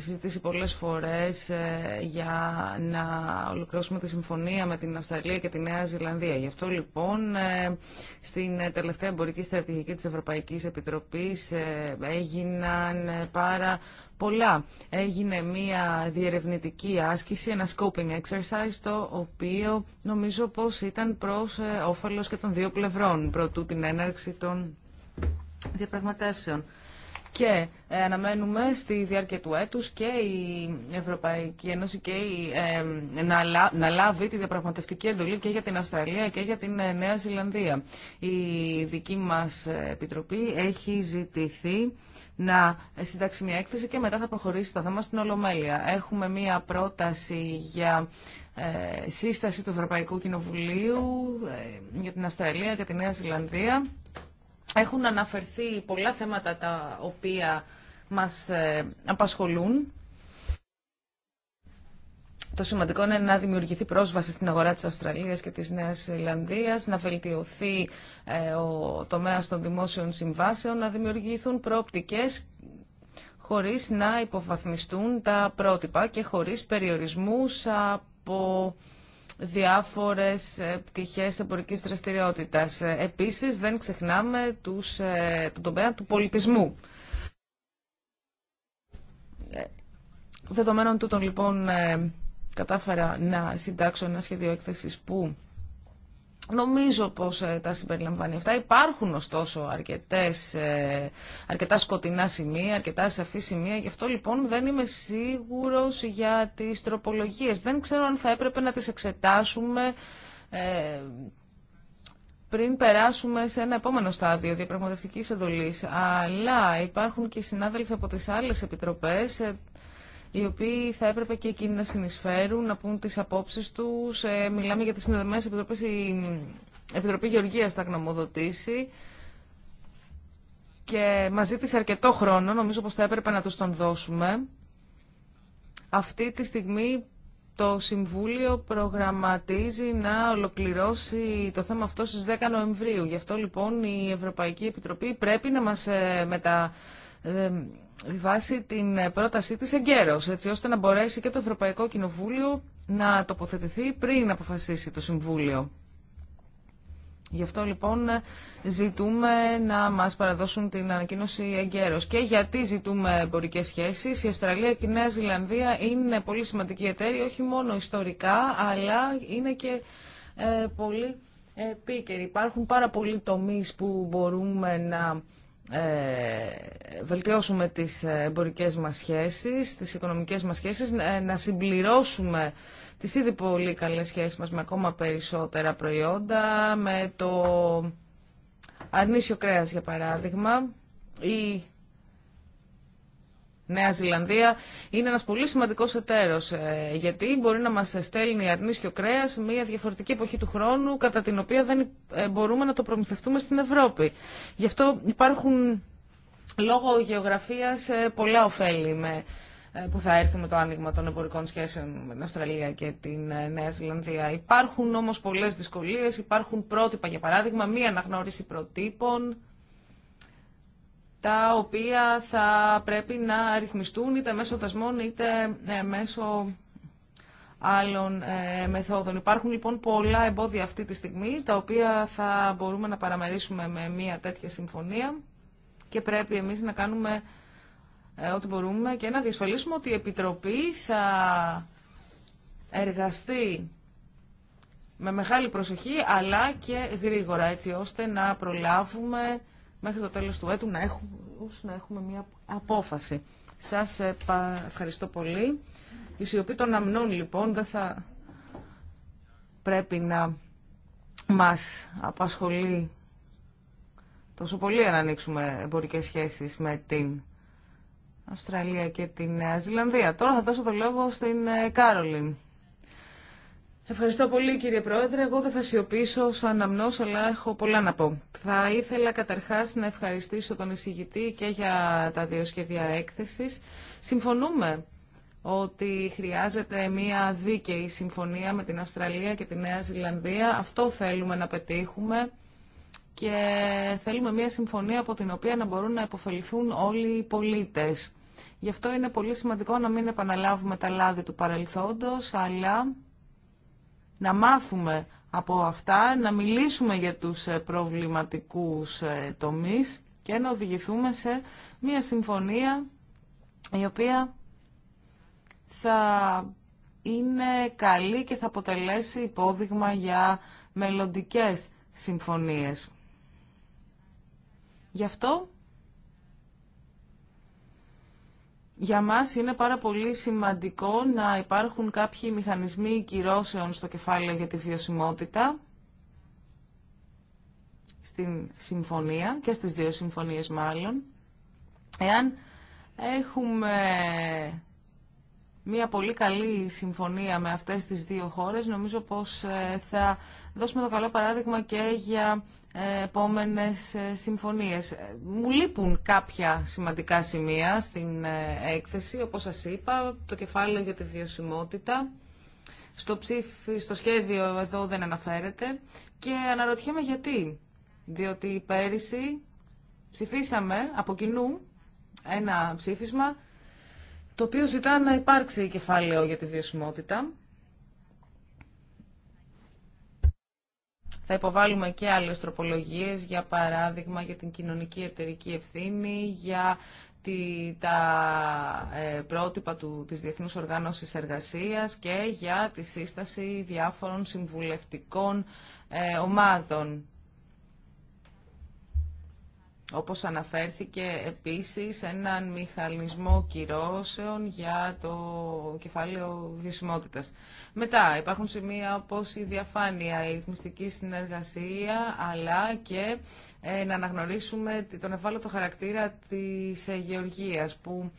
συζητήσει πολλές φορές ε, για να ολοκληρώσουμε τη συμφωνία με την Αυστραλία και τη Νέα Ζηλανδία. Γι' αυτό λοιπόν ε, στην τελευταία εμπορική στρατηγική της Ευρωπαϊκής Επιτροπής ε, έγιναν πάρα πολλά. Έγινε μία διερευνητική άσκηση, ένα scoping exercise, το οποίο νομίζω πως ήταν προς ε, όφελος και των δύο πλευρών, προτού την έναρξη των διαπραγματεύσεων. Και ε, αναμένουμε στη διάρκεια του έτους και η Ευρωπαϊκή Ένωση και η, να, λά, να λάβει τη διαπραγματευτική εντολή και για την Αυστραλία και για την ε, Νέα Ζηλανδία. Η δική μας Επιτροπή έχει ζητηθεί να συντάξει μια έκθεση και μετά θα προχωρήσει το θέμα στην Ολομέλεια. Έχουμε μια πρόταση για ε, σύσταση του Ευρωπαϊκού Κοινοβουλίου ε, για την Αυστραλία και τη Νέα Ζηλανδία. Έχουν αναφερθεί πολλά θέματα τα οποία μας ε, απασχολούν το σημαντικό είναι να δημιουργηθεί πρόσβαση στην αγορά της Αυστραλίας και της Νέας Ιλανδίας, να βελτιωθεί ε, ο τομέας των δημόσιων συμβάσεων, να δημιουργηθούν προοπτικές χωρίς να υποβαθμιστούν τα πρότυπα και χωρίς περιορισμούς από διάφορες ε, πτυχές εμπορικής δραστηριότητας. Ε, επίσης, δεν ξεχνάμε τους, τον τομέα του πολιτισμού. Δεδομένων τούτων, λοιπόν, κατάφερα να συντάξω ένα σχέδιο έκθεσης που Νομίζω πως ε, τα συμπεριλαμβάνει αυτά. Υπάρχουν ωστόσο αρκετές, ε, αρκετά σκοτεινά σημεία, αρκετά σαφή σημεία. Γι' αυτό λοιπόν δεν είμαι σίγουρος για τις τροπολογίες. Δεν ξέρω αν θα έπρεπε να τις εξετάσουμε ε, πριν περάσουμε σε ένα επόμενο στάδιο διαπραγματευτικής εντολής. Αλλά υπάρχουν και συνάδελφοι από τις άλλες επιτροπές οι οποίοι θα έπρεπε και εκείνοι να συνεισφέρουν, να πούν τις απόψεις τους. Ε, μιλάμε για τις συνδεδεμένε επιτροπές, η Επιτροπή Γεωργίας θα γνωμοδοτήσει και μαζί ζήτησε αρκετό χρόνο, νομίζω πως θα έπρεπε να τους τον δώσουμε. Αυτή τη στιγμή το Συμβούλιο προγραμματίζει να ολοκληρώσει το θέμα αυτό στις 10 Νοεμβρίου. Γι' αυτό λοιπόν η Ευρωπαϊκή Επιτροπή πρέπει να μας ε, μετα ε, βάσει την ε, πρότασή της εγκαίρως, έτσι ώστε να μπορέσει και το Ευρωπαϊκό Κοινοβούλιο να τοποθετηθεί πριν αποφασίσει το Συμβούλιο. Γι' αυτό λοιπόν ζητούμε να μας παραδώσουν την ανακοίνωση εγκαίρως. Και γιατί ζητούμε εμπορικές σχέσεις. Η Αυστραλία και η Νέα Ζηλανδία είναι πολύ σημαντική εταίροι, όχι μόνο ιστορικά, αλλά είναι και ε, πολύ επίκαιροι. Υπάρχουν πάρα πολλοί τομείς που μπορούμε να ε, βελτιώσουμε τις εμπορικές μας σχέσεις, τις οικονομικές μας σχέσεις, ε, να συμπληρώσουμε τις ήδη πολύ καλές σχέσεις μας με ακόμα περισσότερα προϊόντα, με το αρνίσιο κρέας για παράδειγμα ή Νέα Ζηλανδία είναι ένας πολύ σημαντικός εταίρος, ε, γιατί μπορεί να μας στέλνει αρνίσιο κρέας μια διαφορετική εποχή του χρόνου, κατά την οποία δεν ε, μπορούμε να το προμηθευτούμε στην Ευρώπη. Γι' αυτό υπάρχουν λόγω γεωγραφίας ε, πολλά ωφέλη που θα έρθουν με το άνοιγμα των εμπορικών σχέσεων με την Αυστραλία και την Νέα Ζηλανδία. Υπάρχουν όμως πολλές δυσκολίες, υπάρχουν πρότυπα, για παράδειγμα, μία αναγνώριση προτύπων, τα οποία θα πρέπει να ρυθμιστούν είτε μέσω δασμών είτε ε, μέσω άλλων ε, μεθόδων. Υπάρχουν λοιπόν πολλά εμπόδια αυτή τη στιγμή τα οποία θα μπορούμε να παραμερίσουμε με μια τέτοια συμφωνία και πρέπει εμείς να κάνουμε ε, ό,τι μπορούμε και να διασφαλίσουμε ότι η Επιτροπή θα εργαστεί με μεγάλη προσοχή αλλά και γρήγορα έτσι ώστε να προλάβουμε μέχρι το τέλος του έτου να έχουμε, να έχουμε μια απόφαση. Σας ε, ευχαριστώ πολύ. Η σιωπή των αμνών λοιπόν δεν θα πρέπει να μας απασχολεί τόσο πολύ να ανοίξουμε εμπορικές σχέσεις με την Αυστραλία και την Νέα Ζηλανδία. Τώρα θα δώσω το λόγο στην ε, Κάρολιν. Ευχαριστώ πολύ κύριε Πρόεδρε. Εγώ δεν θα σιωπήσω σαν αμνός, αλλά έχω πολλά να πω. Θα ήθελα καταρχάς να ευχαριστήσω τον εισηγητή και για τα δύο σχέδια έκθεσης. Συμφωνούμε ότι χρειάζεται μια δίκαιη συμφωνία με την Αυστραλία και τη Νέα Ζηλανδία. Αυτό θέλουμε να πετύχουμε και θέλουμε μια συμφωνία από την οποία να μπορούν να υποφεληθούν όλοι οι πολίτες. Γι' αυτό είναι πολύ σημαντικό να μην επαναλάβουμε τα λάδι του παρελθόντος, αλλά να μάθουμε από αυτά, να μιλήσουμε για τους ε, προβληματικούς ε, τομείς και να οδηγηθούμε σε μια συμφωνία η οποία θα είναι καλή και θα αποτελέσει υπόδειγμα για μελλοντικές συμφωνίες. Γι' αυτό Για μας είναι πάρα πολύ σημαντικό να υπάρχουν κάποιοι μηχανισμοί κυρώσεων στο κεφάλαιο για τη βιωσιμότητα στην συμφωνία και στις δύο συμφωνίες μάλλον. Εάν έχουμε μια πολύ καλή συμφωνία με αυτές τις δύο χώρες, νομίζω πως ε, θα δώσουμε το καλό παράδειγμα και για επόμενες ε, συμφωνίες. Μου λείπουν κάποια σημαντικά σημεία στην ε, έκθεση, όπως σας είπα, το κεφάλαιο για τη βιωσιμότητα. Στο, ψήφι, στο σχέδιο εδώ δεν αναφέρεται και αναρωτιέμαι γιατί. Διότι πέρυσι ψηφίσαμε από κοινού ένα ψήφισμα το οποίο ζητά να υπάρξει κεφάλαιο για τη βιωσιμότητα Θα υποβάλουμε και άλλες τροπολογίε, για παράδειγμα για την κοινωνική εταιρική ευθύνη, για τη, τα ε, πρότυπα του, της Διεθνούς Οργάνωσης Εργασίας και για τη σύσταση διάφορων συμβουλευτικών ε, ομάδων όπως αναφέρθηκε επίσης έναν μηχανισμό κυρώσεων για το κεφάλαιο βιωσιμότητας. Μετά υπάρχουν σημεία όπως η διαφάνεια, η ρυθμιστική συνεργασία, αλλά και ε, να αναγνωρίσουμε τον ευάλωτο χαρακτήρα της ε, γεωργίας που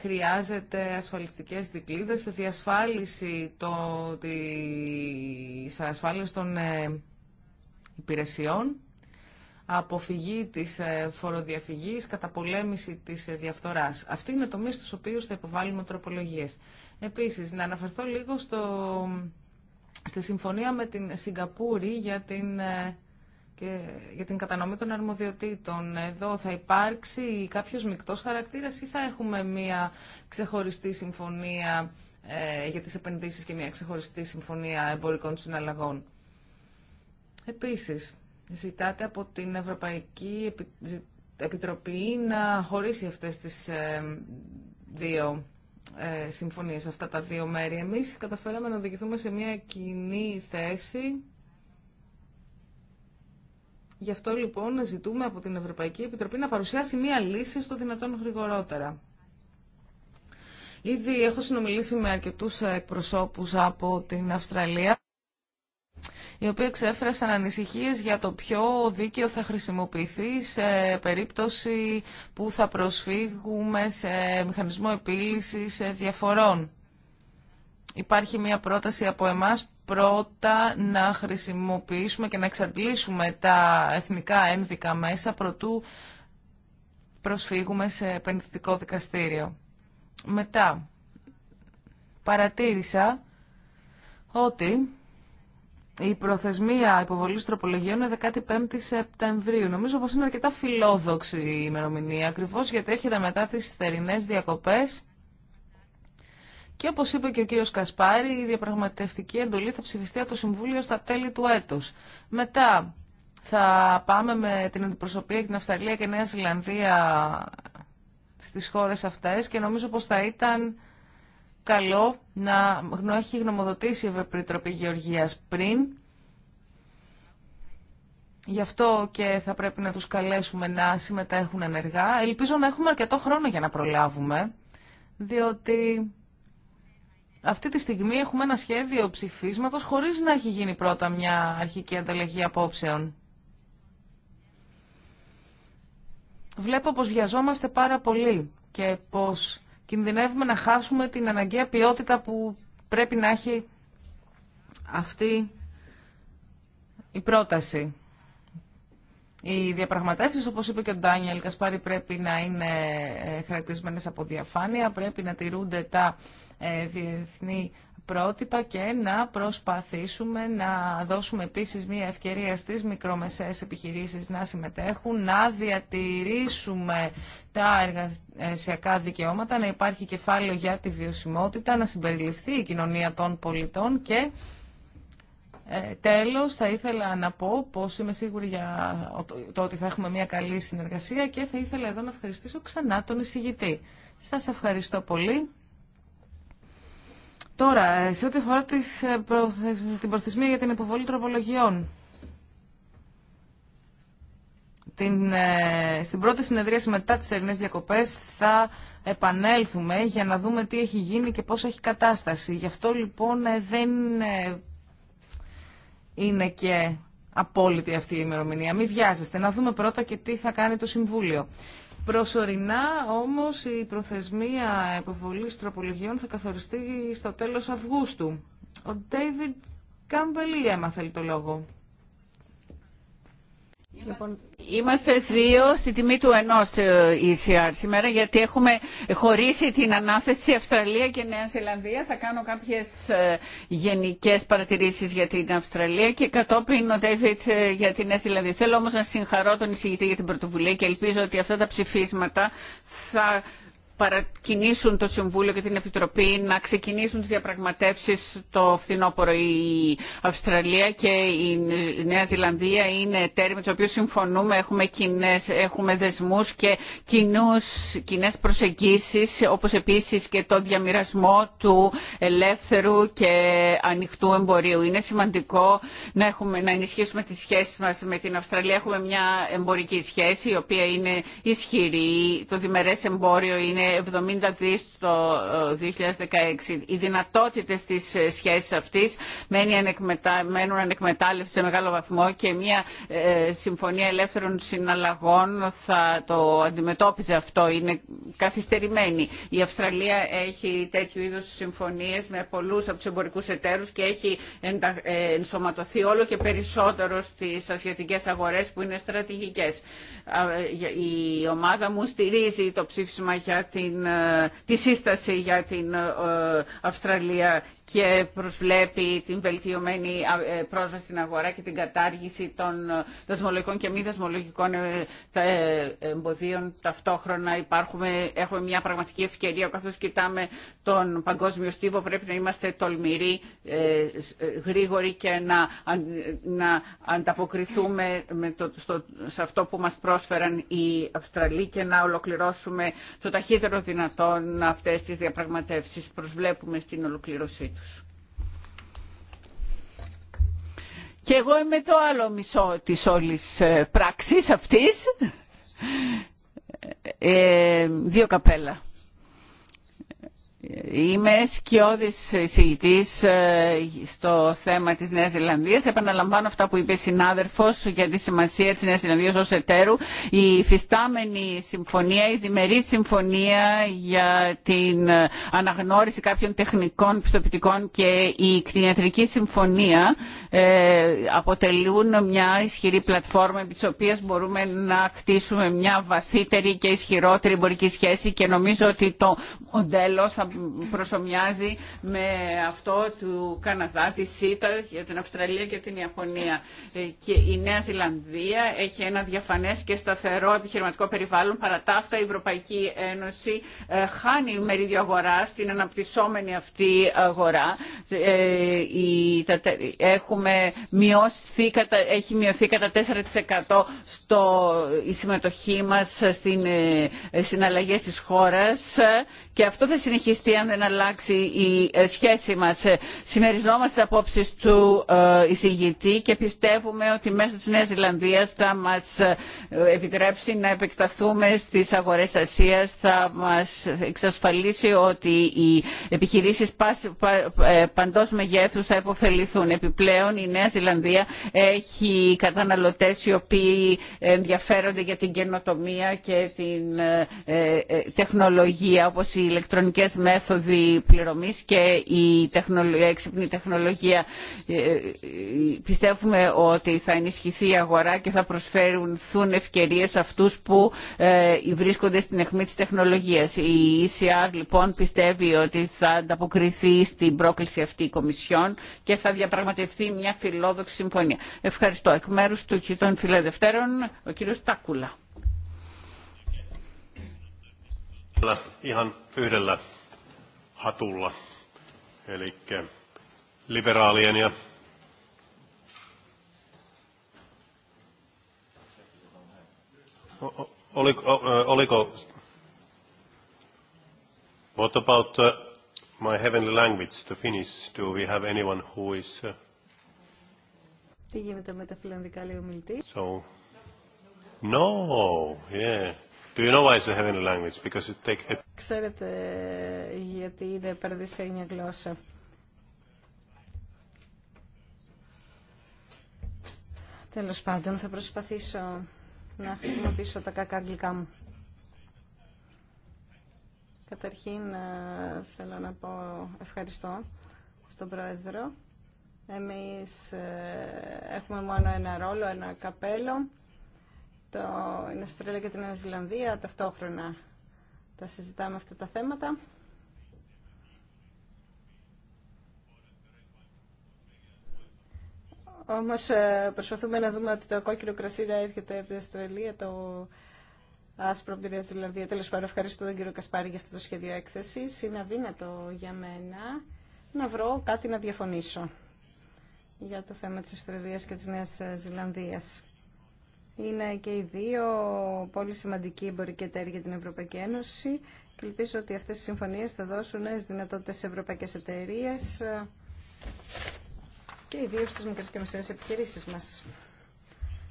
χρειάζεται ασφαλιστικές δικλείδες, διασφάλιση το, τη των ε, υπηρεσιών αποφυγή της ε, φοροδιαφυγής, καταπολέμηση της ε, διαφθοράς. Αυτή είναι το στους οποίους θα υποβάλουμε τροπολογίες. Επίσης, να αναφερθώ λίγο στο, στη συμφωνία με την Σιγκαπούρη για την, ε, και, για την κατανομή των αρμοδιοτήτων. Εδώ θα υπάρξει κάποιος μικτός χαρακτήρας ή θα έχουμε μια ξεχωριστή συμφωνία για τις επενδύσεις και μια ξεχωριστή συμφωνία εμπορικών συναλλαγών. Επίσης, ζητάτε από την Ευρωπαϊκή Επιτροπή να χωρίσει αυτές τις ε, δύο ε, συμφωνίες, αυτά τα δύο μέρη. Εμείς καταφέραμε να οδηγηθούμε σε μια κοινή θέση. Γι' αυτό λοιπόν ζητούμε από την Ευρωπαϊκή Επιτροπή να παρουσιάσει μια λύση στο δυνατόν γρηγορότερα. Ήδη έχω συνομιλήσει με αρκετούς ε, εκπροσώπους από την Αυστραλία οι οποίοι εξέφρασαν ανησυχίες για το ποιο δίκαιο θα χρησιμοποιηθεί σε περίπτωση που θα προσφύγουμε σε μηχανισμό επίλυσης διαφορών. Υπάρχει μια πρόταση από εμάς πρώτα να χρησιμοποιήσουμε και να εξαντλήσουμε τα εθνικά ένδικα μέσα προτού προσφύγουμε σε επενδυτικό δικαστήριο. Μετά παρατήρησα ότι η προθεσμία υποβολής τροπολογιών είναι 15η Σεπτεμβρίου. Νομίζω πως είναι αρκετά φιλόδοξη η σεπτεμβριου νομιζω πω ακριβώς γιατί ακριβω γιατι μετά τι θερινέ διακοπέ. Και όπω είπε και ο κύριο Κασπάρη, η διαπραγματευτική εντολή θα ψηφιστεί από το Συμβούλιο στα τέλη του έτου. Μετά θα πάμε με την αντιπροσωπεία και την Αυστραλία και Νέα Ζηλανδία στι χώρε αυτέ και νομίζω πω θα ήταν καλό να έχει γνωμοδοτήσει η Ευρωπαϊκή Γεωργίας πριν. Γι' αυτό και θα πρέπει να τους καλέσουμε να συμμετέχουν ενεργά. Ελπίζω να έχουμε αρκετό χρόνο για να προλάβουμε, διότι αυτή τη στιγμή έχουμε ένα σχέδιο ψηφίσματος χωρίς να έχει γίνει πρώτα μια αρχική ανταλλαγή απόψεων. Βλέπω πως βιαζόμαστε πάρα πολύ και πως κινδυνεύουμε να χάσουμε την αναγκαία ποιότητα που πρέπει να έχει αυτή η πρόταση. Οι διαπραγματεύσει, όπω είπε και ο Ντάνιελ Κασπάρη, πρέπει να είναι ε, χαρακτηρισμένε από διαφάνεια, πρέπει να τηρούνται τα ε, διεθνή πρότυπα και να προσπαθήσουμε να δώσουμε επίσης μια ευκαιρία στις μικρομεσαίες επιχειρήσεις να συμμετέχουν, να διατηρήσουμε τα εργασιακά δικαιώματα, να υπάρχει κεφάλαιο για τη βιωσιμότητα, να συμπεριληφθεί η κοινωνία των πολιτών και ε, τέλος, θα ήθελα να πω πως είμαι σίγουρη για το ότι θα έχουμε μια καλή συνεργασία και θα ήθελα εδώ να ευχαριστήσω ξανά τον εισηγητή. Σας ευχαριστώ πολύ. Τώρα, σε ό,τι αφορά ε, την προθεσμία για την υποβολή τροπολογιών. Την, ε, στην πρώτη συνεδρίαση μετά τις ελληνές διακοπές θα επανέλθουμε για να δούμε τι έχει γίνει και πώς έχει κατάσταση. Γι' αυτό λοιπόν ε, δεν είναι και απόλυτη αυτή η ημερομηνία. Μην βιάζεστε, να δούμε πρώτα και τι θα κάνει το Συμβούλιο. Προσωρινά όμως η προθεσμία υποβολή τροπολογιών θα καθοριστεί στο τέλος Αυγούστου. Ο Ντέιβιντ Κάμπελ ή έμαθε το λόγο. Λοιπόν, είμαστε δύο στη τιμή του ενό ECR ε, σήμερα, γιατί έχουμε χωρίσει την ανάθεση Αυστραλία και Νέα Ζηλανδία. Θα κάνω κάποιε γενικέ παρατηρήσει για την Αυστραλία και κατόπιν ο Ντέιβιτ ε, για την Νέα Ζηλανδία. Θέλω όμω να συγχαρώ τον εισηγητή για την πρωτοβουλία και ελπίζω ότι αυτά τα ψηφίσματα θα παρακινήσουν το Συμβούλιο και την Επιτροπή να ξεκινήσουν τις διαπραγματεύσεις το φθινόπωρο. Η Αυστραλία και η Νέα Ζηλανδία είναι εταίροι με τους οποίους συμφωνούμε, έχουμε, κοινές, έχουμε δεσμούς και κοινούς, κοινές προσεγγίσεις, όπως επίσης και το διαμοιρασμό του ελεύθερου και ανοιχτού εμπορίου. Είναι σημαντικό να, έχουμε, να ενισχύσουμε τις σχέσεις μας με την Αυστραλία. Έχουμε μια εμπορική σχέση, η οποία είναι ισχυρή. Το διμερές είναι 70 δις το 2016. Ε, Οι δυνατότητες της ε, σχέσης αυτής μένουν ανεκμετάλλευτες σε μεγάλο βαθμό και μια ε, συμφωνία ελεύθερων συναλλαγών θα το αντιμετώπιζε αυτό. Είναι καθυστερημένη. Η Αυστραλία έχει τέτοιου είδους συμφωνίες με πολλούς από τους εμπορικούς εταίρους και έχει ενσωματωθεί όλο και περισσότερο στις ασιατικές αγορές που είναι στρατηγικές. Η ομάδα μου στηρίζει το ψήφισμα για την, ε, τη σύσταση για την ε, ε, Αυστραλία και προσβλέπει την βελτιωμένη ε, πρόσβαση στην αγορά και την κατάργηση των ε, δασμολογικών και μη δασμολογικών ε, εμποδίων. Ταυτόχρονα υπάρχουμε, έχουμε μια πραγματική ευκαιρία. Καθώς κοιτάμε τον παγκόσμιο στίβο πρέπει να είμαστε τολμηροί, γρήγοροι και να, να ανταποκριθούμε με το, στο, σε αυτό που μας πρόσφεραν οι Αυστραλοί και να ολοκληρώσουμε το ταχύτερο δυνατόν αυτές τις διαπραγματεύσεις. Προσβλέπουμε στην ολοκλήρωσή και εγώ είμαι το άλλο μισό της όλης ε, πράξης αυτής. Ε, ε δύο καπέλα. Είμαι σκιώδης εισηγητή ε, στο θέμα τη Νέα Ζηλανδία. Επαναλαμβάνω αυτά που είπε η συνάδελφο για τη σημασία τη Νέα Ζηλανδία ω εταίρου. Η φυστάμενη συμφωνία, η διμερή συμφωνία για την ε, αναγνώριση κάποιων τεχνικών πιστοποιητικών και η κτηνιατρική συμφωνία ε, αποτελούν μια ισχυρή πλατφόρμα επί τη οποία μπορούμε να χτίσουμε μια βαθύτερη και ισχυρότερη εμπορική σχέση και νομίζω ότι το μοντέλο θα προσωμιάζει με αυτό του Καναδά, τη ΣΥΤΑ για την Αυστραλία και την Ιαπωνία. Ε, και η Νέα Ζηλανδία έχει ένα διαφανές και σταθερό επιχειρηματικό περιβάλλον. Παρά τα αυτά η Ευρωπαϊκή Ένωση ε, χάνει μερίδιο αγορά στην αναπτυσσόμενη αυτή αγορά. Ε, έχουμε μειωθεί, έχει μειωθεί κατά 4% στο, η συμμετοχή μας στην συναλλαγή της χώρας και αυτό θα συνεχίσει αν δεν αλλάξει η ε, σχέση μας. Ε, Συμμεριζόμαστε τις απόψεις του ε, εισηγητή και πιστεύουμε ότι μέσω της Νέας Ζηλανδίας θα μας επιτρέψει να επεκταθούμε στις αγορές Ασίας, θα μας εξασφαλίσει ότι οι επιχειρήσεις παντός μεγέθους θα υποφεληθούν. Επιπλέον η Νέα Ζηλανδία έχει καταναλωτές οι οποίοι ενδιαφέρονται για την καινοτομία και την τεχνολογία όπως οι ηλεκτρονικές μέθοδοι πληρωμής και η έξυπνη τεχνολογία. Ε, ε, πιστεύουμε ότι θα ενισχυθεί η αγορά και θα προσφέρουν ευκαιρίες σε αυτούς που ε, βρίσκονται στην αιχμή τη τεχνολογίας. Η ECR λοιπόν πιστεύει ότι θα ανταποκριθεί στην πρόκληση αυτή η Κομισιόν και θα διαπραγματευτεί μια φιλόδοξη συμφωνία. Ευχαριστώ. Εκ μέρου του κοιτών Φιλελευθέρων, ο κύριος Τάκουλα hatulla. Eli liberaalien ja Oliko, oliko what about uh, my heavenly language, the Finnish? Do we have anyone who is... Uh, Τι γίνεται με τα φιλανδικά, λέει ο μιλητής. So, no, yeah. Ξέρετε γιατί είναι μια γλώσσα. Τέλος πάντων, θα προσπαθήσω να χρησιμοποιήσω τα κακά αγγλικά μου. Καταρχήν ε, θέλω να πω ευχαριστώ στον Πρόεδρο. Εμείς ε, έχουμε μόνο ένα ρόλο, ένα καπέλο το, την Αυστραλία και την Ζηλανδία ταυτόχρονα τα συζητάμε αυτά τα θέματα. Όμως ε, προσπαθούμε να δούμε ότι το κόκκινο κρασί να έρχεται από την Αυστραλία, το άσπρο από την Νέα Ζηλανδία. Τέλος πάντων, ευχαριστώ τον κύριο Κασπάρη για αυτό το σχέδιο έκθεσης. Είναι αδύνατο για μένα να βρω κάτι να διαφωνήσω για το θέμα της Αυστραλίας και της Νέας Ζηλανδίας. Είναι και οι δύο πολύ σημαντικοί εμπορικοί εταίροι για την Ευρωπαϊκή Ένωση και ελπίζω ότι αυτές οι συμφωνίες θα δώσουν νέες δυνατότητες σε ευρωπαϊκές εταιρείες ε, και ιδίως στις μικρές και μεσαίες επιχειρήσεις μας.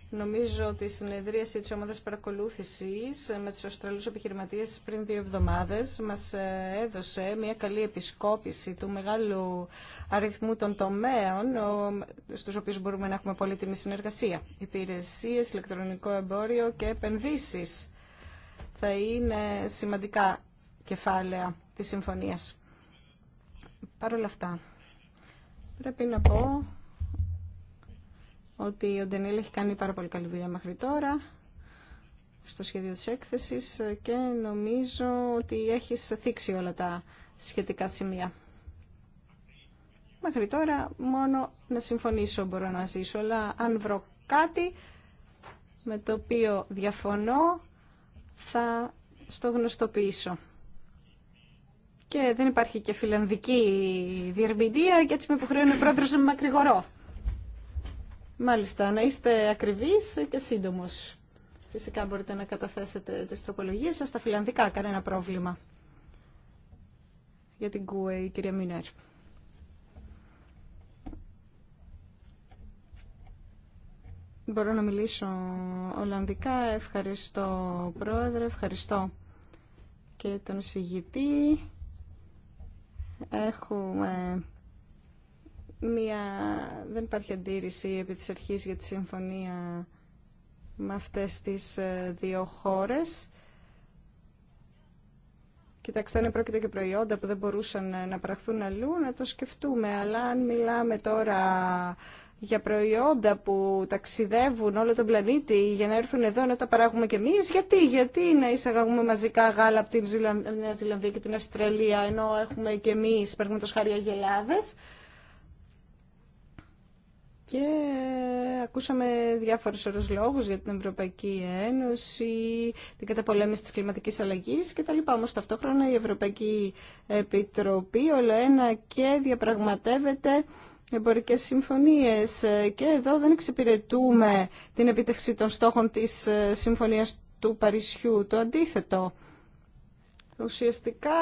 Νομίζω ότι η συνεδρίαση της ομάδας παρακολούθησης με του Αυστραλού επιχειρηματίε πριν δύο εβδομάδες μας ε, έδωσε μια καλή επισκόπηση του μεγάλου αριθμού των τομέων στους οποίους μπορούμε να έχουμε πολύτιμη συνεργασία. Υπηρεσίε, ηλεκτρονικό εμπόριο και επενδύσεις θα είναι σημαντικά κεφάλαια τη συμφωνία. Παρ' όλα αυτά, πρέπει να πω ότι ο Ντενίλ έχει κάνει πάρα πολύ καλή δουλειά μέχρι τώρα στο σχέδιο της έκθεσης και νομίζω ότι έχει θίξει όλα τα σχετικά σημεία. Μέχρι τώρα μόνο να συμφωνήσω μπορώ να ζήσω, αλλά αν βρω κάτι με το οποίο διαφωνώ θα στο γνωστοποιήσω. Και δεν υπάρχει και φιλανδική διερμηνία και έτσι με υποχρεώνει ο πρόεδρος να μακρηγορώ. Μάλιστα, να είστε ακριβείς και σύντομος. Φυσικά μπορείτε να καταθέσετε τις τροπολογίες σας στα φιλανδικά, κανένα πρόβλημα. Για την ΚΟΕ, η κυρία Μινέρ. Μπορώ να μιλήσω Ολλανδικά. Ευχαριστώ, Πρόεδρε. Ευχαριστώ και τον συγητή. Έχουμε μια... Δεν υπάρχει αντίρρηση επί της αρχής για τη συμφωνία με αυτές τις ε, δύο χώρες. Κοιτάξτε, αν πρόκειται και προϊόντα που δεν μπορούσαν ε, να παραχθούν αλλού, να το σκεφτούμε. Αλλά αν μιλάμε τώρα για προϊόντα που ταξιδεύουν όλο τον πλανήτη για να έρθουν εδώ να τα παράγουμε κι εμείς, γιατί, γιατί να εισαγαγούμε μαζικά γάλα από την Νέα Ζηλανδία και την Αυστραλία, ενώ έχουμε κι εμείς, παραδείγματος χάρη, αγελάδες. Και ακούσαμε διάφορους όρους λόγους για την Ευρωπαϊκή Ένωση, την καταπολέμηση της κλιματικής αλλαγής και τα λοιπά. Όμως ταυτόχρονα η Ευρωπαϊκή Επιτροπή όλο ένα και διαπραγματεύεται εμπορικές συμφωνίες και εδώ δεν εξυπηρετούμε την επιτευξή των στόχων της ε, Συμφωνίας του Παρισιού. Το αντίθετο. Ουσιαστικά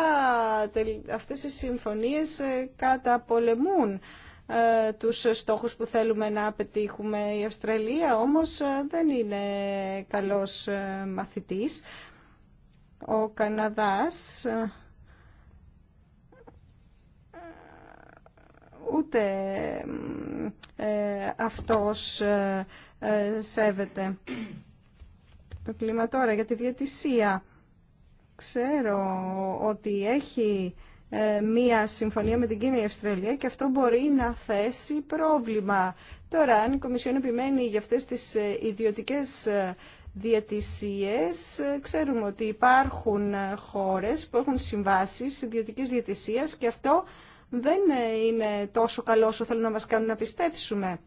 αυτές οι συμφωνίες ε, καταπολεμούν ε, τους στόχους που θέλουμε να πετύχουμε. Η Αυστραλία όμως ε, δεν είναι καλός ε, μαθητής. Ο Καναδάς ούτε αυτός σέβεται το κλίμα τώρα για τη διατησία. Ξέρω ότι έχει ε, μία συμφωνία με την Κίνα η Αυστραλία και αυτό μπορεί να θέσει πρόβλημα. Τώρα, αν η Κομισιόν επιμένει για αυτές τις ε, ιδιωτικές ε, διατησίες, ξέρουμε ότι υπάρχουν χώρες που έχουν συμβάσεις ιδιωτικής διατησίας και αυτό δεν είναι τόσο καλό όσο θέλουν να μας κάνουν να πιστέψουμε.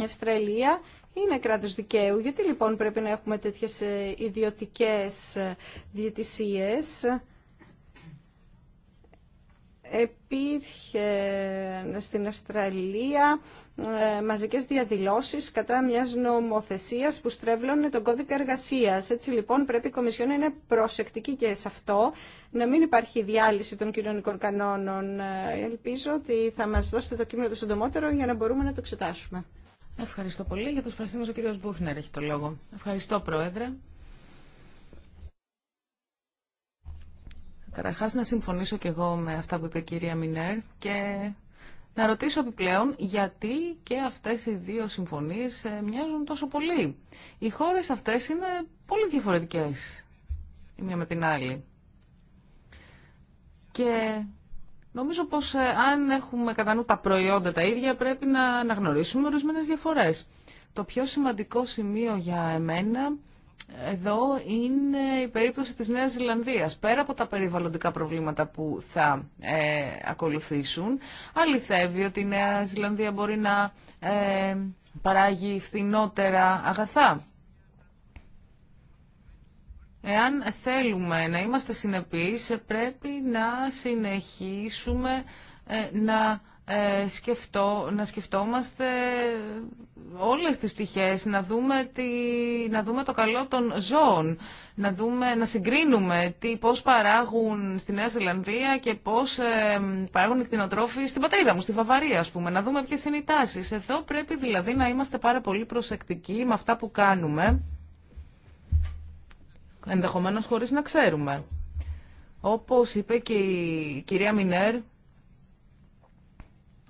Η Αυστραλία είναι κράτος δικαίου. Γιατί λοιπόν πρέπει να έχουμε τέτοιες ιδιωτικές διατησίες Επήρχε στην Αυστραλία ε, μαζικές διαδηλώσεις κατά μιας νομοθεσίας που στρέβλωνε τον κώδικα εργασίας. Έτσι λοιπόν πρέπει η Κομισιόν να είναι προσεκτική και σε αυτό, να μην υπάρχει διάλυση των κοινωνικών κανόνων. Ε, ελπίζω ότι θα μας δώσετε το κείμενο το συντομότερο για να μπορούμε να το εξετάσουμε. Ευχαριστώ πολύ. Για τους πρασίνους ο κύριος Μπούχνερ έχει το λόγο. Ευχαριστώ Πρόεδρε. Καταρχάς να συμφωνήσω και εγώ με αυτά που είπε η κυρία Μινέρ και να ρωτήσω επιπλέον γιατί και αυτές οι δύο συμφωνίες ε, μοιάζουν τόσο πολύ. Οι χώρες αυτές είναι πολύ διαφορετικές η μία με την άλλη. Και νομίζω πως ε, αν έχουμε κατά νου τα προϊόντα τα ίδια πρέπει να αναγνωρίσουμε ορισμένες διαφορές. Το πιο σημαντικό σημείο για εμένα εδώ είναι η περίπτωση της Νέας Ζηλανδίας. Πέρα από τα περιβαλλοντικά προβλήματα που θα ε, ακολουθήσουν, αληθεύει ότι η Νέα Ζηλανδία μπορεί να ε, παράγει φθηνότερα αγαθά. Εάν θέλουμε να είμαστε συνεπείς, πρέπει να συνεχίσουμε ε, να ε, να σκεφτόμαστε όλες τις πτυχές, να δούμε, τι να δούμε το καλό των ζώων, να, δούμε, να συγκρίνουμε τι, πώς παράγουν στη Νέα Ζηλανδία και πώς ε, παράγουν οι κτηνοτρόφοι στην πατρίδα μου, στη Βαβαρία ας πούμε, να δούμε ποιες είναι οι τάσεις. Εδώ πρέπει δηλαδή να είμαστε πάρα πολύ προσεκτικοί με αυτά που κάνουμε, ενδεχομένως χωρίς να ξέρουμε. Όπως είπε και η κυρία Μινέρ,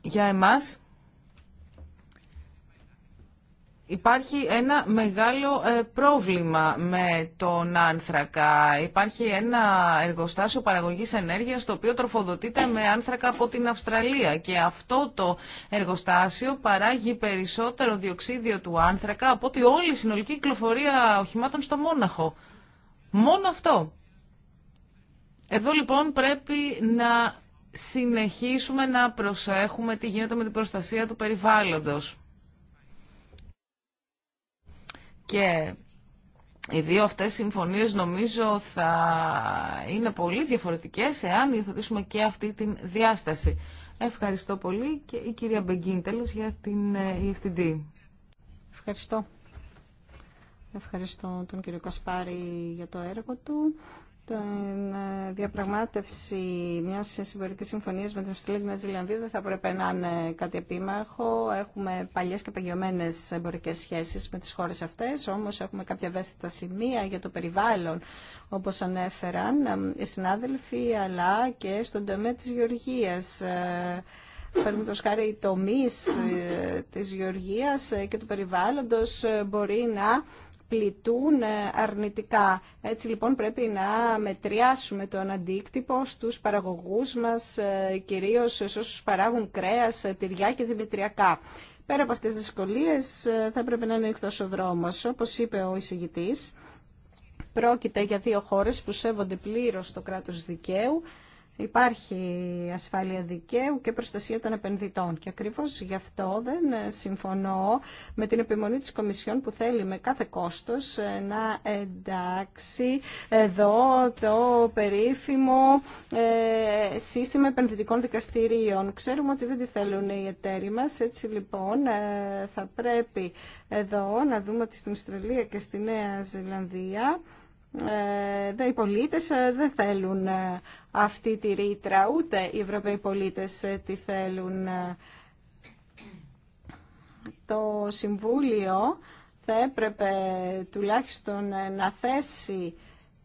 για εμάς Υπάρχει ένα μεγάλο ε, πρόβλημα με τον άνθρακα. Υπάρχει ένα εργοστάσιο παραγωγής ενέργειας το οποίο τροφοδοτείται με άνθρακα από την Αυστραλία και αυτό το εργοστάσιο παράγει περισσότερο διοξίδιο του άνθρακα από ότι όλη η συνολική κυκλοφορία οχημάτων στο Μόναχο. Μόνο αυτό. Εδώ λοιπόν πρέπει να συνεχίσουμε να προσέχουμε τι γίνεται με την προστασία του περιβάλλοντος. Και οι δύο αυτές συμφωνίες νομίζω θα είναι πολύ διαφορετικές εάν υιοθετήσουμε και αυτή την διάσταση. Ευχαριστώ πολύ και η κυρία Μπεγκίν τέλος για την EFTD. Ε, Ευχαριστώ. Ευχαριστώ τον κύριο Κασπάρη για το έργο του την ε, διαπραγμάτευση μια συμπορική συμφωνία με την Αυστραλία και Νέα δεν θα έπρεπε να είναι κάτι επίμαχο. Έχουμε παλιέ και παγιωμένε εμπορικέ σχέσει με τι χώρε αυτέ, όμω έχουμε κάποια ευαίσθητα σημεία για το περιβάλλον, όπω ανέφεραν ε, οι συνάδελφοι, αλλά και στον τομέα τη γεωργία. Ε, Παραδείγματο χάρη, οι τομεί τη γεωργία και του περιβάλλοντο μπορεί να πλητούν ε, αρνητικά. Έτσι λοιπόν πρέπει να μετριάσουμε τον αντίκτυπο στους παραγωγούς μας, ε, κυρίως σε όσους παράγουν κρέας, ε, τυριά και δημητριακά. Πέρα από αυτές τις δυσκολίες θα πρέπει να είναι εκτός ο δρόμος. Όπως είπε ο εισηγητής, πρόκειται για δύο χώρες που σέβονται πλήρως το κράτος δικαίου υπάρχει ασφάλεια δικαίου και προστασία των επενδυτών. Και ακριβώς γι' αυτό δεν συμφωνώ με την επιμονή της Κομισιόν που θέλει με κάθε κόστος ε, να εντάξει εδώ το περίφημο ε, σύστημα επενδυτικών δικαστηρίων. Ξέρουμε ότι δεν τη θέλουν οι εταίροι μας, έτσι λοιπόν ε, θα πρέπει εδώ να δούμε ότι στην Αυστραλία και στη Νέα Ζηλανδία ε, οι πολίτες ε, δεν θέλουν ε, αυτή τη ρήτρα, ούτε οι Ευρωπαίοι πολίτες τη θέλουν. Το Συμβούλιο θα έπρεπε τουλάχιστον να θέσει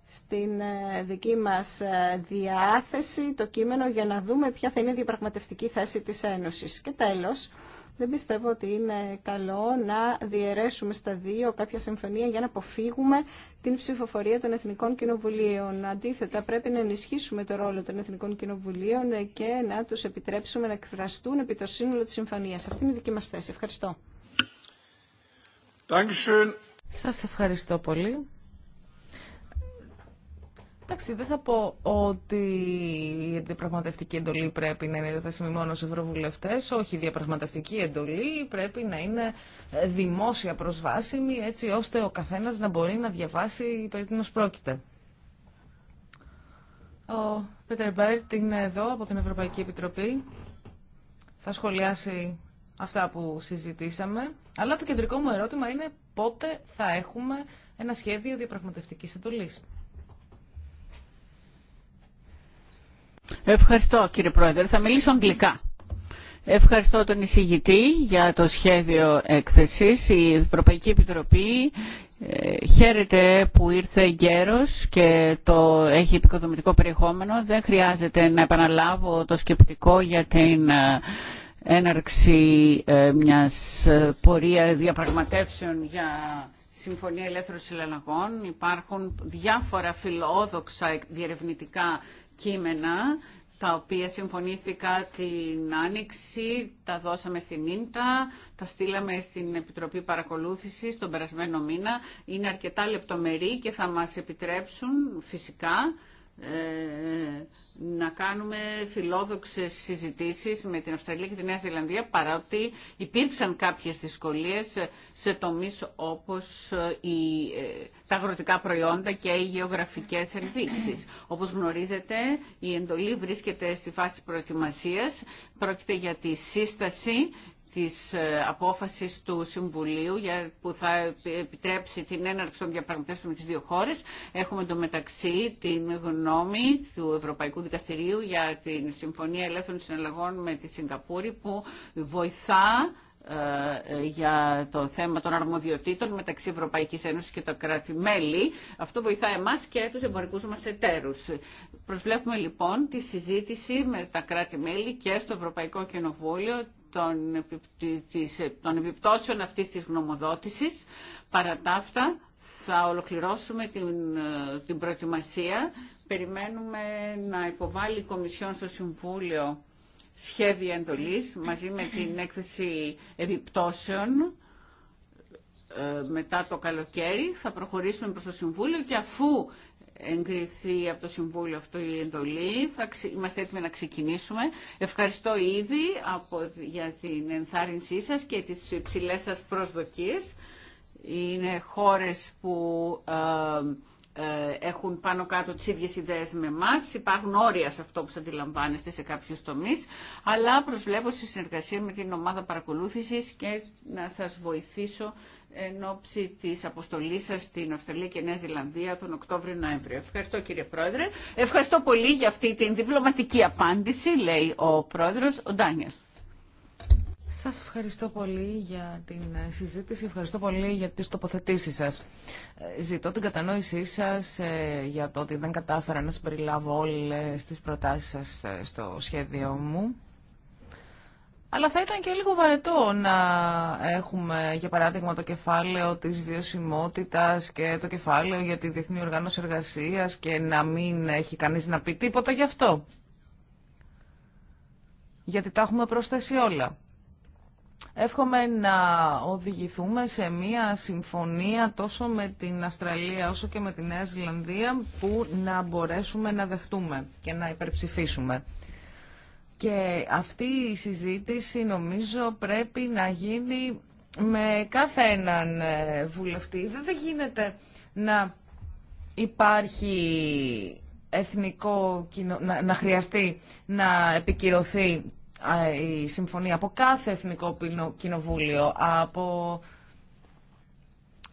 στην δική μας διάθεση το κείμενο για να δούμε ποια θα είναι η διαπραγματευτική θέση της Ένωσης. Και τέλος, δεν πιστεύω ότι είναι καλό να διαιρέσουμε στα δύο κάποια συμφωνία για να αποφύγουμε την ψηφοφορία των Εθνικών Κοινοβουλίων. Αντίθετα, πρέπει να ενισχύσουμε το ρόλο των Εθνικών Κοινοβουλίων και να τους επιτρέψουμε να εκφραστούν επί το σύνολο της συμφωνίας. Αυτή είναι η δική μας θέση. Ευχαριστώ. Σα Σας ευχαριστώ πολύ. Εντάξει, δεν θα πω ότι η διαπραγματευτική εντολή πρέπει να είναι διαθέσιμη μόνο στου ευρωβουλευτέ. Όχι, η διαπραγματευτική εντολή πρέπει να είναι ε, δημόσια προσβάσιμη, έτσι ώστε ο καθένα να μπορεί να διαβάσει περί τίνο πρόκειται. Ο Πέτερ Μπέρτ είναι εδώ από την Ευρωπαϊκή Επιτροπή. Θα σχολιάσει αυτά που συζητήσαμε. Αλλά το κεντρικό μου ερώτημα είναι πότε θα έχουμε ένα σχέδιο διαπραγματευτικής εντολής. Ευχαριστώ κύριε Πρόεδρε. Θα μιλήσω αγγλικά. Ευχαριστώ τον εισηγητή για το σχέδιο έκθεσης. Η Ευρωπαϊκή Επιτροπή ε, χαίρεται που ήρθε γέρος και το έχει επικοδομητικό περιεχόμενο. Δεν χρειάζεται να επαναλάβω το σκεπτικό για την ε, έναρξη ε, μιας πορεία διαπραγματεύσεων για Συμφωνία Ελεύθερων Συλλαγών. Υπάρχουν διάφορα φιλόδοξα διερευνητικά κείμενα τα οποία συμφωνήθηκα την Άνοιξη, τα δώσαμε στην Ίντα, τα στείλαμε στην Επιτροπή Παρακολούθησης τον περασμένο μήνα. Είναι αρκετά λεπτομερή και θα μας επιτρέψουν φυσικά ε, να κάνουμε φιλόδοξες συζητήσεις με την Αυστραλία και τη Νέα Ζηλανδία παρότι υπήρξαν κάποιες δυσκολίες σε τομείς όπως ε, η, ε, τα αγροτικά προϊόντα και οι γεωγραφικές ενδείξεις. Όπως γνωρίζετε η εντολή βρίσκεται στη φάση προετοιμασίας. Πρόκειται για τη σύσταση της ε, απόφασης του Συμβουλίου για, που θα επιτρέψει την έναρξη των διαπραγματεύσεων με τις δύο χώρες. Έχουμε το μεταξύ την γνώμη του Ευρωπαϊκού Δικαστηρίου για την Συμφωνία Ελεύθερων Συναλλαγών με τη Σιγκαπούρη που βοηθά ε, για το θέμα των αρμοδιοτήτων μεταξύ Ευρωπαϊκής Ένωσης και τα κράτη-μέλη. Αυτό βοηθά εμάς και τους εμπορικούς μας εταίρους. Προσβλέπουμε λοιπόν τη συζήτηση με τα κράτη-μέλη και στο Ευρωπαϊκό Κοινοβούλιο των επιπτώσεων αυτής της γνωμοδότησης. Παρά τα θα ολοκληρώσουμε την, την προετοιμασία. Περιμένουμε να υποβάλει η Κομισιόν στο Συμβούλιο σχέδια εντολής μαζί με την έκθεση επιπτώσεων ε, μετά το καλοκαίρι. Θα προχωρήσουμε προς το Συμβούλιο και αφού εγκριθεί από το Συμβούλιο αυτό η εντολή. Θα, είμαστε έτοιμοι να ξεκινήσουμε. Ευχαριστώ ήδη από, για την ενθάρρυνσή σας και τις υψηλές σας προσδοκίες. Είναι χώρες που ε, ε, έχουν πάνω κάτω τις ίδιες ιδέες με εμά. Υπάρχουν όρια σε αυτό που σας αντιλαμβάνεστε σε κάποιους τομείς. Αλλά προσβλέπω στη συνεργασία με την ομάδα παρακολούθησης και να σας βοηθήσω εν ώψη της αποστολής σας στην Αυστραλία και Νέα Ζηλανδία τον Οκτώβριο-Νοέμβριο. Ευχαριστώ κύριε Πρόεδρε. Ευχαριστώ πολύ για αυτή την διπλωματική απάντηση, λέει ο πρόεδρο. ο Ντάνιελ. Σας ευχαριστώ πολύ για την συζήτηση, ευχαριστώ πολύ για τις τοποθετήσεις σας. Ε, ζητώ την κατανόησή σας ε, για το ότι δεν κατάφερα να συμπεριλάβω όλες τις προτάσεις σας ε, στο σχέδιο μου. Αλλά θα ήταν και λίγο βαρετό να έχουμε, για παράδειγμα, το κεφάλαιο της βιωσιμότητας και το κεφάλαιο για τη Διεθνή Οργάνωση Εργασίας και να μην έχει κανείς να πει τίποτα γι' αυτό. Γιατί τα έχουμε προσθέσει όλα. Εύχομαι να οδηγηθούμε σε μια συμφωνία τόσο με την Αυστραλία όσο και με τη Νέα Ζηλανδία που να μπορέσουμε να δεχτούμε και να υπερψηφίσουμε. Και αυτή η συζήτηση νομίζω πρέπει να γίνει με κάθε έναν ε, βουλευτή. Δεν γίνεται να υπάρχει εθνικό να, να χρειαστεί να επικυρωθεί η συμφωνία από κάθε εθνικό κοινοβούλιο, από...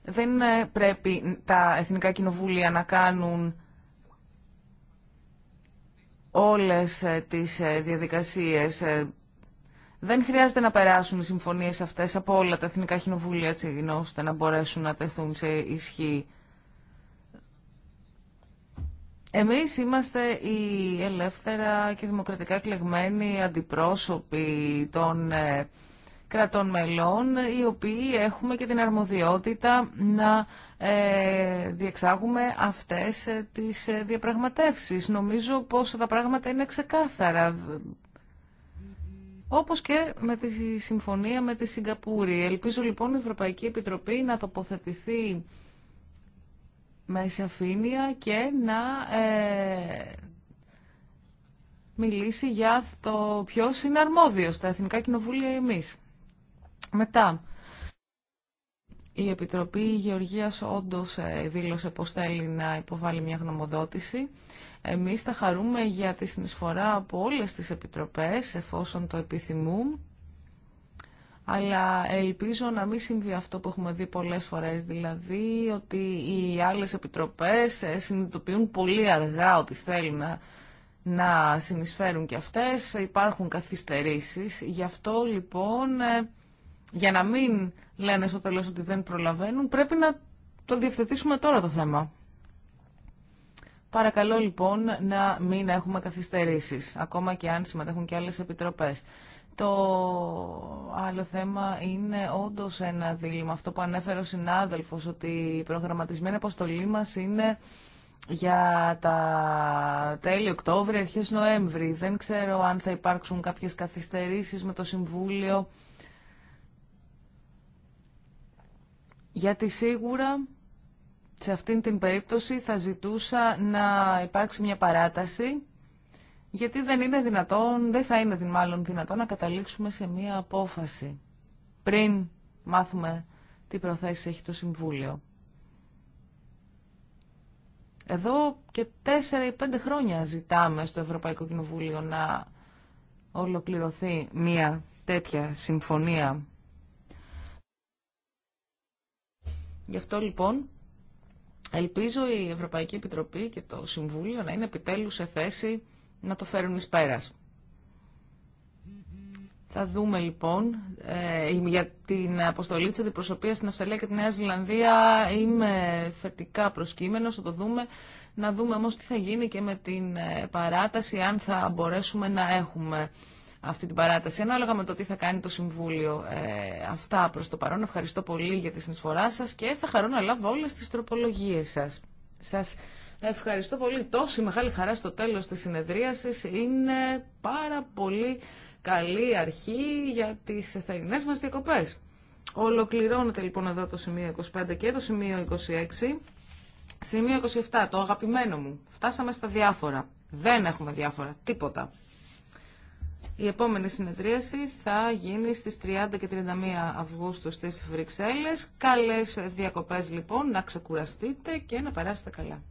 Δεν ε, πρέπει τα εθνικά κοινοβούλια να κάνουν όλες ε, τις ε, διαδικασίες. Ε. Δεν χρειάζεται να περάσουν οι συμφωνίες αυτές από όλα τα εθνικά κοινοβούλια, έτσι, ώστε να μπορέσουν να τεθούν σε ισχύ. Εμείς είμαστε οι ελεύθερα και δημοκρατικά εκλεγμένοι αντιπρόσωποι των κρατών μελών, οι οποίοι έχουμε και την αρμοδιότητα να ε, διεξάγουμε αυτές ε, τις ε, διαπραγματεύσεις. Νομίζω πως τα πράγματα είναι ξεκάθαρα. Όπως και με τη συμφωνία με τη Σιγκαπούρη. Ελπίζω λοιπόν η Ευρωπαϊκή Επιτροπή να τοποθετηθεί με σαφήνεια και να ε, μιλήσει για το ποιος είναι αρμόδιος, τα Εθνικά Κοινοβούλια εμείς. Μετά, η Επιτροπή Γεωργίας όντως ε, δήλωσε πως θέλει να υποβάλει μια γνωμοδότηση. Εμείς θα χαρούμε για τη συνεισφορά από όλες τις επιτροπές, εφόσον το επιθυμούν. Αλλά ελπίζω να μην συμβεί αυτό που έχουμε δει πολλές φορές, δηλαδή ότι οι άλλες επιτροπές ε, συνειδητοποιούν πολύ αργά ότι θέλουν να, να συνεισφέρουν και αυτές, υπάρχουν καθυστερήσεις. Γι' αυτό λοιπόν ε, για να μην λένε στο τέλος ότι δεν προλαβαίνουν, πρέπει να το διευθετήσουμε τώρα το θέμα. Παρακαλώ λοιπόν να μην έχουμε καθυστερήσεις, ακόμα και αν συμμετέχουν και άλλες επιτροπές. Το άλλο θέμα είναι όντως ένα δίλημα. Αυτό που ανέφερε ο συνάδελφος, ότι η προγραμματισμένη αποστολή μας είναι για τα τέλη Οκτώβρη, αρχές Νοέμβρη. Δεν ξέρω αν θα υπάρξουν κάποιες καθυστερήσεις με το Συμβούλιο γιατί σίγουρα σε αυτήν την περίπτωση θα ζητούσα να υπάρξει μια παράταση, γιατί δεν είναι δυνατόν, δεν θα είναι μάλλον δυνατόν να καταλήξουμε σε μια απόφαση πριν μάθουμε τι προθέσει έχει το Συμβούλιο. Εδώ και τέσσερα ή πέντε χρόνια ζητάμε στο Ευρωπαϊκό Κοινοβούλιο να ολοκληρωθεί μια τέτοια συμφωνία Γι' αυτό λοιπόν ελπίζω η Ευρωπαϊκή Επιτροπή και το Συμβούλιο να είναι επιτέλους σε θέση να το φέρουν εις πέρας. Θα δούμε λοιπόν ε, για την αποστολή της αντιπροσωπείας στην Αυστραλία και τη Νέα Ζηλανδία είμαι θετικά προσκύμενος, θα το δούμε. Να δούμε όμως τι θα γίνει και με την ε, παράταση, αν θα μπορέσουμε να έχουμε αυτή την παράταση ανάλογα με το τι θα κάνει το Συμβούλιο. Ε, αυτά προς το παρόν. Ευχαριστώ πολύ για τη συνεισφορά σας και θα χαρώ να λάβω όλες τις τροπολογίες σας. Σας ευχαριστώ πολύ. Τόση μεγάλη χαρά στο τέλος της συνεδρίασης είναι πάρα πολύ καλή αρχή για τις θερινές μας διακοπές. Ολοκληρώνεται λοιπόν εδώ το σημείο 25 και το σημείο 26. Σημείο 27, το αγαπημένο μου. Φτάσαμε στα διάφορα. Δεν έχουμε διάφορα. Τίποτα. Η επόμενη συνεδρίαση θα γίνει στις 30 και 31 Αυγούστου στις Βρυξέλλες. Καλές διακοπές λοιπόν, να ξεκουραστείτε και να περάσετε καλά.